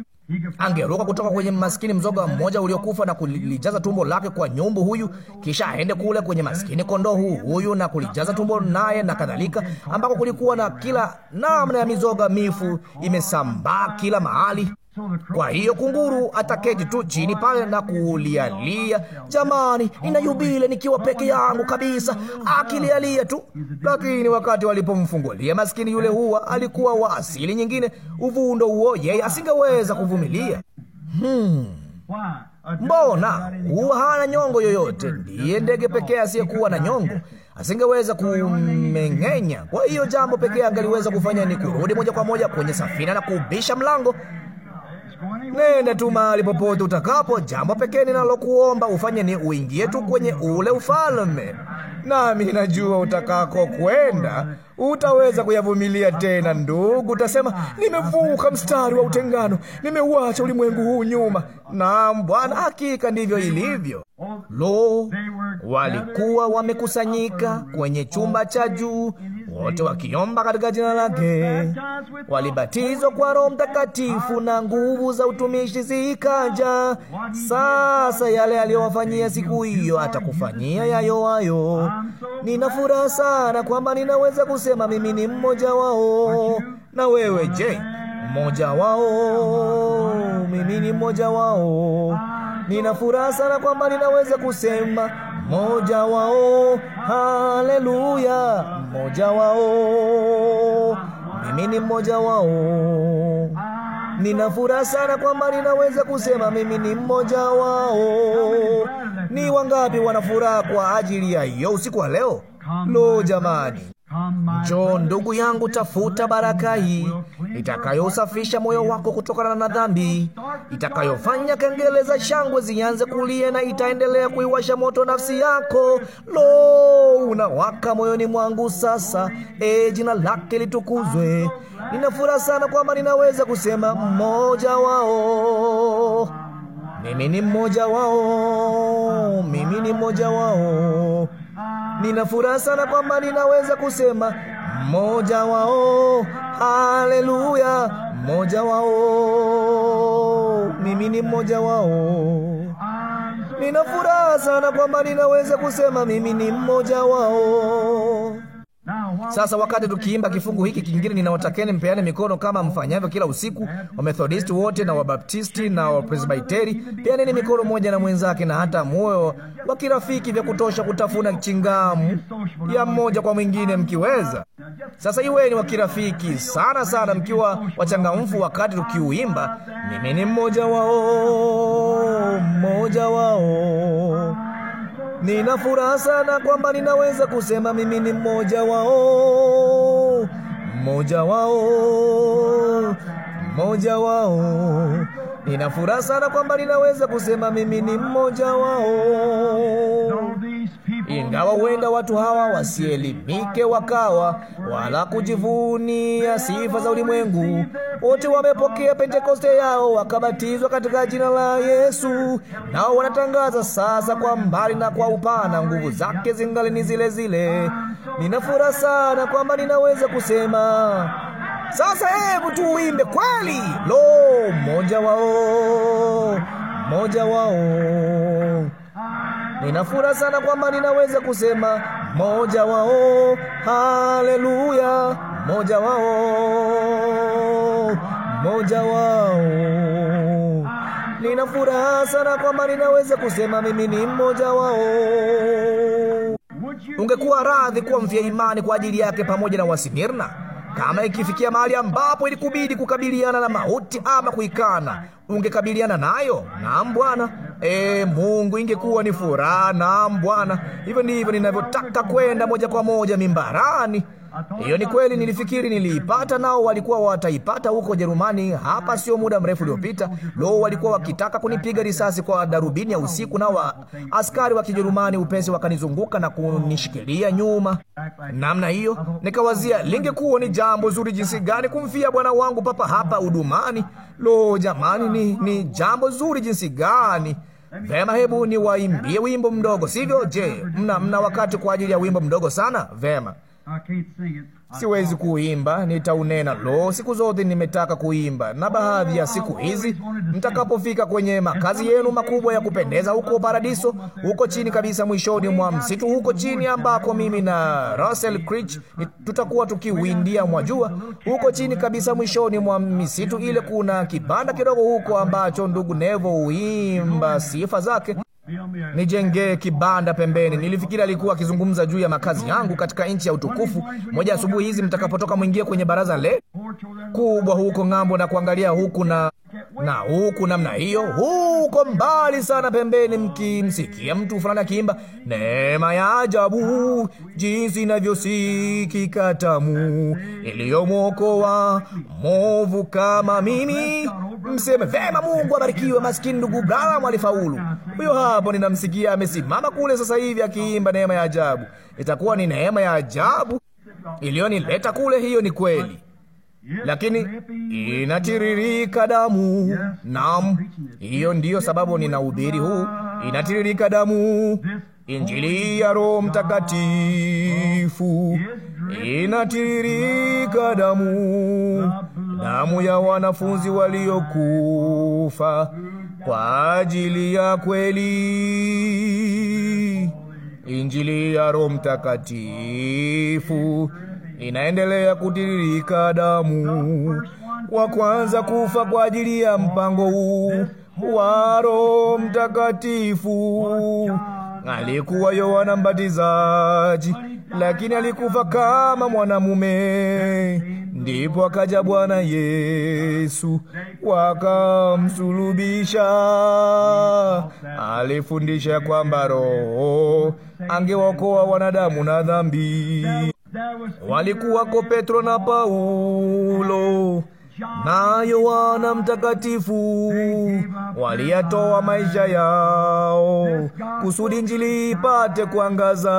angeruka kutoka kwenye maskini mzoga mmoja uliokufa na kulijaza tumbo lake kwa nyumbu huyu, kisha aende kule kwenye maskini kondoo huu huyu na kulijaza tumbo naye, na kadhalika, ambako kulikuwa na kila namna ya mizoga mifu imesambaa kila mahali. Kwa hiyo kunguru ataketi tu chini pale na kulialia, jamani, nina yubile nikiwa peke yangu kabisa, akilialia tu. Lakini wakati walipomfungulia maskini yule, huwa alikuwa wa asili nyingine, uvundo huo yeye asingeweza kuvumilia. Hmm. Mbona huwa hana nyongo yoyote? Ndiye ndege pekee asiyekuwa na nyongo, asingeweza kumeng'enya. Kwa hiyo jambo pekee angaliweza kufanya ni kurudi moja kwa moja kwenye safina na kubisha mlango Nenda tu mahali popote utakapo. Jambo pekee ninalokuomba ufanye ni uingie tu kwenye ule ufalme, nami najua utakako kwenda utaweza kuyavumilia tena. Ndugu, utasema nimevuka mstari wa utengano, nimeuacha ulimwengu huu nyuma. Naam Bwana, hakika ndivyo ilivyo. Lo, walikuwa wamekusanyika kwenye chumba cha juu wote wakiomba katika jina lake, walibatizwa kwa Roho Mtakatifu na nguvu za utumishi zikaja. Sasa yale aliyowafanyia siku hiyo atakufanyia yayo hayo. Nina furaha sana kwamba ninaweza kusema mimi ni mmoja wao. Na wewe je, mmoja wao? Mimi ni mmoja wao. Nina furaha sana kwamba ninaweza kusema moja wao, haleluya, moja wao, mimi ni mmoja wao. Nina furaha sana kwamba ninaweza kusema mimi ni mmoja wao. Ni wangapi wanafuraha kwa ajili ya hiyo usiku wa leo? Lo, jamani! Njoo ndugu yangu, tafuta baraka hii itakayosafisha moyo wako kutokana na dhambi, itakayofanya kengele za shangwe zianze kulia na itaendelea kuiwasha moto nafsi yako. Lo, unawaka moyoni mwangu sasa. E, jina lake litukuzwe. Nina sana kwamba ninaweza kusema mmoja wao. Mimi ni mmoja wao, mimi ni mmoja wao. Nina furaha sana kwamba ninaweza kusema mmoja wao. Haleluya, mmoja wao, mimi ni mmoja wao. Nina furaha sana kwamba ninaweza kusema mimi ni mmoja wao. Sasa wakati tukiimba kifungu hiki kingine, ninawatakeni mpeane mikono kama mfanyavyo kila usiku, Wamethodisti wote na Wabaptisti na Wapresbiteri, peaneni mikono moja na mwenzake, na hata moyo wa kirafiki vya kutosha kutafuna chingamu ya mmoja kwa mwingine mkiweza. Sasa iweni wa kirafiki sana sana, mkiwa wachangamfu wakati tukiuimba. Mimi ni mmoja wao, mmoja wao Nina furaha sana kwamba ninaweza kusema mimi ni mmoja wao, mmoja wao, mmoja wao Nina furaha sana kwamba ninaweza kusema mimi ni mmoja wao, ingawa huenda watu hawa wasielimike wakawa wala kujivunia sifa za ulimwengu. Wote wamepokea Pentekoste yao wakabatizwa katika jina la Yesu, nao wanatangaza sasa kwa mbali na kwa upana nguvu zake zingali ni zile zile. Nina furaha sana kwamba ninaweza kusema sasa hebu tuimbe kweli. Lo, mmoja wao, mmoja wao. furaha sana kwamba ninaweza kusema mmoja wao. Haleluya, mmoja wao, mmoja wao. Nina furaha sana kwamba ninaweza kusema mimi ni mmoja wao. Ungekuwa radhi kuwa mfia imani kwa ajili yake pamoja na Wasimirna? Kama ikifikia mahali ambapo ilikubidi kukabiliana na mauti ama kuikana, ungekabiliana nayo? Naam Bwana. E, Mungu, ingekuwa ni furaha. Naam Bwana, hivyo ndivyo ninavyotaka kwenda moja kwa moja mimbarani. Hiyo ni kweli, nilifikiri niliipata, nao walikuwa wataipata huko Jerumani hapa sio muda mrefu uliopita. Lo, walikuwa wakitaka kunipiga risasi kwa darubini ya usiku, nao wa askari wa Kijerumani upesi wakanizunguka na kunishikilia nyuma namna hiyo. Nikawazia lingekuwa ni jambo zuri jinsi gani kumfia bwana wangu papa hapa udumani. Lo, jamani, ni, ni jambo zuri jinsi gani! Vema, hebu niwaimbie wimbo mdogo, sivyo? Je, mna mna wakati kwa ajili ya wimbo mdogo sana? Vema siwezi kuimba, nitaunena. Lo, siku zote nimetaka kuimba, na baadhi ya siku hizi mtakapofika kwenye makazi yenu makubwa ya kupendeza huko paradiso, huko chini kabisa, mwishoni mwa msitu, huko chini ambako mimi na Russell Creech tutakuwa tukiwindia, mwajua, huko chini kabisa, mwishoni mwa misitu ile, kuna kibanda kidogo huko ambacho ndugu Nevo huimba sifa zake nijengee kibanda pembeni. Nilifikiri alikuwa akizungumza juu ya makazi yangu katika nchi ya utukufu. Moja asubuhi hizi mtakapotoka, mwingie kwenye baraza le kubwa huko ng'ambo na kuangalia huku na na huku namna hiyo, huko mbali sana pembeni, mkimsikia mtu fulani akiimba neema ya ajabu, jinsi inavyosikika tamu, iliyomwokoa movu kama mimi. Mseme vema, Mungu abarikiwe. Maskini ndugu Branham alifaulu. Huyo hapo ninamsikia amesimama kule sasa hivi akiimba neema ya ajabu. Itakuwa ni neema ya ajabu iliyonileta kule. Hiyo ni kweli lakini inatiririka damu. Naam, hiyo ndiyo sababu nina huu, inatiririka damu. Injili ya Roho Mtakatifu inatiririka damu, damu ya wanafunzi waliokufa kwa ajili ya kweli. Injili ya Roho Mtakatifu inaendelea kutiririka damu, wa kwanza kufa kwa ajili ya mpango huu wa Roho Mtakatifu. Alikuwa Yohana Mbatizaji, lakini alikufa kama mwanamume. Ndipo akaja Bwana Yesu, wakamsulubisha. Alifundisha kwamba Roho angewaokoa wanadamu na dhambi walikuwako Petro na Paulo na Yohana Mtakatifu waliyatoa maisha yao kusudi njili ipate kuangaza.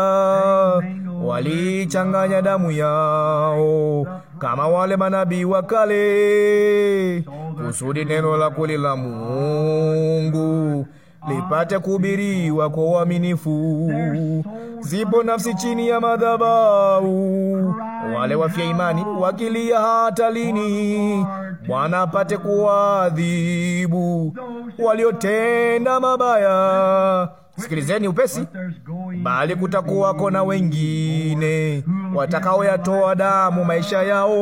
Walichanganya damu yao kama wale manabii wa kale kusudi neno la kweli la Mungu lipate kuhubiriwa kwa uaminifu zipo nafsi chini ya madhabahu, wale wafia imani wakilia hata lini? Bwana apate kuadhibu waliotenda mabaya. Sikilizeni upesi, bali kutakuwako na wengine watakaoyatoa damu maisha yao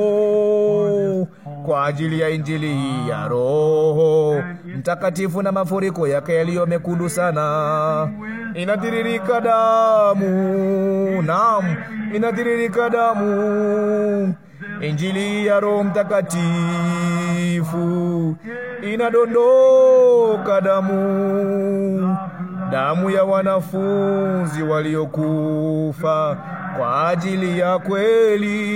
kwa ajili ya Injili hii ya Roho Mtakatifu na mafuriko yake yaliyo mekundu sana. Inatiririka damu, naam, inatiririka damu. Injili ya Roho Mtakatifu inadondoka damu, damu ya wanafunzi waliokufa kwa ajili ya kweli.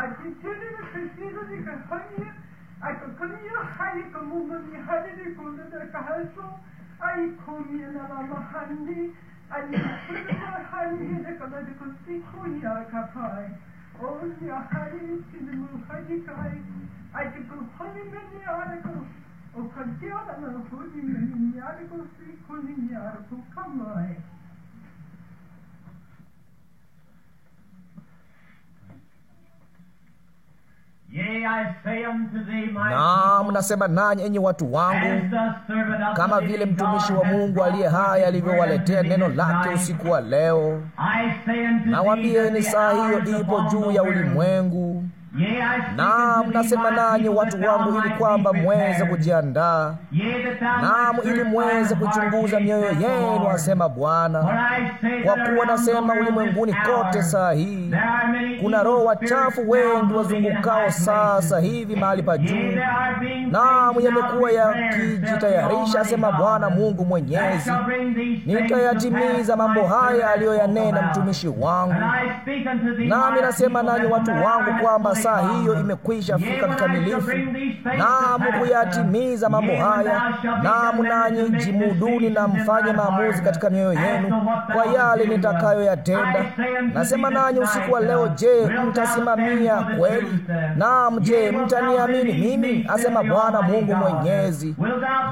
I Additionele precieze can continue, I can continue, I can move me, I can go to the castle, I call me a mama handy, I can put the handy, the color can see who you are capai. Oh, you are hiding in the moon, hiding guy. I can go honey many articles. Oh, can you tell them who you are? You are going to see the you come by. na mnasema nanyi, enyi watu wangu, kama vile mtumishi wa Mungu aliye hai alivyowaletea neno lake usiku wa leo. Nawaambieni, saa hiyo ipo juu ya ulimwengu na mnasema nanyi watu wangu, ili kwamba mweze kujiandaa, naam, ili mweze kuchunguza mioyo yenu, asema Bwana, kwa kuwa nasema ulimwenguni kote saa hii kuna roho wachafu wengi wazungukao sasa hivi mahali pa juu, naam, yamekuwa yakijitayarisha, asema Bwana Mungu Mwenyezi, nitayatimiza mambo haya aliyoyanena mtumishi wangu, nami nasema nanyi watu wangu kwamba saa hiyo imekwisha fika kikamilifu, namu kuyatimiza mambo haya, namu nanyi jimuduni na mfanye maamuzi katika mioyo yenu kwa yale nitakayoyatenda. Nasema nanyi usiku wa leo, je, mtasimamia kweli? Naam, je, mtaniamini mimi? Asema Bwana Mungu Mwenyezi.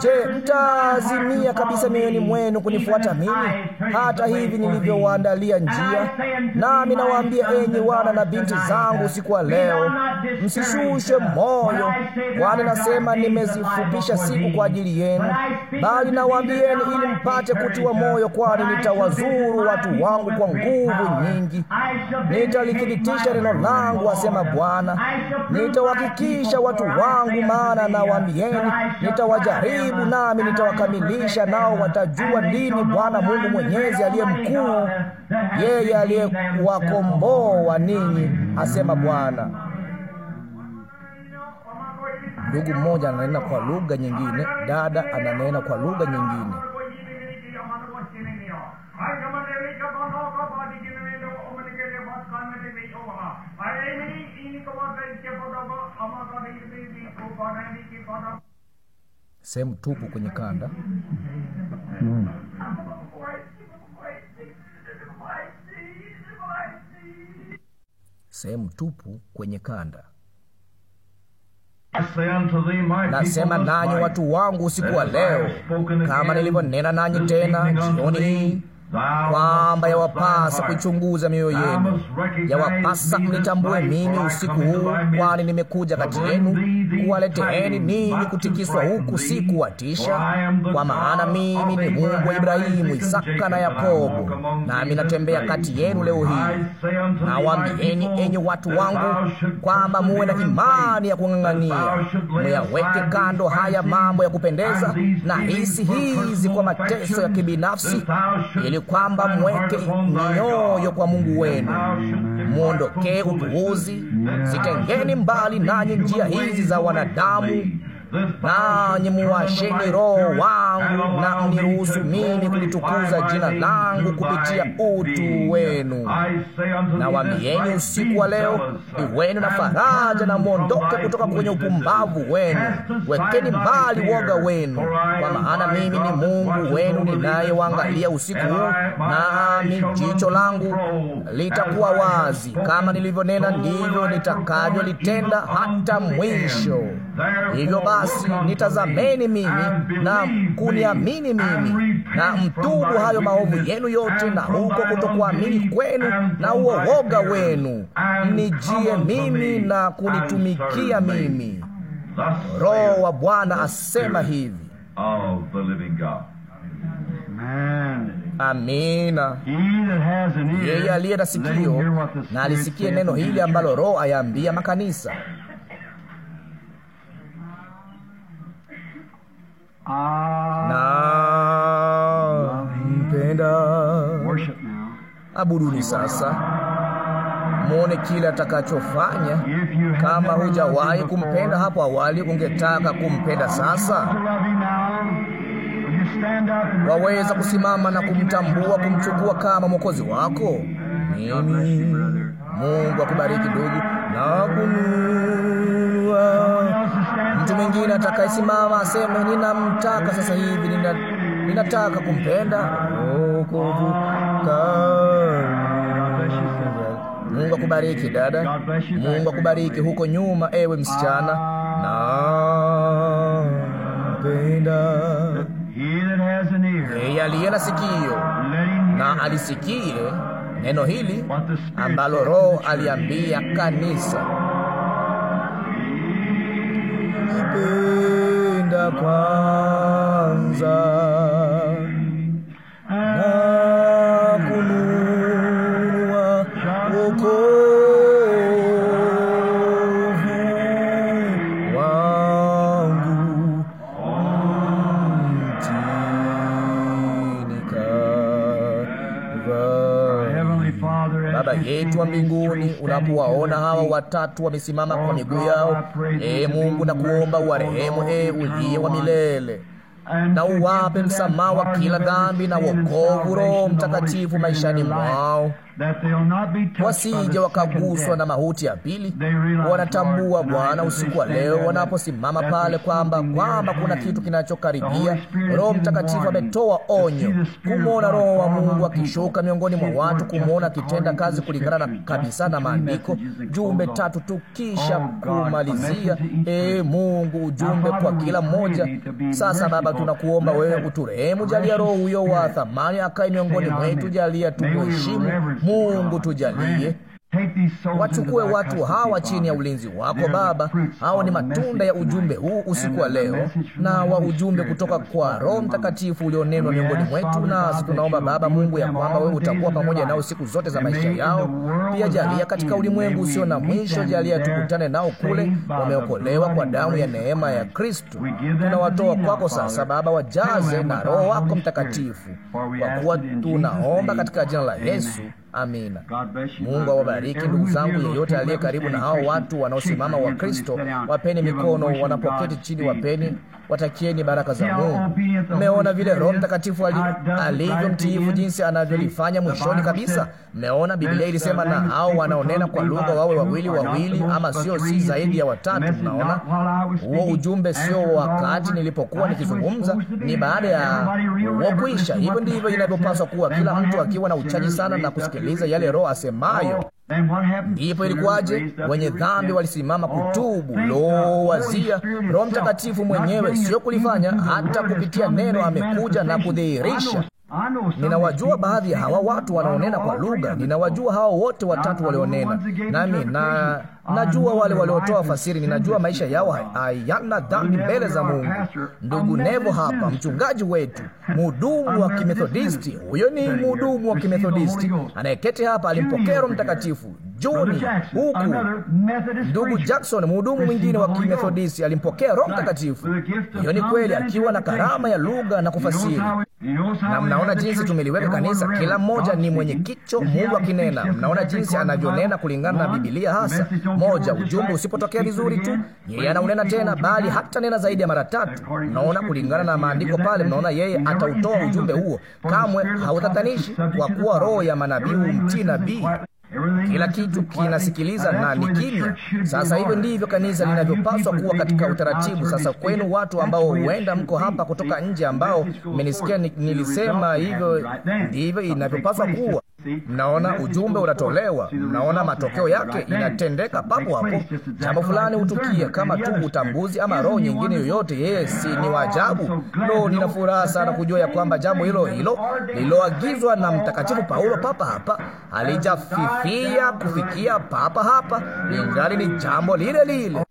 Je, mtaazimia kabisa mioyoni mwenu kunifuata mimi, hata hivi nilivyowaandalia njia? Nami nawaambia enyi wana na binti zangu, usiku wa leo leo, msishushe moyo, kwani nasema nimezifupisha siku kwa ajili yenu, bali nawaambieni ili mpate kutiwa moyo, kwani nitawazuru watu wangu kwa nguvu nyingi. Nitalithibitisha neno langu, asema Bwana, nitawahakikisha watu wangu, maana nawaambieni, nitawajaribu nami nitawakamilisha, nao watajua ndini Bwana Mungu Mwenyezi aliye mkuu, yeye aliyewakomboa ninyi, asema Bwana. Ndugu mmoja ananena kwa lugha nyingine, dada ananena kwa lugha nyingine. Sehemu tupu kwenye kanda mm. Sehemu tupu kwenye kanda. Nasema nanyi watu wangu usiku wa leo, kama nilivyonena nanyi tena jioni hii kwamba yawapasa kuichunguza mioyo yenu, yawapasa mnitambue mimi usiku huu, kwani nimekuja kati yenu kuwaleteeni ninyi kutikiswa huku, si kuwatisha. Kwa maana mimi ni Mungu wa Ibrahimu, Isaka na Yakobo, nami natembea kati yenu leo hii. Nawaambieni enyi watu wangu, kwamba muwe na imani ya kung'ang'ania, muyaweke kando haya mambo ya kupendeza na hisi hizi kwa mateso ya kibinafsi ili ni kwamba mweke mioyo kwa Mungu wenu, mwondokee upuuzi, zitengeni mbali nanyi njia hizi za wanadamu nanyi muwasheni Roho wangu na mniruhusu mimi kulitukuza jina langu kupitia utu wenu. Nawaambieni usiku wa leo, iweni na faraja na mwondoke kutoka kwenye upumbavu wenu. Wekeni mbali woga wenu, kwa maana mimi ni Mungu wenu ninayewaangalia usiku huu, nami jicho langu litakuwa wazi. Kama nilivyonena, ndivyo nitakavyolitenda hata mwisho. Hivyo basi basi nitazameni mimi na kuniamini mimi, na mtubu hayo maovu yenu yote, na huko kutokuamini kwenu na uohoga wenu, mnijie mimi na kunitumikia mimi. Roho wa Bwana asema hivi. Amina. Yeye aliye na sikio na alisikie neno hili ambalo Roho ayaambia makanisa. na mpenda. Abuduni sasa, mwone kile atakachofanya. Kama hujawahi kumpenda hapo awali, ungetaka kumpenda sasa waweza kusimama na kumtambua, kumchukua kama mwokozi wako. Mimi Mungu akubariki ndugu na kunua mtu mwingine atakayesimama aseme, ninamtaka sasa hivi, nina, ninataka kumpenda. Mungu akubariki dada, Mungu akubariki huko nyuma, ewe msichana, na mpenda yeye aliye na sikio na alisikie neno hili ambalo Roho aliambia kanisa. the kwanza ninapowaona hawa watatu wamesimama kwa miguu yao, e Mungu, na kuomba warehemu, e uliye wa milele na uwape msamaha wa kila dhambi na wokovu Roho Mtakatifu maishani mwao, wasije wakaguswa na mauti ya pili. Wanatambua Bwana usiku wa leo wanaposimama pale kwamba kwamba kuna kitu kinachokaribia. Roho Mtakatifu ametoa onyo, kumwona Roho wa Mungu akishuka miongoni mwa watu, kumwona akitenda kazi kulingana na kabisa na Maandiko. Jumbe tatu tu, kisha oh kumalizia. E Mungu, ujumbe kwa kila mmoja sasa. Baba, tunakuomba wewe uturehemu, jalia roho huyo wa thamani akae miongoni mwetu, jalia tumuheshimu Mungu, tujalie Wachukue watu hawa chini ya ulinzi wako Baba. Hawa ni matunda ya ujumbe huu usiku wa leo na wa ujumbe kutoka kwa Roho Mtakatifu ulionenwa miongoni mwetu, nasi tunaomba Baba Mungu ya kwamba wewe utakuwa pamoja nao siku zote za maisha yao. Pia jalia katika ulimwengu usio na mwisho, jalia tukutane nao kule. Wameokolewa kwa damu ya neema ya Kristo, tunawatoa kwako sasa Baba, wajaze na Roho wako Mtakatifu, kwa kuwa tunaomba katika jina la Yesu. Amina. Mungu awabariki ndugu zangu, yeyote aliye karibu na hao watu wanaosimama wa Kristo, wapeni mikono wanapoketi chini, wapeni watakieni baraka za Mungu. Mmeona vile Roho Mtakatifu alivyo mtiifu, jinsi anavyolifanya mwishoni kabisa. Mmeona Biblia ilisema, na hao wanaonena kwa lugha wawe wawili wawili, ama sio, si zaidi ya watatu. Mnaona huo ujumbe, sio wakati nilipokuwa nikizungumza, ni baada ya wakuisha. Hivyo ndivyo inavyopaswa kuwa, kila mtu akiwa na uchaji sana na kusikiliza yale Roho asemayo. Ndipo ilikuwaje? Wenye dhambi walisimama oh, kutubu. Lo, wazia Roho Mtakatifu mwenyewe, sio kulifanya, hata kupitia neno amekuja na kudhihirisha Ninawajua baadhi ya hawa watu wanaonena kwa lugha, ninawajua hawa wote watatu walionena nami, na najua wale waliotoa fasiri, ninajua maisha yao hayana dhambi mbele za Mungu. Ndugu Nevo hapa, mchungaji wetu, mhudumu wa Kimethodisti, huyo ni mhudumu wa Kimethodisti anayeketi hapa, alimpokea Roho Mtakatifu. Juni huku ndugu Jackson, mhudumu mwingine wa Kimethodisti, alimpokea Roho Mtakatifu. Hiyo ni kweli, akiwa na karama ya lugha na kufasiri. Na mnaona jinsi tumeliweka kanisa, kila mmoja ni mwenye kicho, Mungu akinena. Mnaona jinsi anavyonena kulingana na Bibilia hasa. Moja, ujumbe usipotokea vizuri tu, yeye anaunena tena, bali hata nena zaidi ya mara tatu. Mnaona kulingana na maandiko pale, mnaona yeye atautoa ujumbe huo, kamwe hautatanishi, kwa kuwa roho ya manabii humtii nabii. Kila kitu kinasikiliza na ni kimya. Sasa hivyo ndivyo kanisa linavyopaswa kuwa katika utaratibu. Sasa kwenu watu ambao huenda mko hapa kutoka nje, ambao mmenisikia nilisema hivyo, ndivyo inavyopaswa kuwa. Mnaona ujumbe unatolewa, mnaona matokeo yake, inatendeka papo hapo. Jambo fulani hutukia kama tu utambuzi ama roho nyingine yoyote. Yeye si ni wajabu? Lo, nina furaha sana kujua ya kwamba jambo hilo hilo liloagizwa na Mtakatifu Paulo papa hapa halijafifia kufikia papa hapa, ingali ni jambo lile lile.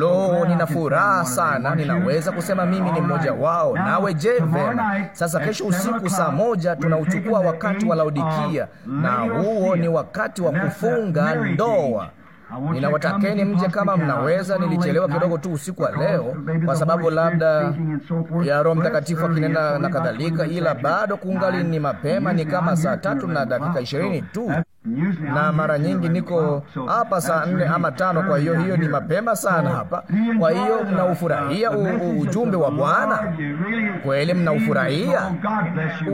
Lo, nina furaha sana, ninaweza kusema mimi ni mmoja wao. Nawe je? Vema. Sasa kesho usiku saa moja tunauchukua wakati wa Laodikia, na huo ni wakati wa kufunga ndoa. Ninawatakeni mje kama mnaweza. Nilichelewa kidogo tu usiku wa leo kwa sababu labda ya Roho Mtakatifu akinena na kadhalika, ila bado kungali ni mapema, ni kama saa tatu na dakika ishirini tu na mara nyingi niko hapa saa nne ama tano. Kwa hiyo hiyo ni mapema sana hapa. Kwa hiyo mnaufurahia ujumbe wa Bwana kweli, mnaufurahia,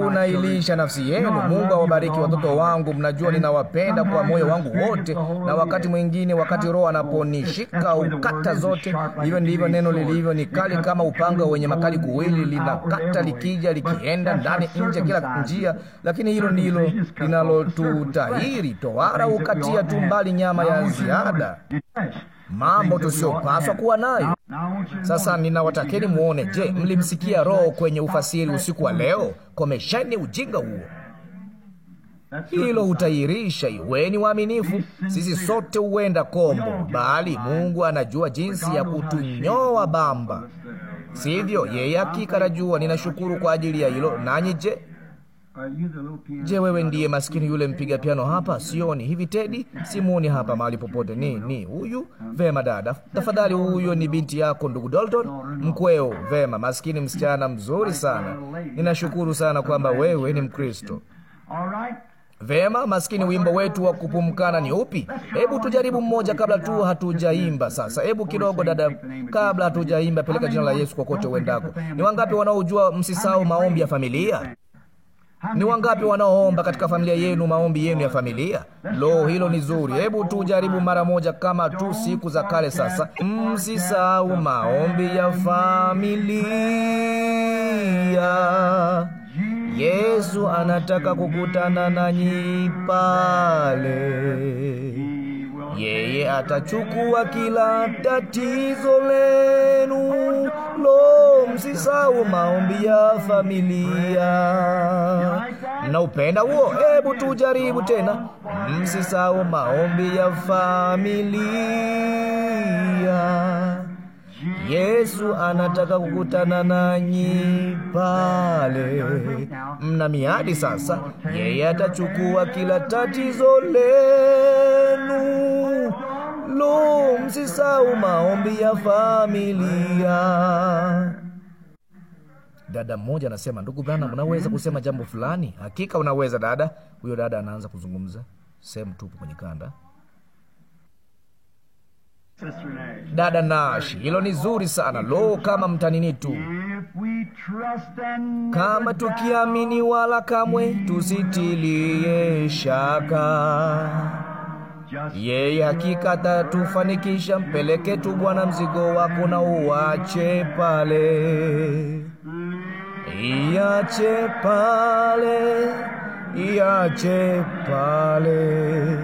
unailisha nafsi yenu. Mungu awabariki watoto wangu, mnajua ninawapenda kwa moyo wangu wote, na wakati mwingine, wakati Roho anaponishika ukata zote. Hivyo ndivyo neno lilivyo, ni kali kama upanga wenye makali kuwili, linakata likija, likienda ndani, nje, kila njia, lakini hilo ndilo linalotutahiri siri, tohara hukatia tu mbali nyama ya ziada, mambo tusiyopaswa kuwa nayo. Sasa ninawatakeni muone. Je, mlimsikia Roho kwenye ufasiri usiku wa leo? Komesheni ujinga huo, hilo hutairisha. Iweni waaminifu. Sisi sote huenda kombo, bali Mungu anajua jinsi ya kutunyoa bamba, sivyo? Yeye hakika anajua. Ninashukuru kwa ajili ya hilo. Nanyi je? Je, wewe ndiye maskini yule mpiga piano hapa? Sioni hivi Tedi, simuoni hapa mahali popote. Ni ni huyu? Vema dada, tafadhali. Huyo ni binti yako ndugu Dalton, mkweo. Vema, maskini msichana mzuri sana. Ninashukuru sana kwamba wewe ni Mkristo. Vema, maskini, wimbo wetu wa kupumkana ni upi? Hebu tujaribu mmoja kabla tu hatujaimba. Sasa hebu kidogo, dada, kabla hatujaimba, peleka jina la Yesu kokote uendako. Ni wangapi wanaojua msisahau maombi ya familia? Ni wangapi wanaoomba katika familia yenu, maombi yenu ya familia? Lo, hilo ni zuri. Hebu tujaribu mara moja, kama tu siku za kale. Sasa msisahau mm, maombi ya familia. Yesu anataka kukutana nanyi pale yeye atachukua kila tatizo lenu. Lo, msisahau maombi ya familia. Mnaupenda huo? Hebu tujaribu tena, msisahau maombi ya familia. Yesu anataka kukutana nanyi pale. Mna miadi sasa, yeye atachukua kila tatizo lenu. Lo, msisahau maombi ya familia. Dada mmoja anasema, ndugu bana, unaweza kusema jambo fulani? Hakika unaweza dada. Huyo dada anaanza kuzungumza, sehemu tupu kwenye kanda dada nashi hilo ni zuri sana. Lo, kama mtanini tu, kama tukiamini, wala kamwe tusitilie shaka yeye hakika atatufanikisha. Mpeleke tu Bwana mzigo wako na uwache pale, iache pale, iache pale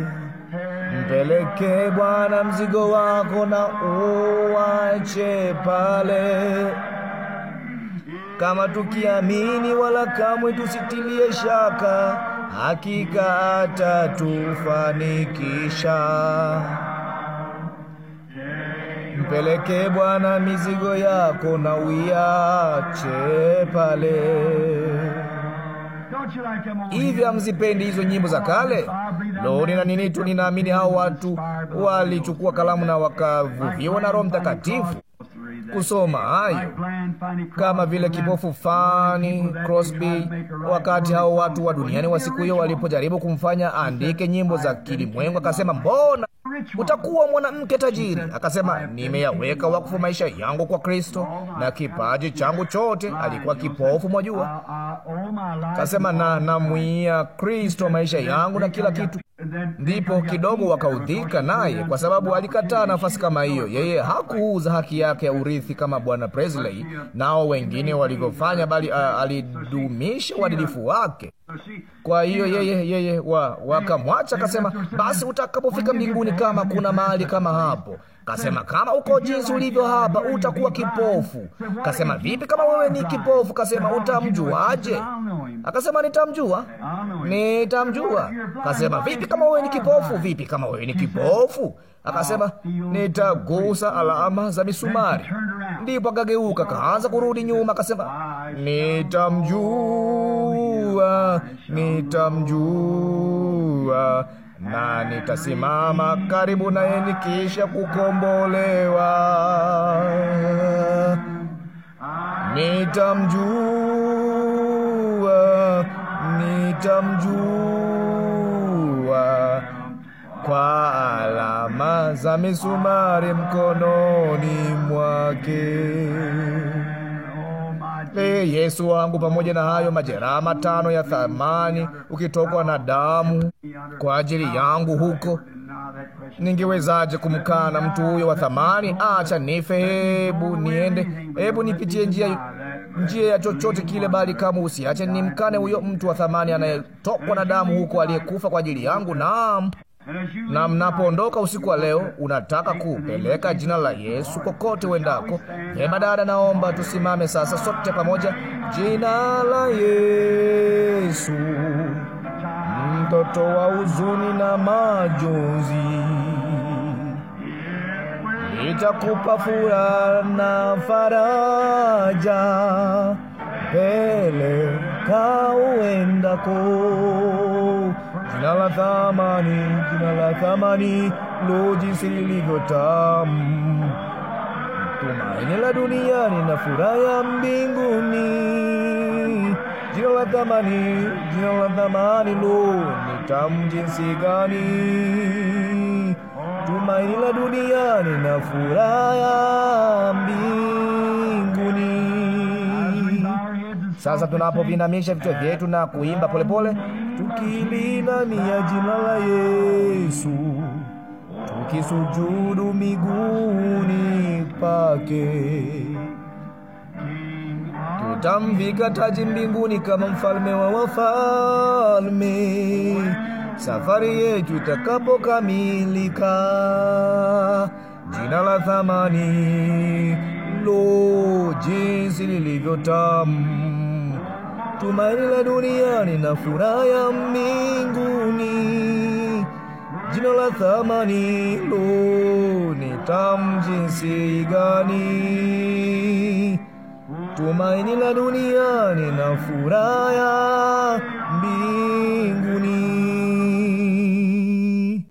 Mpeleke Bwana mzigo wako na uwache pale, kama tukiamini, wala kamwe tusitilie shaka, hakika atatufanikisha. Mpeleke Bwana mizigo yako na uiache pale. Hivi hamzipendi hizo nyimbo za kale? Roho na nini tu, ninaamini hao watu walichukua kalamu na wakavuviwa na Roho Mtakatifu kusoma hayo kama vile kipofu Fani Crosby, wakati hao watu wa duniani wa siku hiyo walipojaribu kumfanya andike nyimbo za kilimwengu, akasema mbona utakuwa mwanamke tajiri. Akasema, nimeyaweka wakfu maisha yangu kwa Kristo na kipaji changu chote. Alikuwa kipofu, mwajua. Akasema, na namwia Kristo maisha yangu na kila kitu. Ndipo kidogo wakaudhika naye, kwa sababu alikataa nafasi kama hiyo. Yeye hakuuza haki yake ya urithi kama bwana Presley nao wengine walivyofanya, bali uh, alidumisha uadilifu wake. Kwa hiyo yeye yeye wa wakamwacha, akasema basi utakapofika mbinguni, kama kuna mahali kama hapo, kasema kama uko jinsi ulivyo hapa utakuwa kipofu. Kasema vipi kama wewe ni kipofu? Kasema utamjuaje? Akasema nitamjua, nitamjua. Kasema vipi kama wewe ni kipofu? Vipi kama wewe ni kipofu? Akasema, nitagusa alama za misumari. Ndipo akageuka kaanza kurudi nyuma, akasema, nitamjua, nitamjua na nitasimama karibu naye nikisha kukombolewa. Nitamjua, nitamjua kwa alama za misumari mkononi mwake. E, Yesu wangu, pamoja na hayo majeraha matano ya thamani, ukitokwa na damu kwa ajili yangu huko ningewezaje kumkana mtu huyo wa thamani? Acha nife, hebu niende, hebu nipitie njia njia ya chochote kile, bali kama usiache nimkane huyo mtu wa thamani anayetokwa na damu huko, aliyekufa kwa ajili yangu. Naam na mnapoondoka usiku wa leo, unataka kupeleka jina la Yesu kokote uendako. Vyema dada, naomba tusimame sasa sote pamoja. Jina la Yesu, mtoto wa huzuni na majonzi, itakupa furaha na faraja pele kauendako jina la thamani, jina la thamani, lo, jinsi lilivyo tamu, tumaini la duniani na furaha ya mbinguni. Jina la thamani, jina la thamani, lo, ni tamu jinsi gani, tumaini la duniani na furaha ya mbinguni. Sasa tunapovinamisha vichwa vyetu na kuimba polepole, tukilinamia jina la Yesu, tukisujudu miguuni pake, tutamvika taji mbinguni kama mfalme wa wafalme safari yetu itakapokamilika. Jina la thamani, lo, jinsi lilivyotamu! tumaini la duniani na furaha ya mbinguni. Jina la thamani lo ni tamu jinsi gani! Tumaini la duniani na furaha mbinguni.